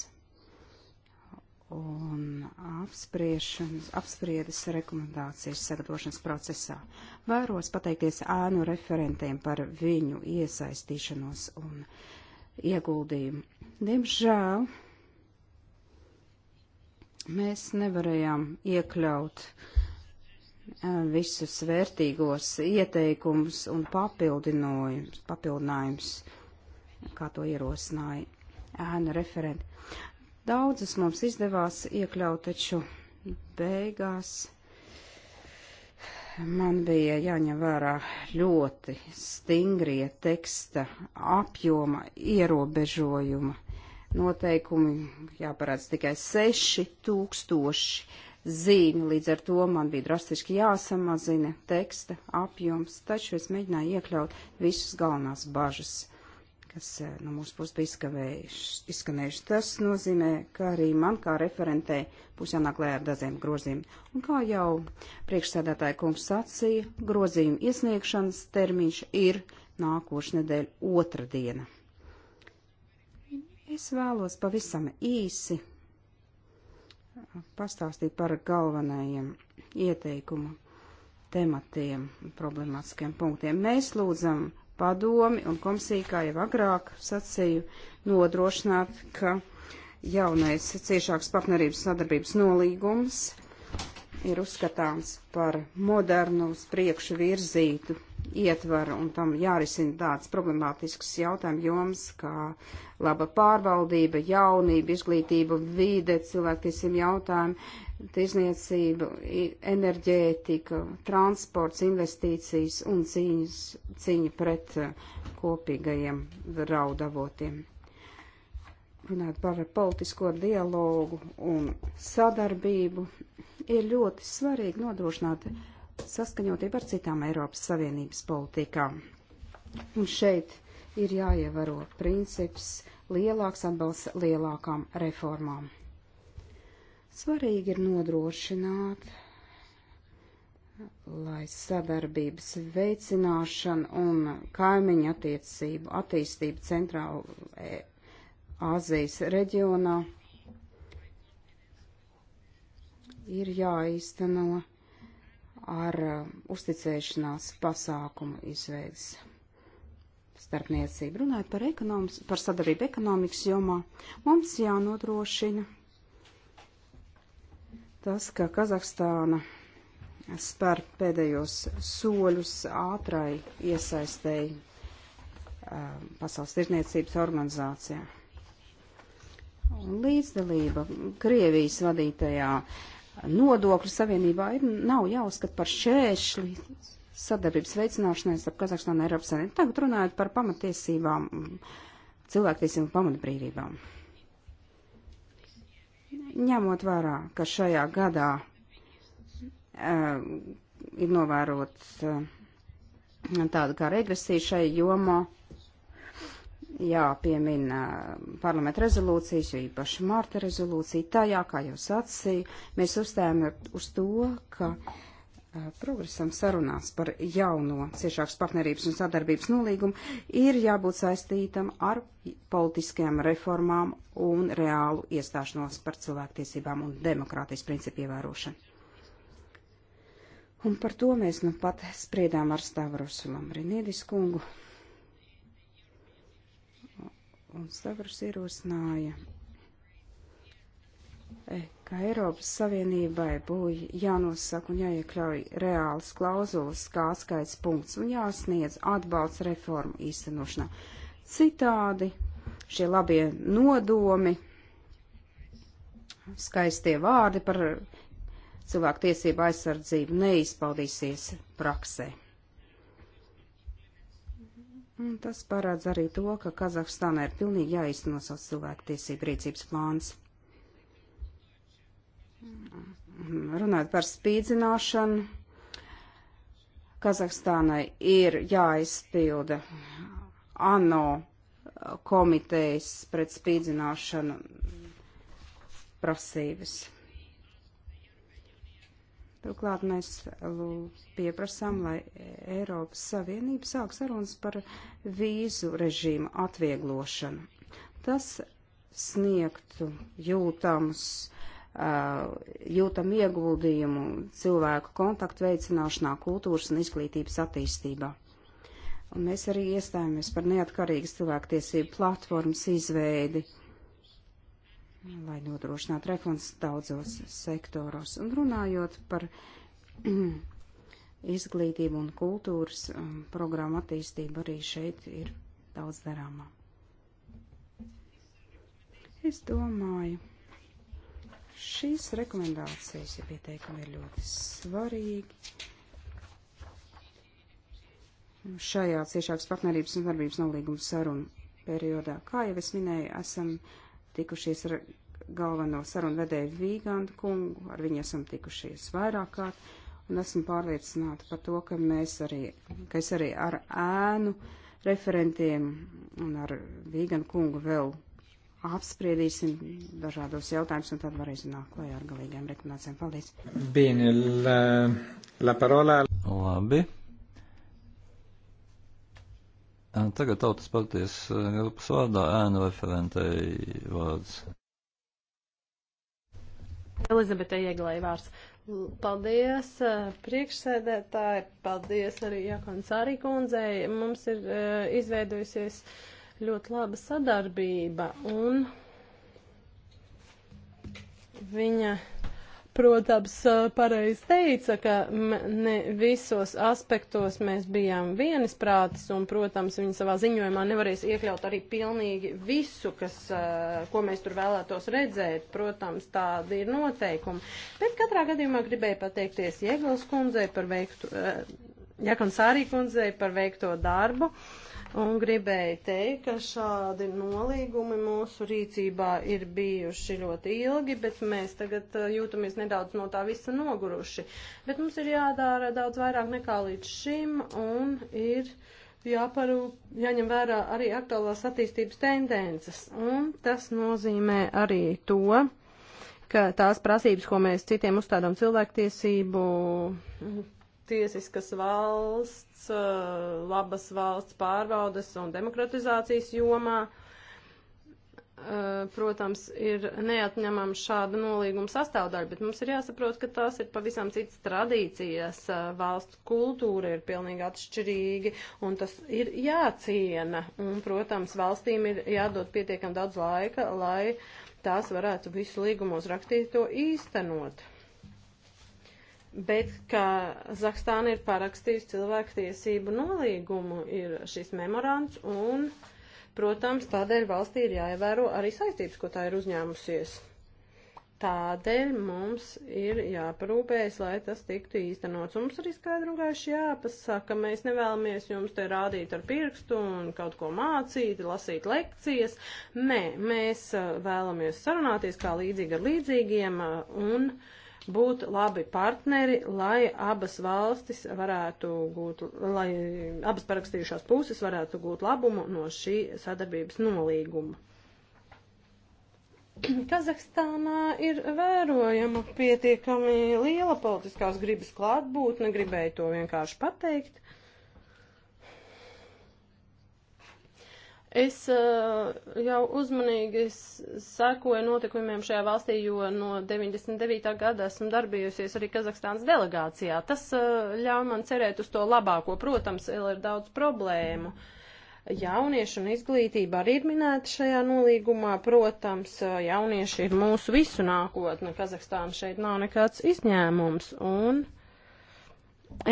un apspriedas rekomendācijas sagatavošanas procesā. Vēros pateikties ēnu referentiem par viņu iesaistīšanos un ieguldījumu. Diemžēl mēs nevarējām iekļaut visus vērtīgos ieteikumus un papildinājumus, kā to ierosināja ēnu referenti Daudzas mums izdevās iekļaut, taču beigās man bija jāņem vērā ļoti stingrie teksta apjoma ierobežojuma noteikumi, jāparāds tikai 6000 zīmi, līdz ar to man bija drastiski jāsamazina teksta apjoms, taču es mēģināju iekļaut visus galvenās bažas kas eh, no mūsu puses bija izskanējuši. Tas nozīmē, ka arī man kā referentē būs jānāk lēr ar daziem grozījumiem. Un kā jau priekšsēdētāja kungs sacīja, grozījumu iesniegšanas termiņš ir nākošu nedēļu otra diena. Es vēlos pavisam īsi pastāstīt par galvenajiem ieteikumu tematiem, problemātiskiem punktiem. Mēs lūdzam padomi un komisija, kā jau agrāk sacīju, nodrošināt, ka jaunais ciešāks partnerības sadarbības nolīgums ir uzskatāms par modernu, uz priekšu virzītu ietvaru un tam jārisina tāds problemātisks jautājums joms, kā laba pārvaldība, jaunība, izglītība, vīde, cilvēktiesiem jautājumi, tirzniecība, enerģētika, transports, investīcijas un cīņas, cīņa pret eh, kopīgajiem raudavotiem. Runāt par politisko dialogu un sadarbību ir ļoti svarīgi nodrošināt. Mm saskaņotība ar citām Eiropas Savienības politikām. Un šeit ir jāievēro princips lielāks atbalsts lielākām reformām. Svarīgi ir nodrošināt, lai sadarbības veicināšana un kaimiņa attiecību attīstība centrāla e, Āzijas reģionā ir jāīsteno ar um, uzticēšanās pasākumu izveidas starpniecību. Runājot par, ekonomis, par sadarbību ekonomikas jomā, mums jānodrošina tas, ka Kazahstāna spēr pēdējos soļus ātrai iesaistēji um, Pasaules tirzniecības organizācijā. Un līdzdalība Krievijas vadītajā uh, nodokļu savienībā ir, nav jāuzskata par šķēršļi sadarbības veicināšanai starp Kazahstānu un Eiropas Savienību. Tagad runājot par pamatiesībām, cilvēktiesību un pamatbrīvībām. Ņemot vērā, ka šajā gadā uh, ir novērots uh, tāda kā regresija šai jomā, uh, jāpiemina parlamenta rezolūcijas, jo īpaši Marta rezolūcija. Tajā, kā jau sacīju, mēs uzstājām uz to, ka progresam sarunās par jauno ciešākas partnerības un sadarbības nolīgumu ir jābūt saistītam ar politiskajām reformām un reālu iestāšanos par cilvēktiesībām un demokrātijas principu ievērošanu. Un par to mēs nu pat spriedām ar Stavrosu Lamrinīdis kungu un Stavros ierosināja, e, ka Eiropas Savienībai būja jānosaka un jāiekļauj reāls klauzulas kā atskaits punkts un jāsniedz atbalsts reformu īstenošanā. Citādi šie labie nodomi, skaistie vārdi par cilvēku tiesību aizsardzību neizpaudīsies praksē. Un tas parāds arī to, ka Kazahstānā ir pilnīgi jāizsno savs cilvēktiesību rīcības plāns. Runājot par spīdzināšanu, Kazahstānai ir jāizpilda ANO komitejas pret spīdzināšanu prasības. Turklāt mēs eh, pieprasām, lai Eiropas Savienība sāk sarunas par vīzu režīmu atvieglošanu. Tas sniegtu jūtams, eh, jūtam ieguldījumu cilvēku kontaktu veicināšanā, kultūras un izglītības attīstībā. Un mēs arī iestājāmies par neatkarīgas cilvēktiesību platformas izveidi. Uh, lai nodrošinātu reformas daudzos sektoros. Un runājot par izglītību un kultūras um, programmu attīstību, arī šeit ir daudz darāmā. Es domāju, šīs rekomendācijas, ja pieteikumi ir ļoti svarīgi. Šajā ciešākas partnerības un darbības nolīguma sarunu periodā, kā jau es minēju, esam uh, tikušies ar galveno sarunvedēju Vīgandu kungu, ar viņu esam tikušies vairāk kārt, un esmu pārliecināta par to, ka mēs arī, ka es arī ar ēnu referentiem un ar Vīgandu kungu vēl apspriedīsim dažādos jautājumus, un tad varēsim nākt klajā ar galīgiem rekomendācijām. Paldies! Bien, la, la parola. Labi. Tagad tautas partijas grupas vārdā ēnu referentei vārds. Elizabete Ieglēja vārds. Paldies priekšsēdētāji, paldies arī Jakons arī kundzei. Mums ir uh, izveidojusies ļoti laba sadarbība un viņa protams, pareizi teica, ka ne visos aspektos mēs bijām vienisprātis, un, protams, viņi savā ziņojumā nevarēs iekļaut arī pilnīgi visu, kas, ko mēs tur vēlētos redzēt. Protams, tādi ir noteikumi. Bet katrā gadījumā gribēju pateikties Jēglas kundzei par veiktu, Jākonsārī kundzei par veikto darbu. Uh, un gribēju teikt, ka šādi nolīgumi mūsu rīcībā ir bijuši ļoti ilgi, bet mēs tagad uh, jūtamies nedaudz no tā visa noguruši. Bet mums ir jādara daudz vairāk nekā līdz šim un ir jāparu, jāņem vērā arī aktuālās attīstības tendences. Un tas nozīmē arī to, ka tās prasības, ko mēs citiem uzstādām cilvēktiesību tiesiskas valsts, labas valsts pārbaudas un demokratizācijas jomā. Protams, ir neatņemama šāda nolīguma sastāvdaļa, bet mums ir jāsaprot, ka tās ir pavisam citas tradīcijas. Valstu kultūra ir pilnīgi atšķirīga, un tas ir jāciena. Un, protams, valstīm ir jādod pietiekam daudz laika, lai tās varētu visu līgumos rakstīto īstenot bet ka Zahstāna ir parakstījusi cilvēktiesību nolīgumu, ir šis memorands, un, protams, tādēļ valstī ir jāievēro arī saistības, ko tā ir uzņēmusies. Tādēļ mums ir jāparūpējas, lai tas tiktu īstenots. Mums arī skaidri un gaiši jāpasaka, mēs nevēlamies jums te rādīt ar pirkstu un kaut ko mācīt, lasīt lekcijas. Nē, mēs eh, vēlamies sarunāties kā līdzīgi ar līdzīgiem eh, un uh, būt labi partneri, lai abas valstis varētu gūt, lai abas parakstījušās puses varētu gūt labumu no šī sadarbības nolīguma. Kazahstānā ir vērojama pietiekami liela politiskās gribas klātbūtne, gribēju to vienkārši pateikt. Es eh, jau uzmanīgi sekoju notikumiem šajā valstī, jo no 99. gada esmu darbījusies arī Kazahstānas delegācijā. Tas eh, ļauj man cerēt uz to labāko. Protams, vēl ir daudz problēmu. Jaunieši un izglītība arī ir minēta šajā nolīgumā. Protams, eh, jaunieši ir mūsu visu nākotne. Kazahstāna šeit nav nekāds izņēmums. Un... Uh,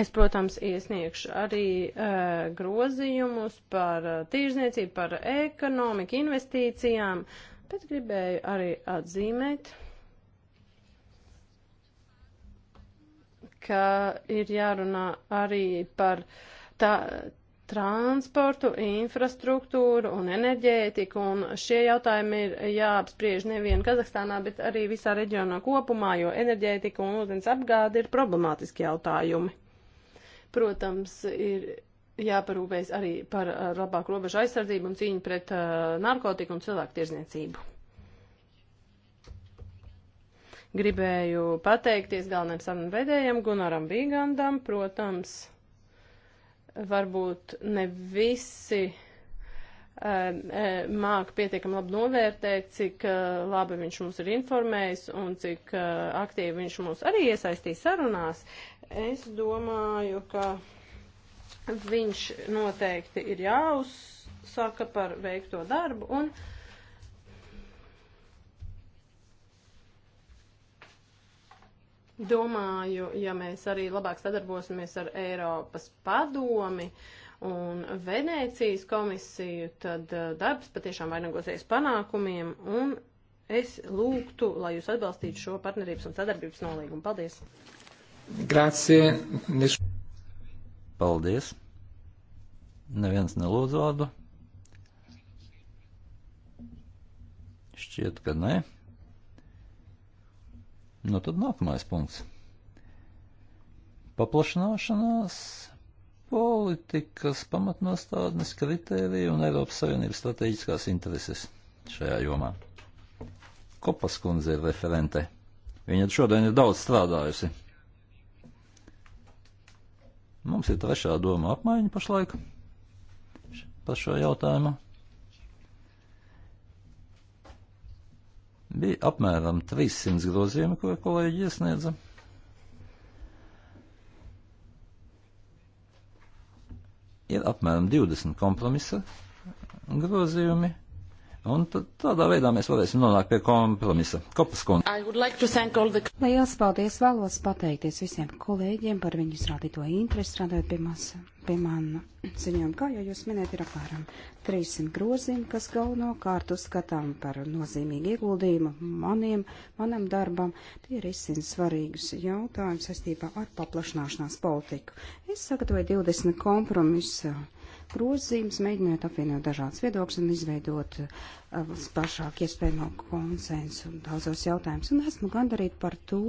Es, protams, iesniegšu arī uh, grozījumus par uh, tīrzniecību, par ekonomiku, investīcijām, bet gribēju arī atzīmēt, ka ir jārunā arī par tā, transportu, infrastruktūru un enerģētiku, un šie jautājumi ir jāapspriež nevien Kazahstānā, bet arī visā reģionā kopumā, jo enerģētika un ūdens apgāde ir problemātiski jautājumi. Protams, ir jāparūpējas arī par uh, labāku robežu aizsardzību un cīņu pret uh, narkotiku un cilvēku tirzniecību. Gribēju pateikties galvenajam sarunvedējam Gunaram Bīgandam, protams, varbūt ne visi Um, um, māk pietiekami labi novērtēt, cik uh, labi viņš mums ir informējis un cik uh, aktīvi viņš mūs arī iesaistīs sarunās. Es domāju, ka viņš noteikti ir jāuzsaka par veikto darbu un Domāju, ja mēs arī labāk sadarbosimies ar Eiropas padomi, uh, un Venēcijas komisiju, tad eh, darbs patiešām vainagosies panākumiem, un es lūgtu, lai jūs atbalstītu šo partnerības un sadarbības nolīgumu. Paldies! Grācie! Paldies! Neviens nelūdz vārdu. Šķiet, ka nē. Nu, tad nākamais punkts. Paplašināšanās politikas pamatnostādnes, kritērija un Eiropas Savienības strateģiskās intereses šajā jomā. Kopas kundze ir referente. Viņa šodien ir daudz strādājusi. Mums ir trešā doma apmaiņa pašlaik par šo jautājumu. Bija apmēram 300 grozījumi, ko kolēģi iesniedza. Ir apmēram 20 kompromisa grozījumi, Un tad, tādā veidā mēs varēsim nonākt pie kompromisa. Kopas kundze. Like the... Lielas paldies vēlos pateikties visiem kolēģiem par viņu izrādīto interesi strādājot pie, mas, pie mana ziņojuma. Kā jau jūs minējat, ir apmēram 300 grozīm, kas galvenokārt uzskatām par nozīmīgu ieguldījumu maniem, manam darbam. Tie ir izsina svarīgus jautājumus saistībā ar paplašināšanās politiku. Es sagatavoju 20 kompromisu grozījumus, mēģinot apvienot dažādas viedokļas un izveidot eh, plašāk iespējamo konsensu daudzos jautājumus. Un esmu gandarīt par to,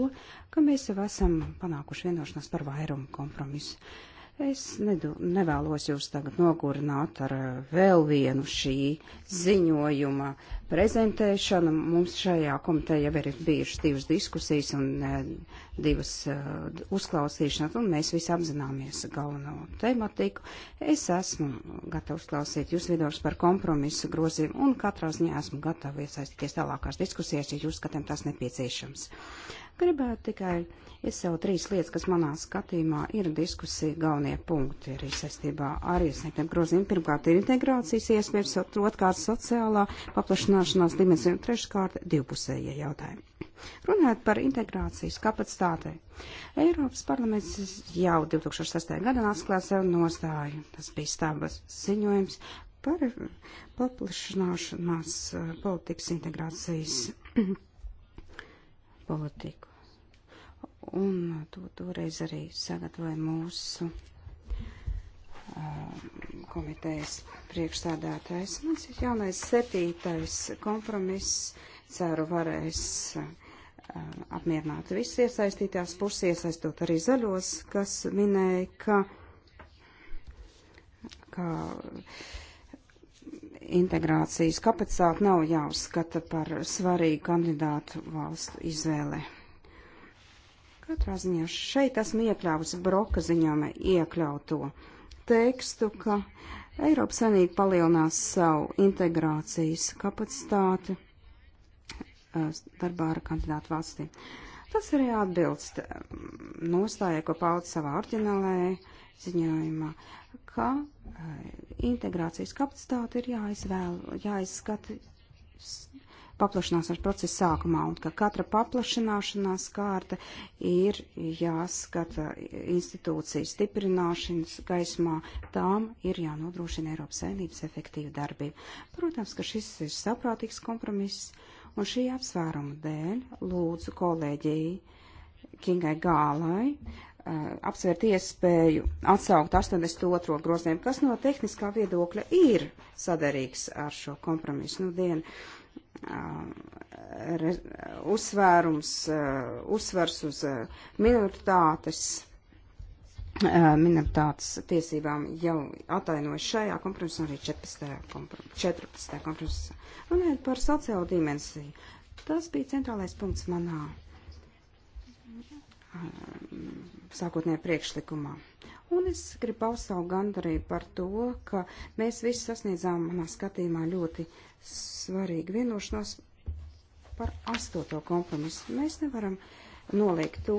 ka mēs jau esam panākuši vienošanās par vairumu kompromisu. Uh, Es nedu, nevēlos jūs tagad nogurināt ar eh, vēl vienu šī ziņojuma prezentēšanu. Mums šajā komitejā jau ir bijušas divas diskusijas un eh, divas uh, uzklausīšanas, un mēs visi apzināmies galveno tematiku. Es esmu gatava uzklausīt jūs viedokļus par kompromisu grozījumu, un katrā ziņā esmu gatava iesaistīties tālākās diskusijas, ja jūs skatām tās nepieciešams. Gribētu tikai Es jau trīs lietas, kas manā skatījumā ir diskusija galvenie punkti arī saistībā ar iesniegtiem grozījumiem. Pirmkārt, ir integrācijas iespējas, otrkārt, sociālā paplašanāšanās dimensija un treškārt, divpusējie jautājumi. Runājot par integrācijas kapacitātei, Eiropas parlaments jau 2006. gadā atklāja sev nostāju. Tas bija stāvas ziņojums par paplašanāšanās eh, politikas integrācijas politiku Un to toreiz arī sagatavoja mūsu um, komitejas priekšstādātājs. Mums ir jaunais septītais kompromiss. Ceru, varēs um, apmierināt visas iesaistītās puses, iesaistot arī zaļos, kas minēja, ka, ka integrācijas kapacitāte nav jāuzskata par svarīgu kandidātu valstu izvēlē. Katrā ziņā šeit esmu iekļāvusi broka ziņojuma iekļauto tekstu, ka Eiropas Savienība palielinās savu integrācijas kapacitāti eh, darbā ar kandidātu valstīm. Tas arī atbilst mm, nostājai, ko pauda savā orģinālajā ziņojumā, ka eh, integrācijas kapacitāte ir jāizvēl, jāizskata paplašanāšanās procesa sākumā, un ka katra paplašanāšanās kārta ir jāskata institūcijas stiprināšanas gaismā, tām ir jānodrošina Eiropas saimnības efektīva darbība. Protams, ka šis ir saprātīgs kompromiss, un šī apsvēruma dēļ lūdzu kolēģiju Kingai Gālai eh, apsvērt iespēju atsaukt 82. grozījumu, kas no tehniskā viedokļa ir sadarīgs ar šo kompromisu. Nu, dienu, uzsvērums, uzsvers uz minoritātes minoritātes tiesībām jau atainojas šajā kompromisā, arī 14. kompromisā. 14. kompromisā. Runājot par sociālo dimensiju, tas bija centrālais punkts manā Um, sākotnē priekšlikumā. Un es gribu paust savu gandarību par to, ka mēs visi sasniedzām manā skatījumā ļoti svarīgu vienošanos par astoto kompromisu. Mēs nevaram noliegt to,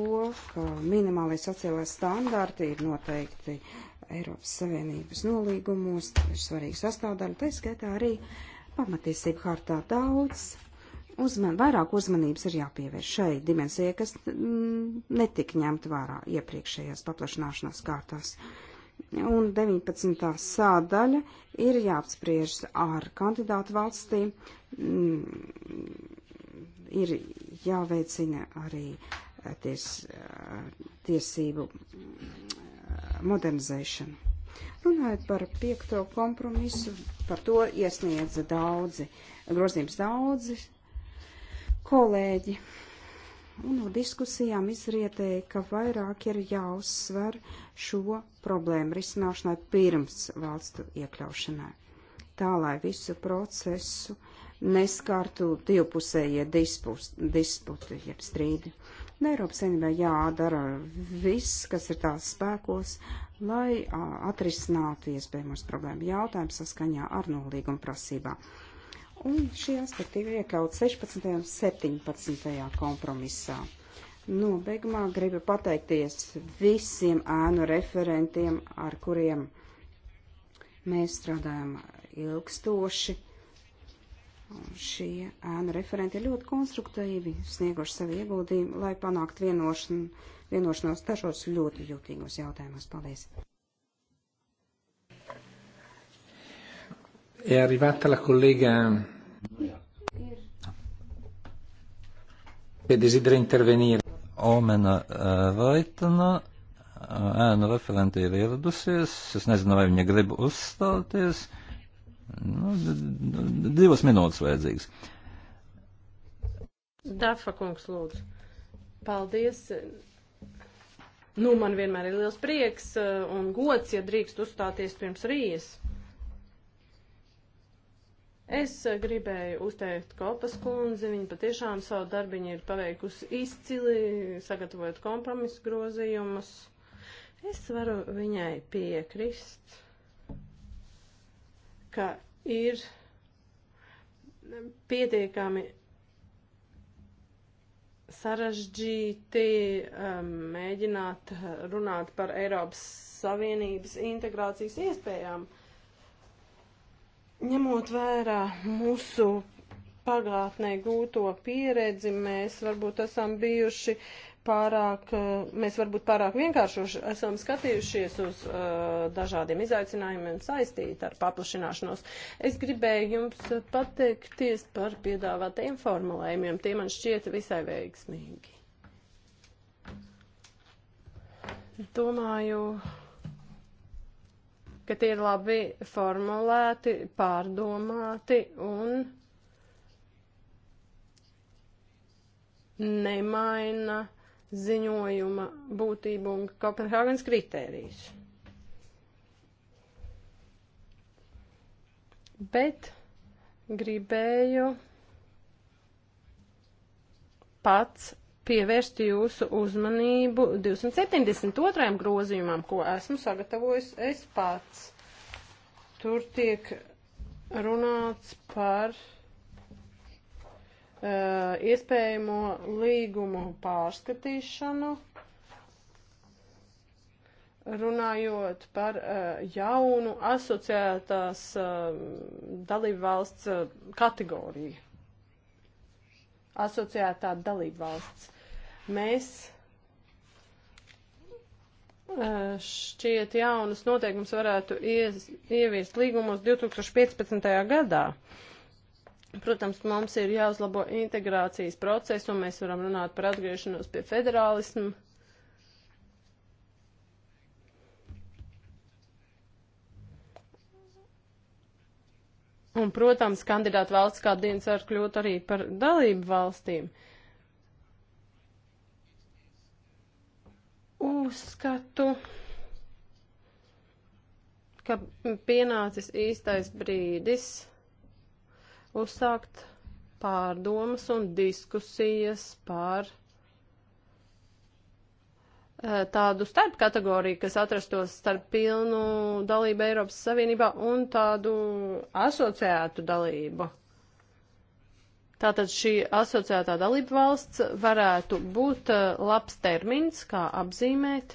ka minimālai sociālai standarti ir noteikti Eiropas Savienības nolīgumos, tas ir svarīga sastāvdaļa, tā skaitā arī pamatiesība hartā daudz Uzman, vairāk uzmanības ir jāpievērš šai dimensijai, kas mm, netika ņemta vērā iepriekšējās paplašanāšanās kārtās. Un 19. sādaļa ir jāapspriež ar kandidātu valstīm, mm, ir jāveicina arī eh, ties, eh, tiesību mm, modernizēšana. Runājot par piekto kompromisu, par to iesniedza daudzi, grozījums daudzi Kolēģi, no diskusijām izrietēja, ka vairāk ir jāuzsver šo problēmu risināšanai pirms valstu iekļaušanai. Tā, lai visu procesu neskārtu divpusējie dispus, disputi, jeb strīdi. Eiropas Savienībā jādara viss, kas ir tās spēkos, lai atrisinātu iespējamos problēmu jautājumu saskaņā ar nolīgumu prasībām. Un šie aspekti ir iekļauts 16. un 17. kompromisā. Nobeigumā nu, gribu pateikties visiem ēnu referentiem, ar kuriem mēs strādājam ilgstoši. Un šie ēnu referenti ir ļoti konstruktīvi, snieguši savu ieguldījumu, lai panāktu vienošan, vienošanos dažos ļoti jūtīgos jautājumus. Paldies! È arrivata la collega Pie dizidra intervenīra Omena eh, Vaitana eh, ēnu referente ir ieradusies. Es nezinu, vai viņa grib uzstāties. Nu, divas minūtes vajadzīgas. Dafa kungs, lūdzu. Paldies. Nu, man vienmēr ir liels prieks eh, un gods, ja drīkst uzstāties pirms rījas. Es eh, gribēju uzteikt Kopas kundzi, viņa patiešām savu darbiņu ir paveikusi izcili, sagatavojot kompromisu grozījumus. Es varu viņai piekrist, ka ir pietiekami sarežģīti um, mēģināt eh, runāt par Eiropas Savienības integrācijas iespējām. Uh, Ņemot vērā mūsu pagātnē gūto pieredzi, mēs varbūt esam bijuši pārāk, eh, mēs varbūt pārāk vienkāršoši esam skatījušies uz uh, dažādiem izaicinājumiem saistīt ar paplašināšanos. Es gribēju jums pateikties par piedāvātajiem formulējumiem, tie man šķiet visai veiksmīgi. Domāju, ka tie ir labi formulēti, pārdomāti un nemaina ziņojuma būtību un Kopenhāgens kritērijus. Bet gribēju pats pievērst jūsu uzmanību 272. grozījumam, ko esmu sagatavojis es pats. Tur tiek runāts par uh, iespējamo līgumu pārskatīšanu, runājot par uh, jaunu asociētās uh, dalību valsts uh, kategoriju asociētā dalībvalsts. Mēs šķiet jaunas noteikums varētu ies, ieviest līgumos 2015. gadā. Protams, mums ir jāuzlabo integrācijas procesu, un mēs varam runāt par atgriešanos pie federālismu. Un, protams, kandidātu valsts kā dienas var kļūt arī par dalību valstīm. Uh, uzskatu, ka pienācis īstais brīdis uzsākt pārdomas un diskusijas par eh, tādu starp kategoriju, kas atrastos starp pilnu dalību Eiropas Savienībā un tādu asociētu dalību. Tātad šī asociētā dalība valsts varētu būt uh, labs termins, kā apzīmēt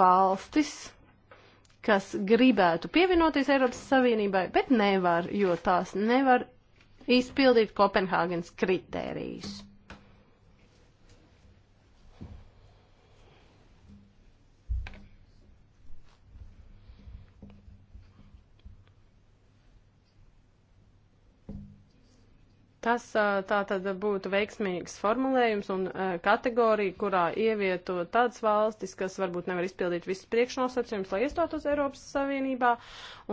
valstis, kas gribētu pievienoties Eiropas Savienībai, bet nevar, jo tās nevar izpildīt Kopenhāgenes kritērijus. Tas tā tad būtu veiksmīgs formulējums un kategorija, kurā ievieto tādas valstis, kas varbūt nevar izpildīt visus priekšnosacījumus, lai iestātos Eiropas Savienībā,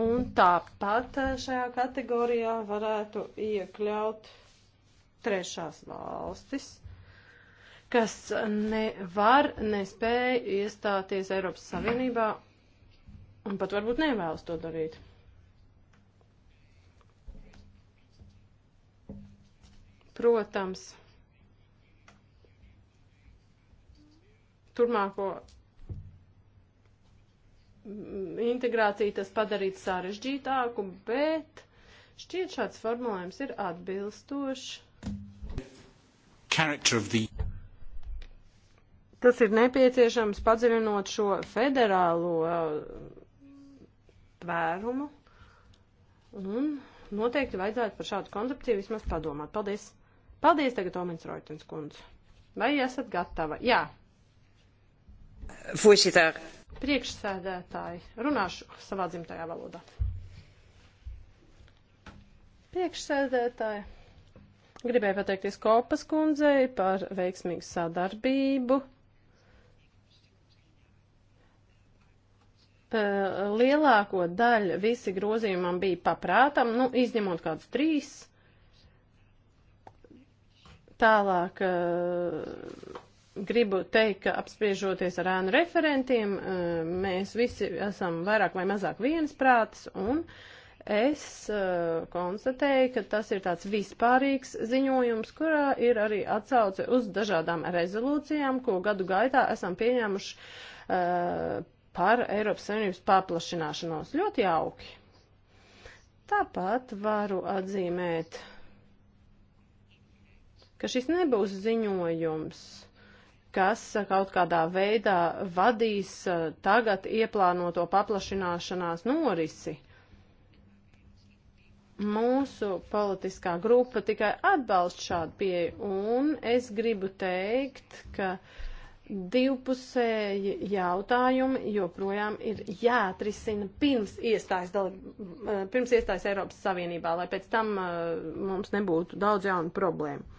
un tāpat šajā kategorijā varētu iekļaut trešās valstis, kas nevar, nespēja iestāties Eiropas Savienībā, un pat varbūt nevēlas to darīt. Protams, turmāko integrāciju tas padarīt sarežģītāku, bet šķiet šāds formulējums ir atbilstošs. The... Tas ir nepieciešams padziļinot šo federālo uh, tvērumu un noteikti vajadzētu par šādu koncepciju vismaz padomāt. Paldies! Paldies tagad, Omens Roitens kundze. Vai esat gatava? Jā. Fušitāk. Priekšsēdētāji, runāšu savā dzimtajā valodā. Priekšsēdētāji, gribēju pateikties Kopas kundzei par veiksmīgu sadarbību. lielāko daļu visi grozījumam bija paprātam, nu, izņemot kādus trīs. Tālāk eh, gribu teikt, ka apspriežoties ar ēnu referentiem, eh, mēs visi esam vairāk vai mazāk viensprātis un es eh, konstatēju, ka tas ir tāds vispārīgs ziņojums, kurā ir arī atsauce uz dažādām rezolūcijām, ko gadu gaitā esam pieņēmuši par Eiropas Savienības paplašināšanos. Ļoti jauki. Tāpat varu atzīmēt ka šis nebūs ziņojums, kas kaut kādā veidā vadīs tagad ieplānoto paplašināšanās norisi. Mūsu politiskā grupa tikai atbalst šādu pieeju, un es gribu teikt, ka divpusēji jautājumi joprojām ir jāatrisina pirms iestājas, pirms iestājas Eiropas Savienībā, lai pēc tam mums nebūtu daudz jaunu problēmu.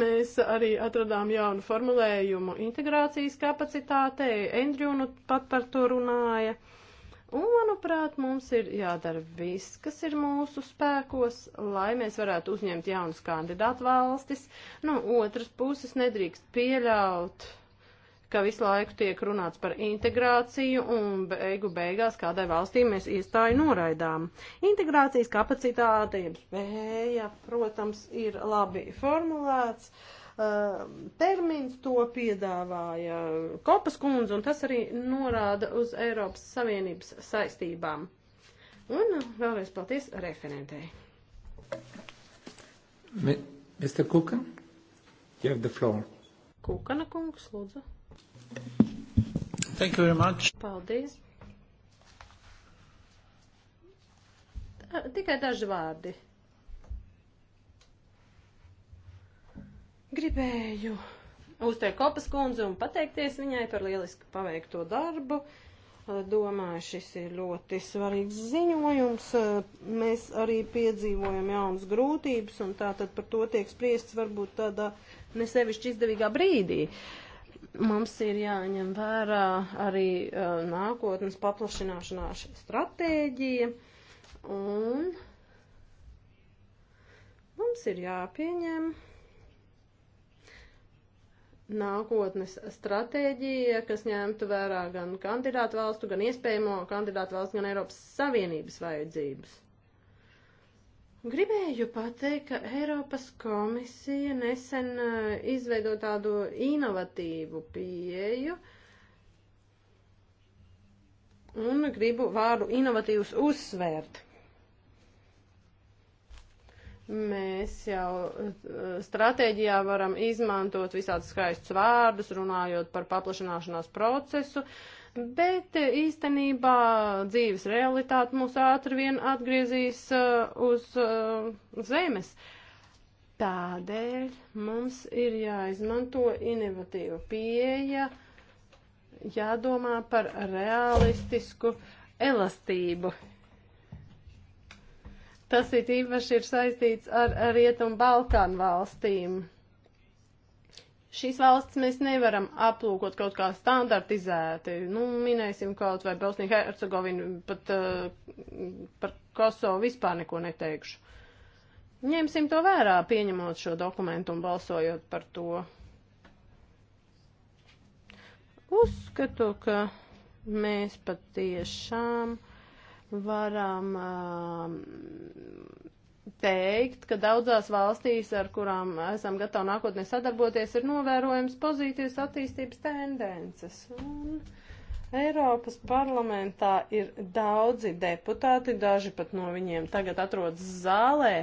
Mēs arī atradām jaunu formulējumu integrācijas kapacitātei, Endriju nu pat par to runāja. Un, manuprāt, mums ir jādara viss, kas ir mūsu spēkos, lai mēs varētu uzņemt jaunas kandidātu valstis. No otras puses nedrīkst pieļaut uh, ka visu laiku tiek runāts par integrāciju un beigu beigās kādai valstī mēs iestāju noraidām. Integrācijas kapacitāte, jeb spēja, protams, ir labi formulēts. Uh, termins to piedāvāja Kopas kundze, un tas arī norāda uz Eiropas Savienības saistībām. Un vēlreiz paldies referentei. Mr. Kukan, you have the floor. Kukana kungs, lūdzu. Thank you very much. Paldies. Tikai daži vārdi. Gribēju uzteikt kopas kundzi un pateikties viņai par lieliski paveikto darbu. Domāju, šis ir ļoti svarīgs ziņojums. Mēs arī piedzīvojam jaunas grūtības, un tātad par to tiek spriests varbūt tādā nesevišķi izdevīgā brīdī. Uh, Mums ir jāņem vērā arī uh, nākotnes paplašināšanās stratēģija un mums ir jāpieņem nākotnes stratēģija, kas ņemtu vērā gan kandidātu valstu, gan iespējamo kandidātu valstu, gan Eiropas Savienības vajadzības. Gribēju pateikt, ka Eiropas komisija nesen eh, izveido tādu inovatīvu pieeju, un gribu vārdu inovatīvus uzsvērt. Mēs jau eh, stratēģijā varam izmantot visādus skaistus vārdus, runājot par paplašanāšanās procesu, uh, bet eh, īstenībā dzīves realitāte mūs ātri vien atgriezīs uh, uz uh, zemes. Tādēļ mums ir jāizmanto inovatīva pieeja, jādomā par realistisku elastību. Tas it īpaši ir saistīts ar Rietumu Balkānu valstīm šīs valsts mēs nevaram aplūkot kaut kā standartizēti. Nu, minēsim kaut vai Bosniju Hercegovinu, pat uh, par Kosovu vispār neko neteikšu. Ņemsim to vērā, pieņemot šo dokumentu un balsojot par to. Uzskatu, ka mēs patiešām varam uh, teikt, ka daudzās valstīs, ar kurām esam gatavi nākotnē sadarboties, ir novērojams pozitīvas attīstības tendences. Un Eiropas parlamentā ir daudzi deputāti, daži pat no viņiem tagad atrodas zālē,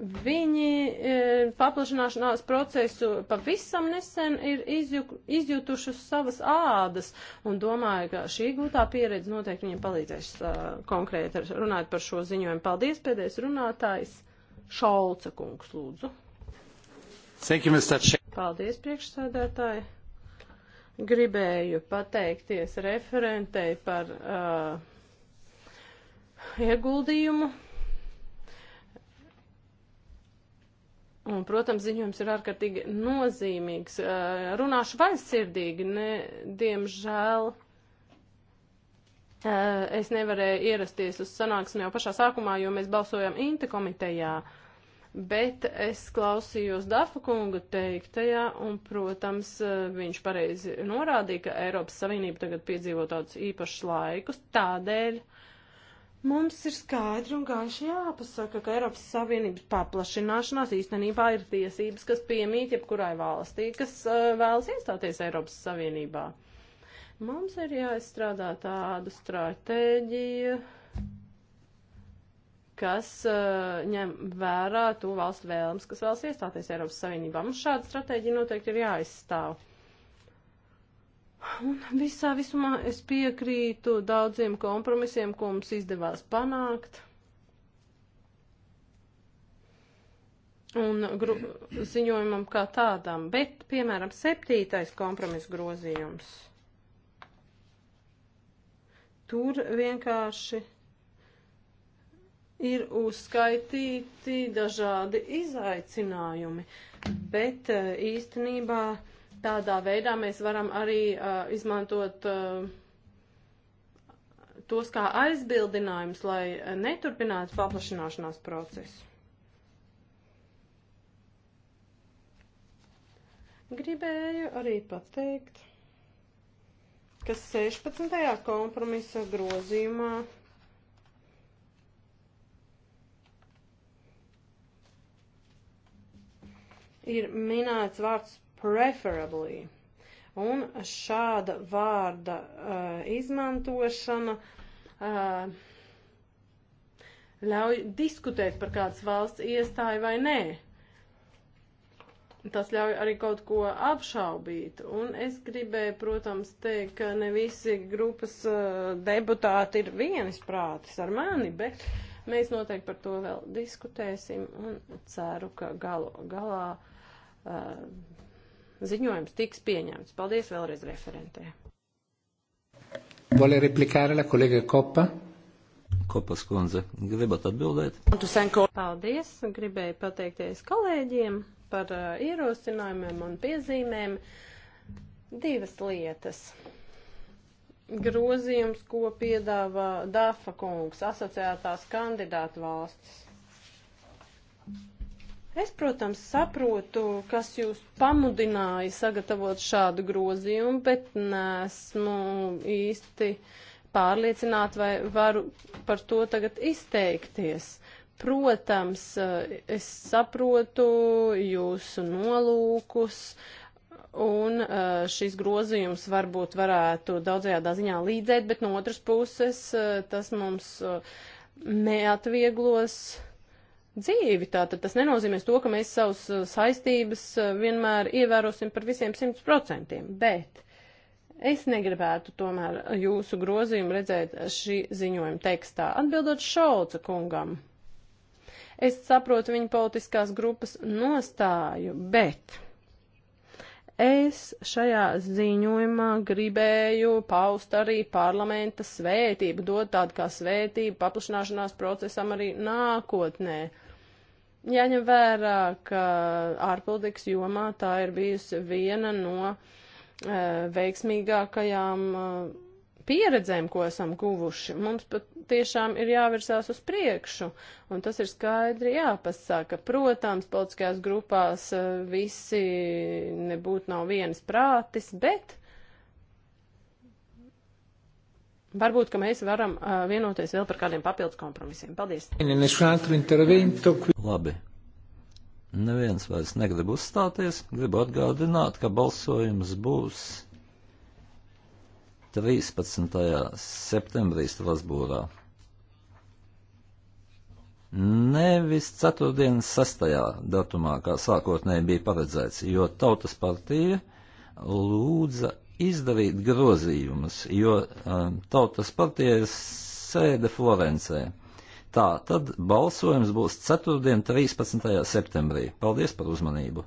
Viņi e, paplašanāšanās procesu pavisam nesen ir izjuk, izjutušas savas ādas un domāju, ka šī gūtā pieredze noteikti viņiem palīdzēs e, konkrēti runāt par šo ziņojumu. Paldies, pēdējais runātājs Šauca kungs, lūdzu. Thank you, Mr. Ch Paldies, priekšsēdētāji. Gribēju pateikties referentei par uh, ieguldījumu Un, protams, ziņojums ir ārkārtīgi nozīmīgs. Runāšu vaļsirdīgi, ne, diemžēl. Es nevarēju ierasties uz sanāksmi jau pašā sākumā, jo mēs balsojam Inta komitejā, bet es klausījos Dafa kunga teiktajā, un, protams, viņš pareizi norādīja, ka Eiropas Savienība tagad piedzīvo tādus īpašus laikus, tādēļ uh, Mums ir skaidri un gaiši jāpasaka, ka Eiropas Savienības paplašināšanās īstenībā ir tiesības, kas piemīt jebkurai valstī, kas uh, vēlas iestāties Eiropas Savienībā. Mums ir jāizstrādā tāda stratēģija, kas uh, ņem vērā to valstu vēlmes, kas vēlas iestāties Eiropas Savienībā. Mums šāda stratēģija noteikti ir jāizstāv. Un visā visumā es piekrītu daudziem kompromisiem, ko mums izdevās panākt. Un gru, ziņojumam kā tādam, bet, piemēram, septītais kompromis grozījums. Tur vienkārši ir uzskaitīti dažādi izaicinājumi, bet eh, īstenībā uh, Tādā veidā mēs varam arī uh, izmantot uh, tos kā aizbildinājums, lai neturpinātu paplašināšanās procesu. Gribēju arī pateikt, ka 16. kompromisa grozījumā ir minēts vārds preferably. Un šāda vārda uh, izmantošana uh, ļauj diskutēt par kādas valsts iestāju vai nē. Tas ļauj arī kaut ko apšaubīt. Un es gribēju, protams, teikt, ka ne visi grupas uh, deputāti ir vienisprātis ar mani, bet mēs noteikti par to vēl diskutēsim un ceru, ka galu, galā. Uh, ziņojums tiks pieņemts. Paldies vēlreiz referentē. Vuole replikāra la kolēga Kopa? Kopas kundze, gribat atbildēt? Paldies, gribēju pateikties kolēģiem par uh, ierosinājumiem un piezīmēm. Divas lietas. Grozījums, ko piedāvā Dāfa kungs, asociētās kandidātu valstis. Es, protams, saprotu, kas jūs pamudināja sagatavot šādu grozījumu, bet nesmu īsti pārliecināta vai varu par to tagad izteikties. Protams, es saprotu jūsu nolūkus, un eh, šis grozījums varbūt varētu daudzajādā ziņā līdzēt, bet no otras puses eh, tas mums eh, neatvieglos dzīvi. Tātad tas nenozīmēs to, ka mēs savus uh, saistības uh, vienmēr ievērosim par visiem 100%, bet es negribētu tomēr jūsu grozījumu redzēt šī ziņojuma tekstā. Atbildot Šauca kungam, es saprotu viņa politiskās grupas nostāju, bet. Es šajā ziņojumā gribēju paust arī parlamenta svētību, dot tādu kā svētību paplašināšanās procesam arī nākotnē. Uh, Jāņem vērā, ka ārpolitikas jomā tā ir bijusi viena no uh, veiksmīgākajām uh, pieredzēm, ko esam guvuši. Mums pat tiešām ir jāvirsās uz priekšu, un tas ir skaidri jāpasaka. Protams, politiskajās grupās eh, visi nebūtu nav vienas prātis, bet varbūt, ka mēs varam uh, vienoties vēl par kādiem papildus kompromisiem. Paldies! Labi. Neviens vairs negrib uzstāties. Gribu atgādināt, ka balsojums būs 13. septembrī Strasbūrā. Nevis 4. 6. datumā, kā sākotnēji bija paredzēts, jo Tautas partija lūdza izdarīt grozījumus, jo um, tautas partija ir sēde Florencē. Tā, tad balsojums būs ceturtdien, 13. septembrī. Paldies par uzmanību!